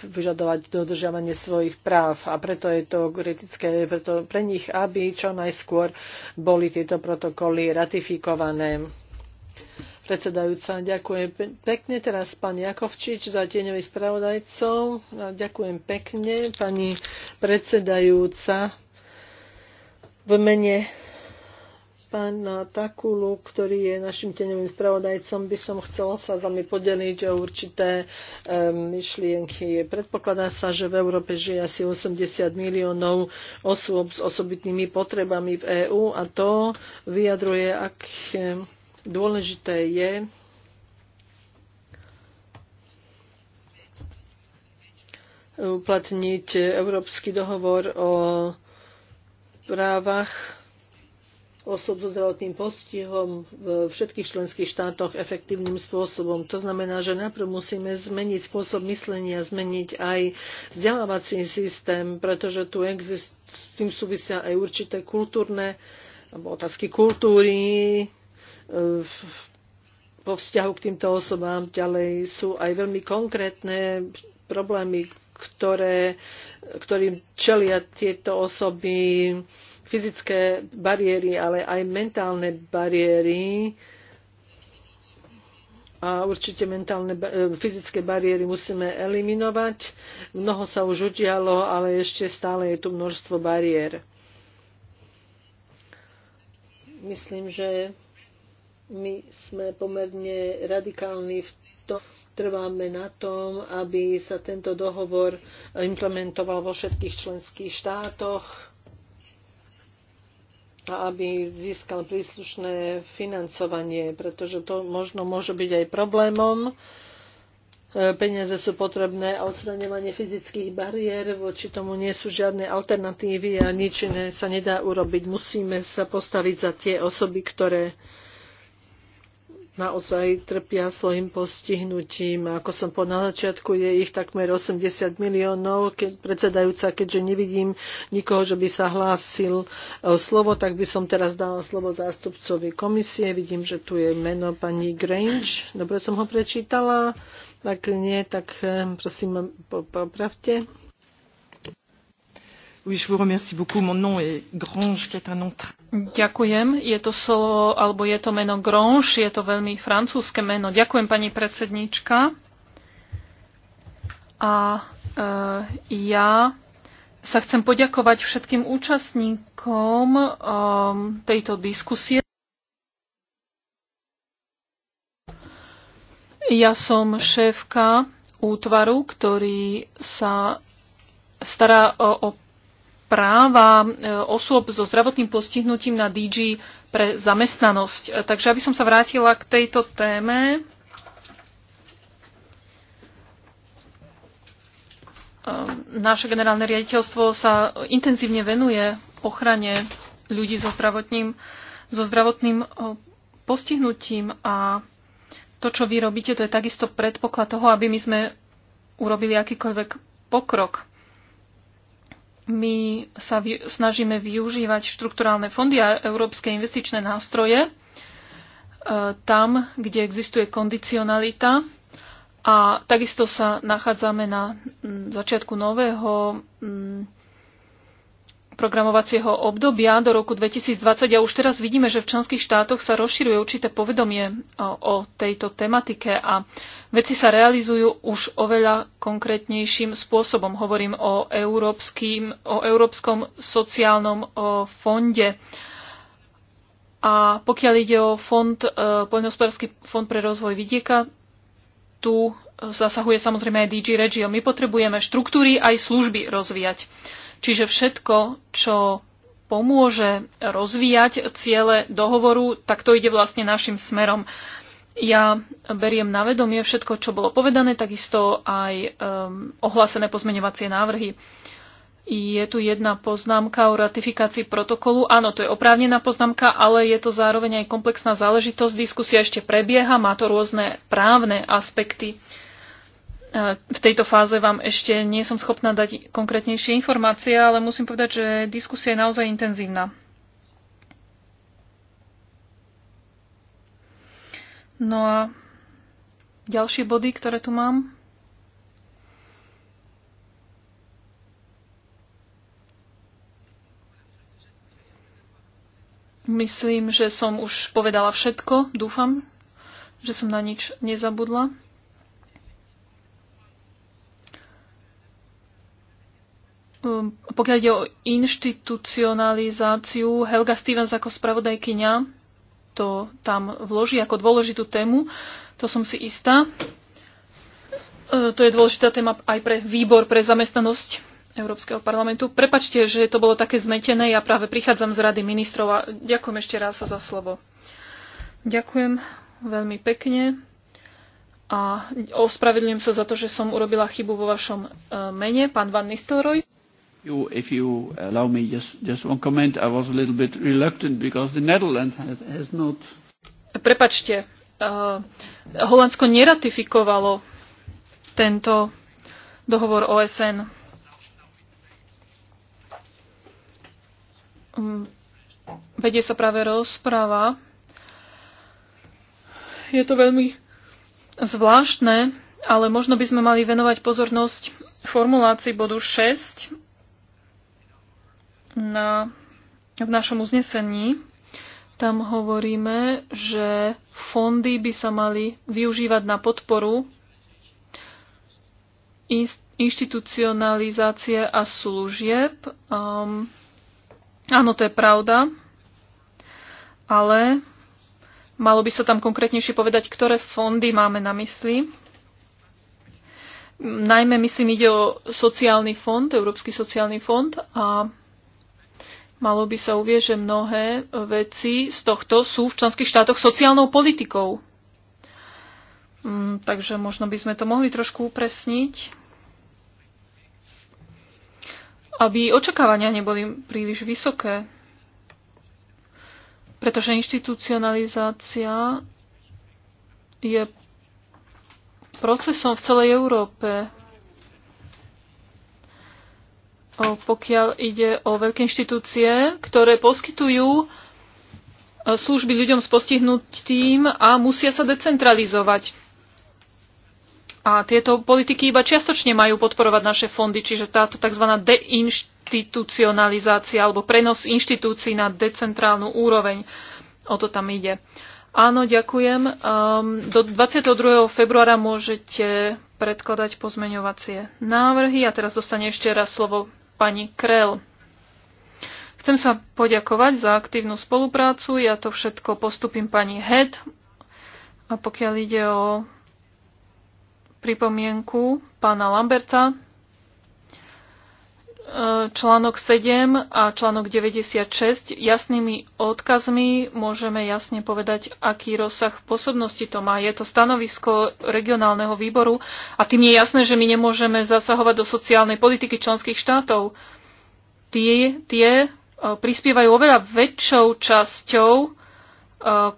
vyžadovať dodržiavanie svojich práv. A preto je to kritické preto pre nich, aby čo najskôr boli tieto protokoly ratifikované. Predsedajúca, ďakujem pekne. Teraz pán Jakovčič za tieňových spravodajcov. No, ďakujem pekne, pani predsedajúca. V mene pána Takulu, ktorý je našim tieňovým spravodajcom, by som chcela sa s vami podeliť o určité um, myšlienky. Predpokladá sa, že v Európe žije asi 80 miliónov osôb s osobitnými potrebami v EÚ a to vyjadruje, ak, Dôležité je, uplatniť Európsky dohovor o právach osob so zdravotným postihom v všetkých členských štátoch efektívnym spôsobom. To znamená, že najprv musíme zmeniť spôsob myslenia, zmeniť aj vzdelávací systém, pretože tu exist, s tým súvisia aj určité kultúrne alebo otázky kultúry, vo vzťahu k týmto osobám ďalej sú aj veľmi konkrétne problémy, ktoré, ktorým čelia tieto osoby, fyzické bariéry, ale aj mentálne bariéry. A určite mentálne, e, fyzické bariéry musíme eliminovať. Mnoho sa už udialo, ale ešte stále je tu množstvo bariér. Myslím, že my sme pomerne radikálni v tom, trváme na tom, aby sa tento dohovor implementoval vo všetkých členských štátoch a aby získal príslušné financovanie, pretože to možno môže byť aj problémom. E, peniaze sú potrebné a odstraňovanie fyzických bariér, voči tomu nie sú žiadne alternatívy a nič iné sa nedá urobiť. Musíme sa postaviť za tie osoby, ktoré naozaj trpia svojim postihnutím. Ako som po na začiatku, je ich takmer 80 miliónov. Keď, predsedajúca, keďže nevidím nikoho, že by sa hlásil o e, slovo, tak by som teraz dala slovo zástupcovi komisie. Vidím, že tu je meno pani Grange. Dobre som ho prečítala. Ak nie, tak e, prosím, popravte. Po, Ďakujem. Je to slovo, alebo je to meno Grange, je to veľmi francúzske meno. Ďakujem, pani predsednička. A e, ja sa chcem poďakovať všetkým účastníkom e, tejto diskusie. Ja som šéfka útvaru, ktorý sa stará o, o práva e, osôb so zdravotným postihnutím na DG pre zamestnanosť. E, takže aby som sa vrátila k tejto téme. E, naše generálne riaditeľstvo sa intenzívne venuje ochrane ľudí so zdravotným, so zdravotným postihnutím a to, čo vy robíte, to je takisto predpoklad toho, aby my sme urobili akýkoľvek pokrok my sa vy, snažíme využívať štrukturálne fondy a európske investičné nástroje e, tam, kde existuje kondicionalita. A takisto sa nachádzame na m, začiatku nového m, programovacieho obdobia do roku 2020 a už teraz vidíme, že v členských štátoch sa rozširuje určité povedomie e, o tejto tematike a veci sa realizujú už oveľa konkrétnejším spôsobom. Hovorím o, európskym, o Európskom sociálnom e, fonde. A pokiaľ ide o fond, e, poľnohospodársky fond pre rozvoj vidieka, tu zasahuje samozrejme aj DG Regio. My potrebujeme štruktúry aj služby rozvíjať. Čiže všetko, čo pomôže rozvíjať ciele dohovoru, tak to ide vlastne našim smerom. Ja beriem na vedomie všetko, čo bolo povedané, takisto aj um, ohlásené pozmeňovacie návrhy. Je tu jedna poznámka o ratifikácii protokolu. Áno, to je oprávnená poznámka, ale je to zároveň aj komplexná záležitosť. Diskusia ešte prebieha, má to rôzne právne aspekty. Uh, E, v tejto fáze vám ešte nie som schopná dať konkrétnejšie informácie, ale musím povedať, že diskusia je naozaj intenzívna. No a ďalšie body, ktoré tu mám. Myslím, že som už povedala všetko. Dúfam, že som na nič nezabudla. Um, pokiaľ ide o inštitucionalizáciu, Helga Stevens ako spravodajkyňa to tam vloží ako dôležitú tému, to som si istá. E, to je dôležitá téma aj pre výbor pre zamestnanosť Európskeho parlamentu. Prepačte, že to bolo také zmetené, ja práve prichádzam z Rady ministrov a ďakujem ešte raz za slovo. Ďakujem veľmi pekne a ospravedlňujem sa za to, že som urobila chybu vo vašom e, mene, pán Van Nistelrooy you, if you allow me just, just one comment, I was a little bit reluctant because the Netherlands has, has not... Prepačte, uh, Holandsko neratifikovalo tento dohovor OSN. Um, vedie sa práve rozpráva. Je to veľmi zvláštne, ale možno by sme mali venovať pozornosť formulácii bodu 6 na, v našom uznesení tam hovoríme, že fondy by sa mali využívať na podporu inštitucionalizácie a služieb. Um, áno, to je pravda, ale malo by sa tam konkrétnejšie povedať, ktoré fondy máme na mysli. Najmä myslím ide o sociálny fond, Európsky sociálny fond a Malo by sa uvieť, že mnohé veci z tohto sú v členských štátoch sociálnou politikou. Mm, takže možno by sme to mohli trošku upresniť, aby očakávania neboli príliš vysoké. Pretože inštitucionalizácia je procesom v celej Európe pokiaľ ide o veľké inštitúcie, ktoré poskytujú e, služby ľuďom s postihnutím a musia sa decentralizovať. A tieto politiky iba čiastočne majú podporovať naše fondy, čiže táto tzv. deinstitucionalizácia alebo prenos inštitúcií na decentrálnu úroveň. O to tam ide. Áno, ďakujem. Ehm, do 22. februára môžete predkladať pozmeňovacie návrhy. A teraz dostane ešte raz slovo pani Krell. Chcem sa poďakovať za aktívnu spoluprácu. Ja to všetko postupím pani Head. A pokiaľ ide o pripomienku pána Lamberta, E, článok 7 a článok 96 jasnými odkazmi môžeme jasne povedať, aký rozsah pôsobnosti to má. Je to stanovisko regionálneho výboru a tým je jasné, že my nemôžeme zasahovať do sociálnej politiky členských štátov. Tie, tie e, prispievajú oveľa väčšou časťou e,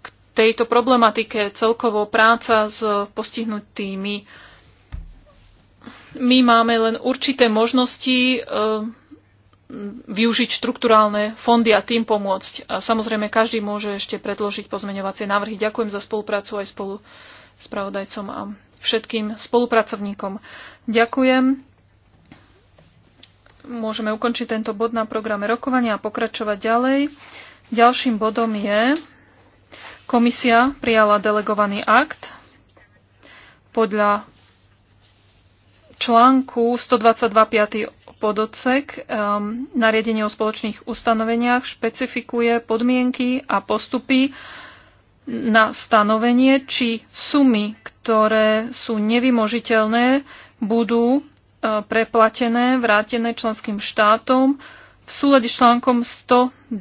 k tejto problematike celkovo práca s postihnutými my máme len určité možnosti eh, využiť štrukturálne fondy a tým pomôcť. A samozrejme, každý môže ešte predložiť pozmeňovacie návrhy. Ďakujem za spoluprácu aj spolu spravodajcom a všetkým spolupracovníkom. Ďakujem. Môžeme ukončiť tento bod na programe rokovania a pokračovať ďalej. Ďalším bodom je Komisia prijala delegovaný akt podľa článku 122.5. pododsek um, nariadenie o spoločných ustanoveniach špecifikuje podmienky a postupy na stanovenie, či sumy, ktoré sú nevymožiteľné, budú uh, preplatené, vrátené členským štátom v súlade s článkom 122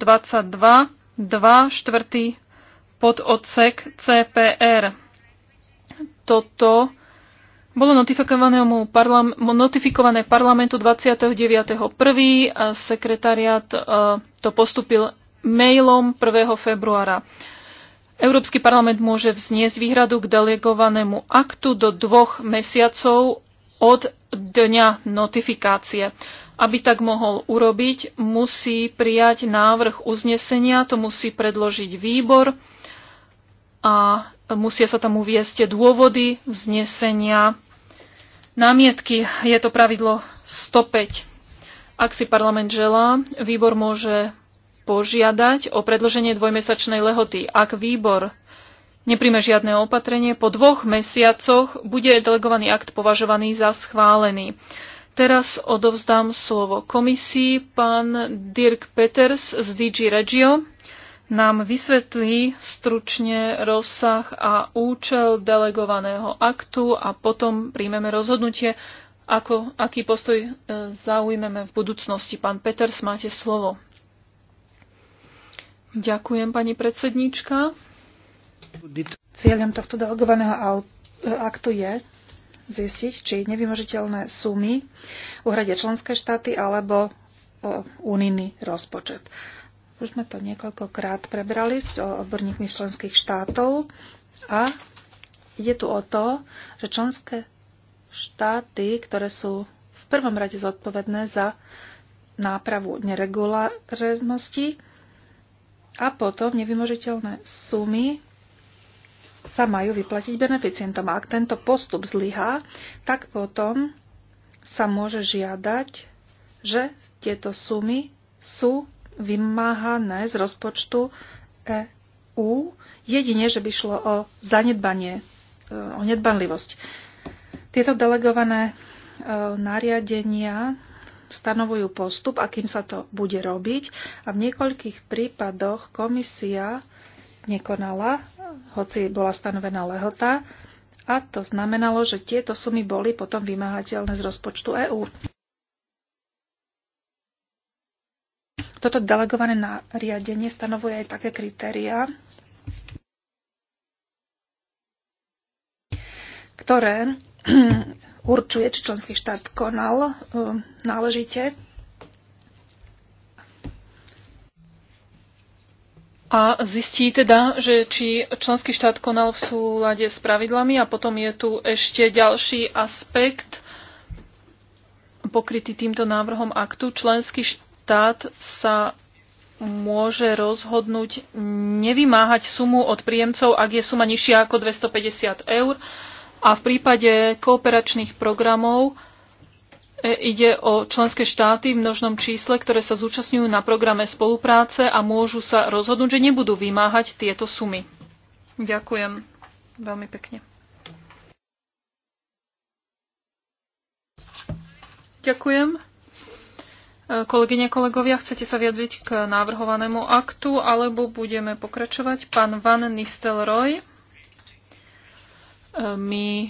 2 CPR. Toto bolo parlam, notifikované parlamentu 29.1. a sekretariat e, to postupil mailom 1. februára. Európsky parlament môže vzniesť výhradu k delegovanému aktu do dvoch mesiacov od dňa notifikácie. Aby tak mohol urobiť, musí prijať návrh uznesenia, to musí predložiť výbor a musia sa tam uviesť dôvody vznesenia námietky. Je to pravidlo 105. Ak si parlament želá, výbor môže požiadať o predlženie dvojmesačnej lehoty. Ak výbor nepríme žiadne opatrenie, po dvoch mesiacoch bude delegovaný akt považovaný za schválený. Teraz odovzdám slovo komisii. Pán Dirk Peters z DG Regio nám vysvetlí stručne rozsah a účel delegovaného aktu a potom príjmeme rozhodnutie, ako, aký postoj e, zaujmeme v budúcnosti. Pán Peters, máte slovo. Ďakujem, pani predsednička. Cieľom tohto delegovaného aktu je zistiť, či nevymožiteľné sumy uhradia členské štáty alebo e, unijný rozpočet. Už sme to niekoľkokrát prebrali s odborníkmi členských štátov a ide tu o to, že členské štáty, ktoré sú v prvom rade zodpovedné za nápravu neregulárnosti a potom nevymožiteľné sumy sa majú vyplatiť beneficientom. A ak tento postup zlyhá, tak potom sa môže žiadať, že tieto sumy sú vymáhané z rozpočtu EU, jedine, že by šlo o zanedbanie, e, o nedbanlivosť. Tieto delegované e, nariadenia stanovujú postup, akým sa to bude robiť a v niekoľkých prípadoch komisia nekonala, hoci bola stanovená lehota, a to znamenalo, že tieto sumy boli potom vymáhateľné z rozpočtu EÚ. Toto delegované nariadenie stanovuje aj také kritériá, ktoré [CLEARS THROAT] určuje, či členský štát konal um, náležite a zistí teda, že či členský štát konal v súlade s pravidlami a potom je tu ešte ďalší aspekt pokrytý týmto návrhom aktu. Členský štát štát sa môže rozhodnúť nevymáhať sumu od príjemcov, ak je suma nižšia ako 250 eur. A v prípade kooperačných programov e, ide o členské štáty v množnom čísle, ktoré sa zúčastňujú na programe spolupráce a môžu sa rozhodnúť, že nebudú vymáhať tieto sumy. Ďakujem veľmi pekne. Ďakujem. Kolegyne, kolegovia, chcete sa vyjadriť k návrhovanému aktu, alebo budeme pokračovať? Pán Van Nistelrooy, e, my e,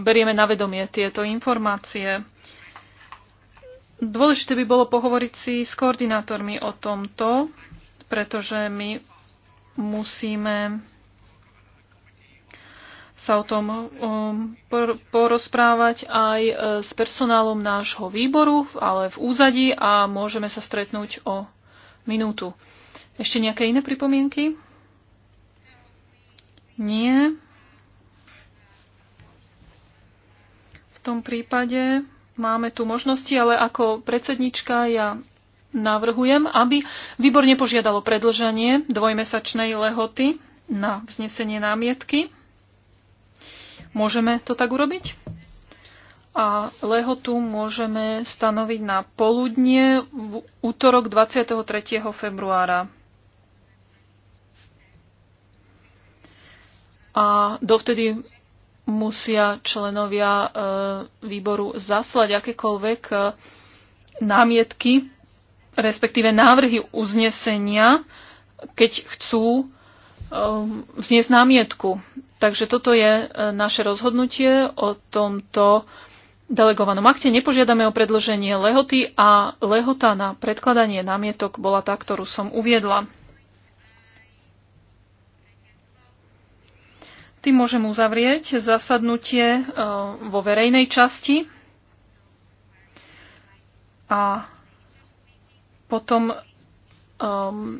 berieme na vedomie tieto informácie. Dôležité by bolo pohovoriť si s koordinátormi o tomto, pretože my musíme sa o tom um, porozprávať aj e, s personálom nášho výboru, ale v úzadi a môžeme sa stretnúť o minútu. Ešte nejaké iné pripomienky? Nie. V tom prípade máme tu možnosti, ale ako predsednička ja navrhujem, aby výbor nepožiadalo predlženie dvojmesačnej lehoty na vznesenie námietky Môžeme to tak urobiť? A lehotu môžeme stanoviť na poludnie v útorok 23. februára. A dovtedy musia členovia e, výboru zaslať akékoľvek e, námietky, respektíve návrhy uznesenia, keď chcú Um, vzniesť námietku. Takže toto je e, naše rozhodnutie o tomto delegovanom akte. Nepožiadame o predloženie lehoty a lehota na predkladanie námietok bola tá, ktorú som uviedla. Tým môžem uzavrieť zasadnutie e, vo verejnej časti a potom um,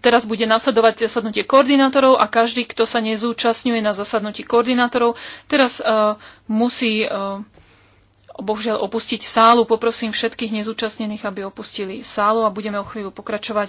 Teraz bude nasledovať zasadnutie koordinátorov a každý, kto sa nezúčastňuje na zasadnutí koordinátorov, teraz uh, musí uh, bohužiaľ opustiť sálu. Poprosím všetkých nezúčastnených, aby opustili sálu a budeme o chvíľu pokračovať.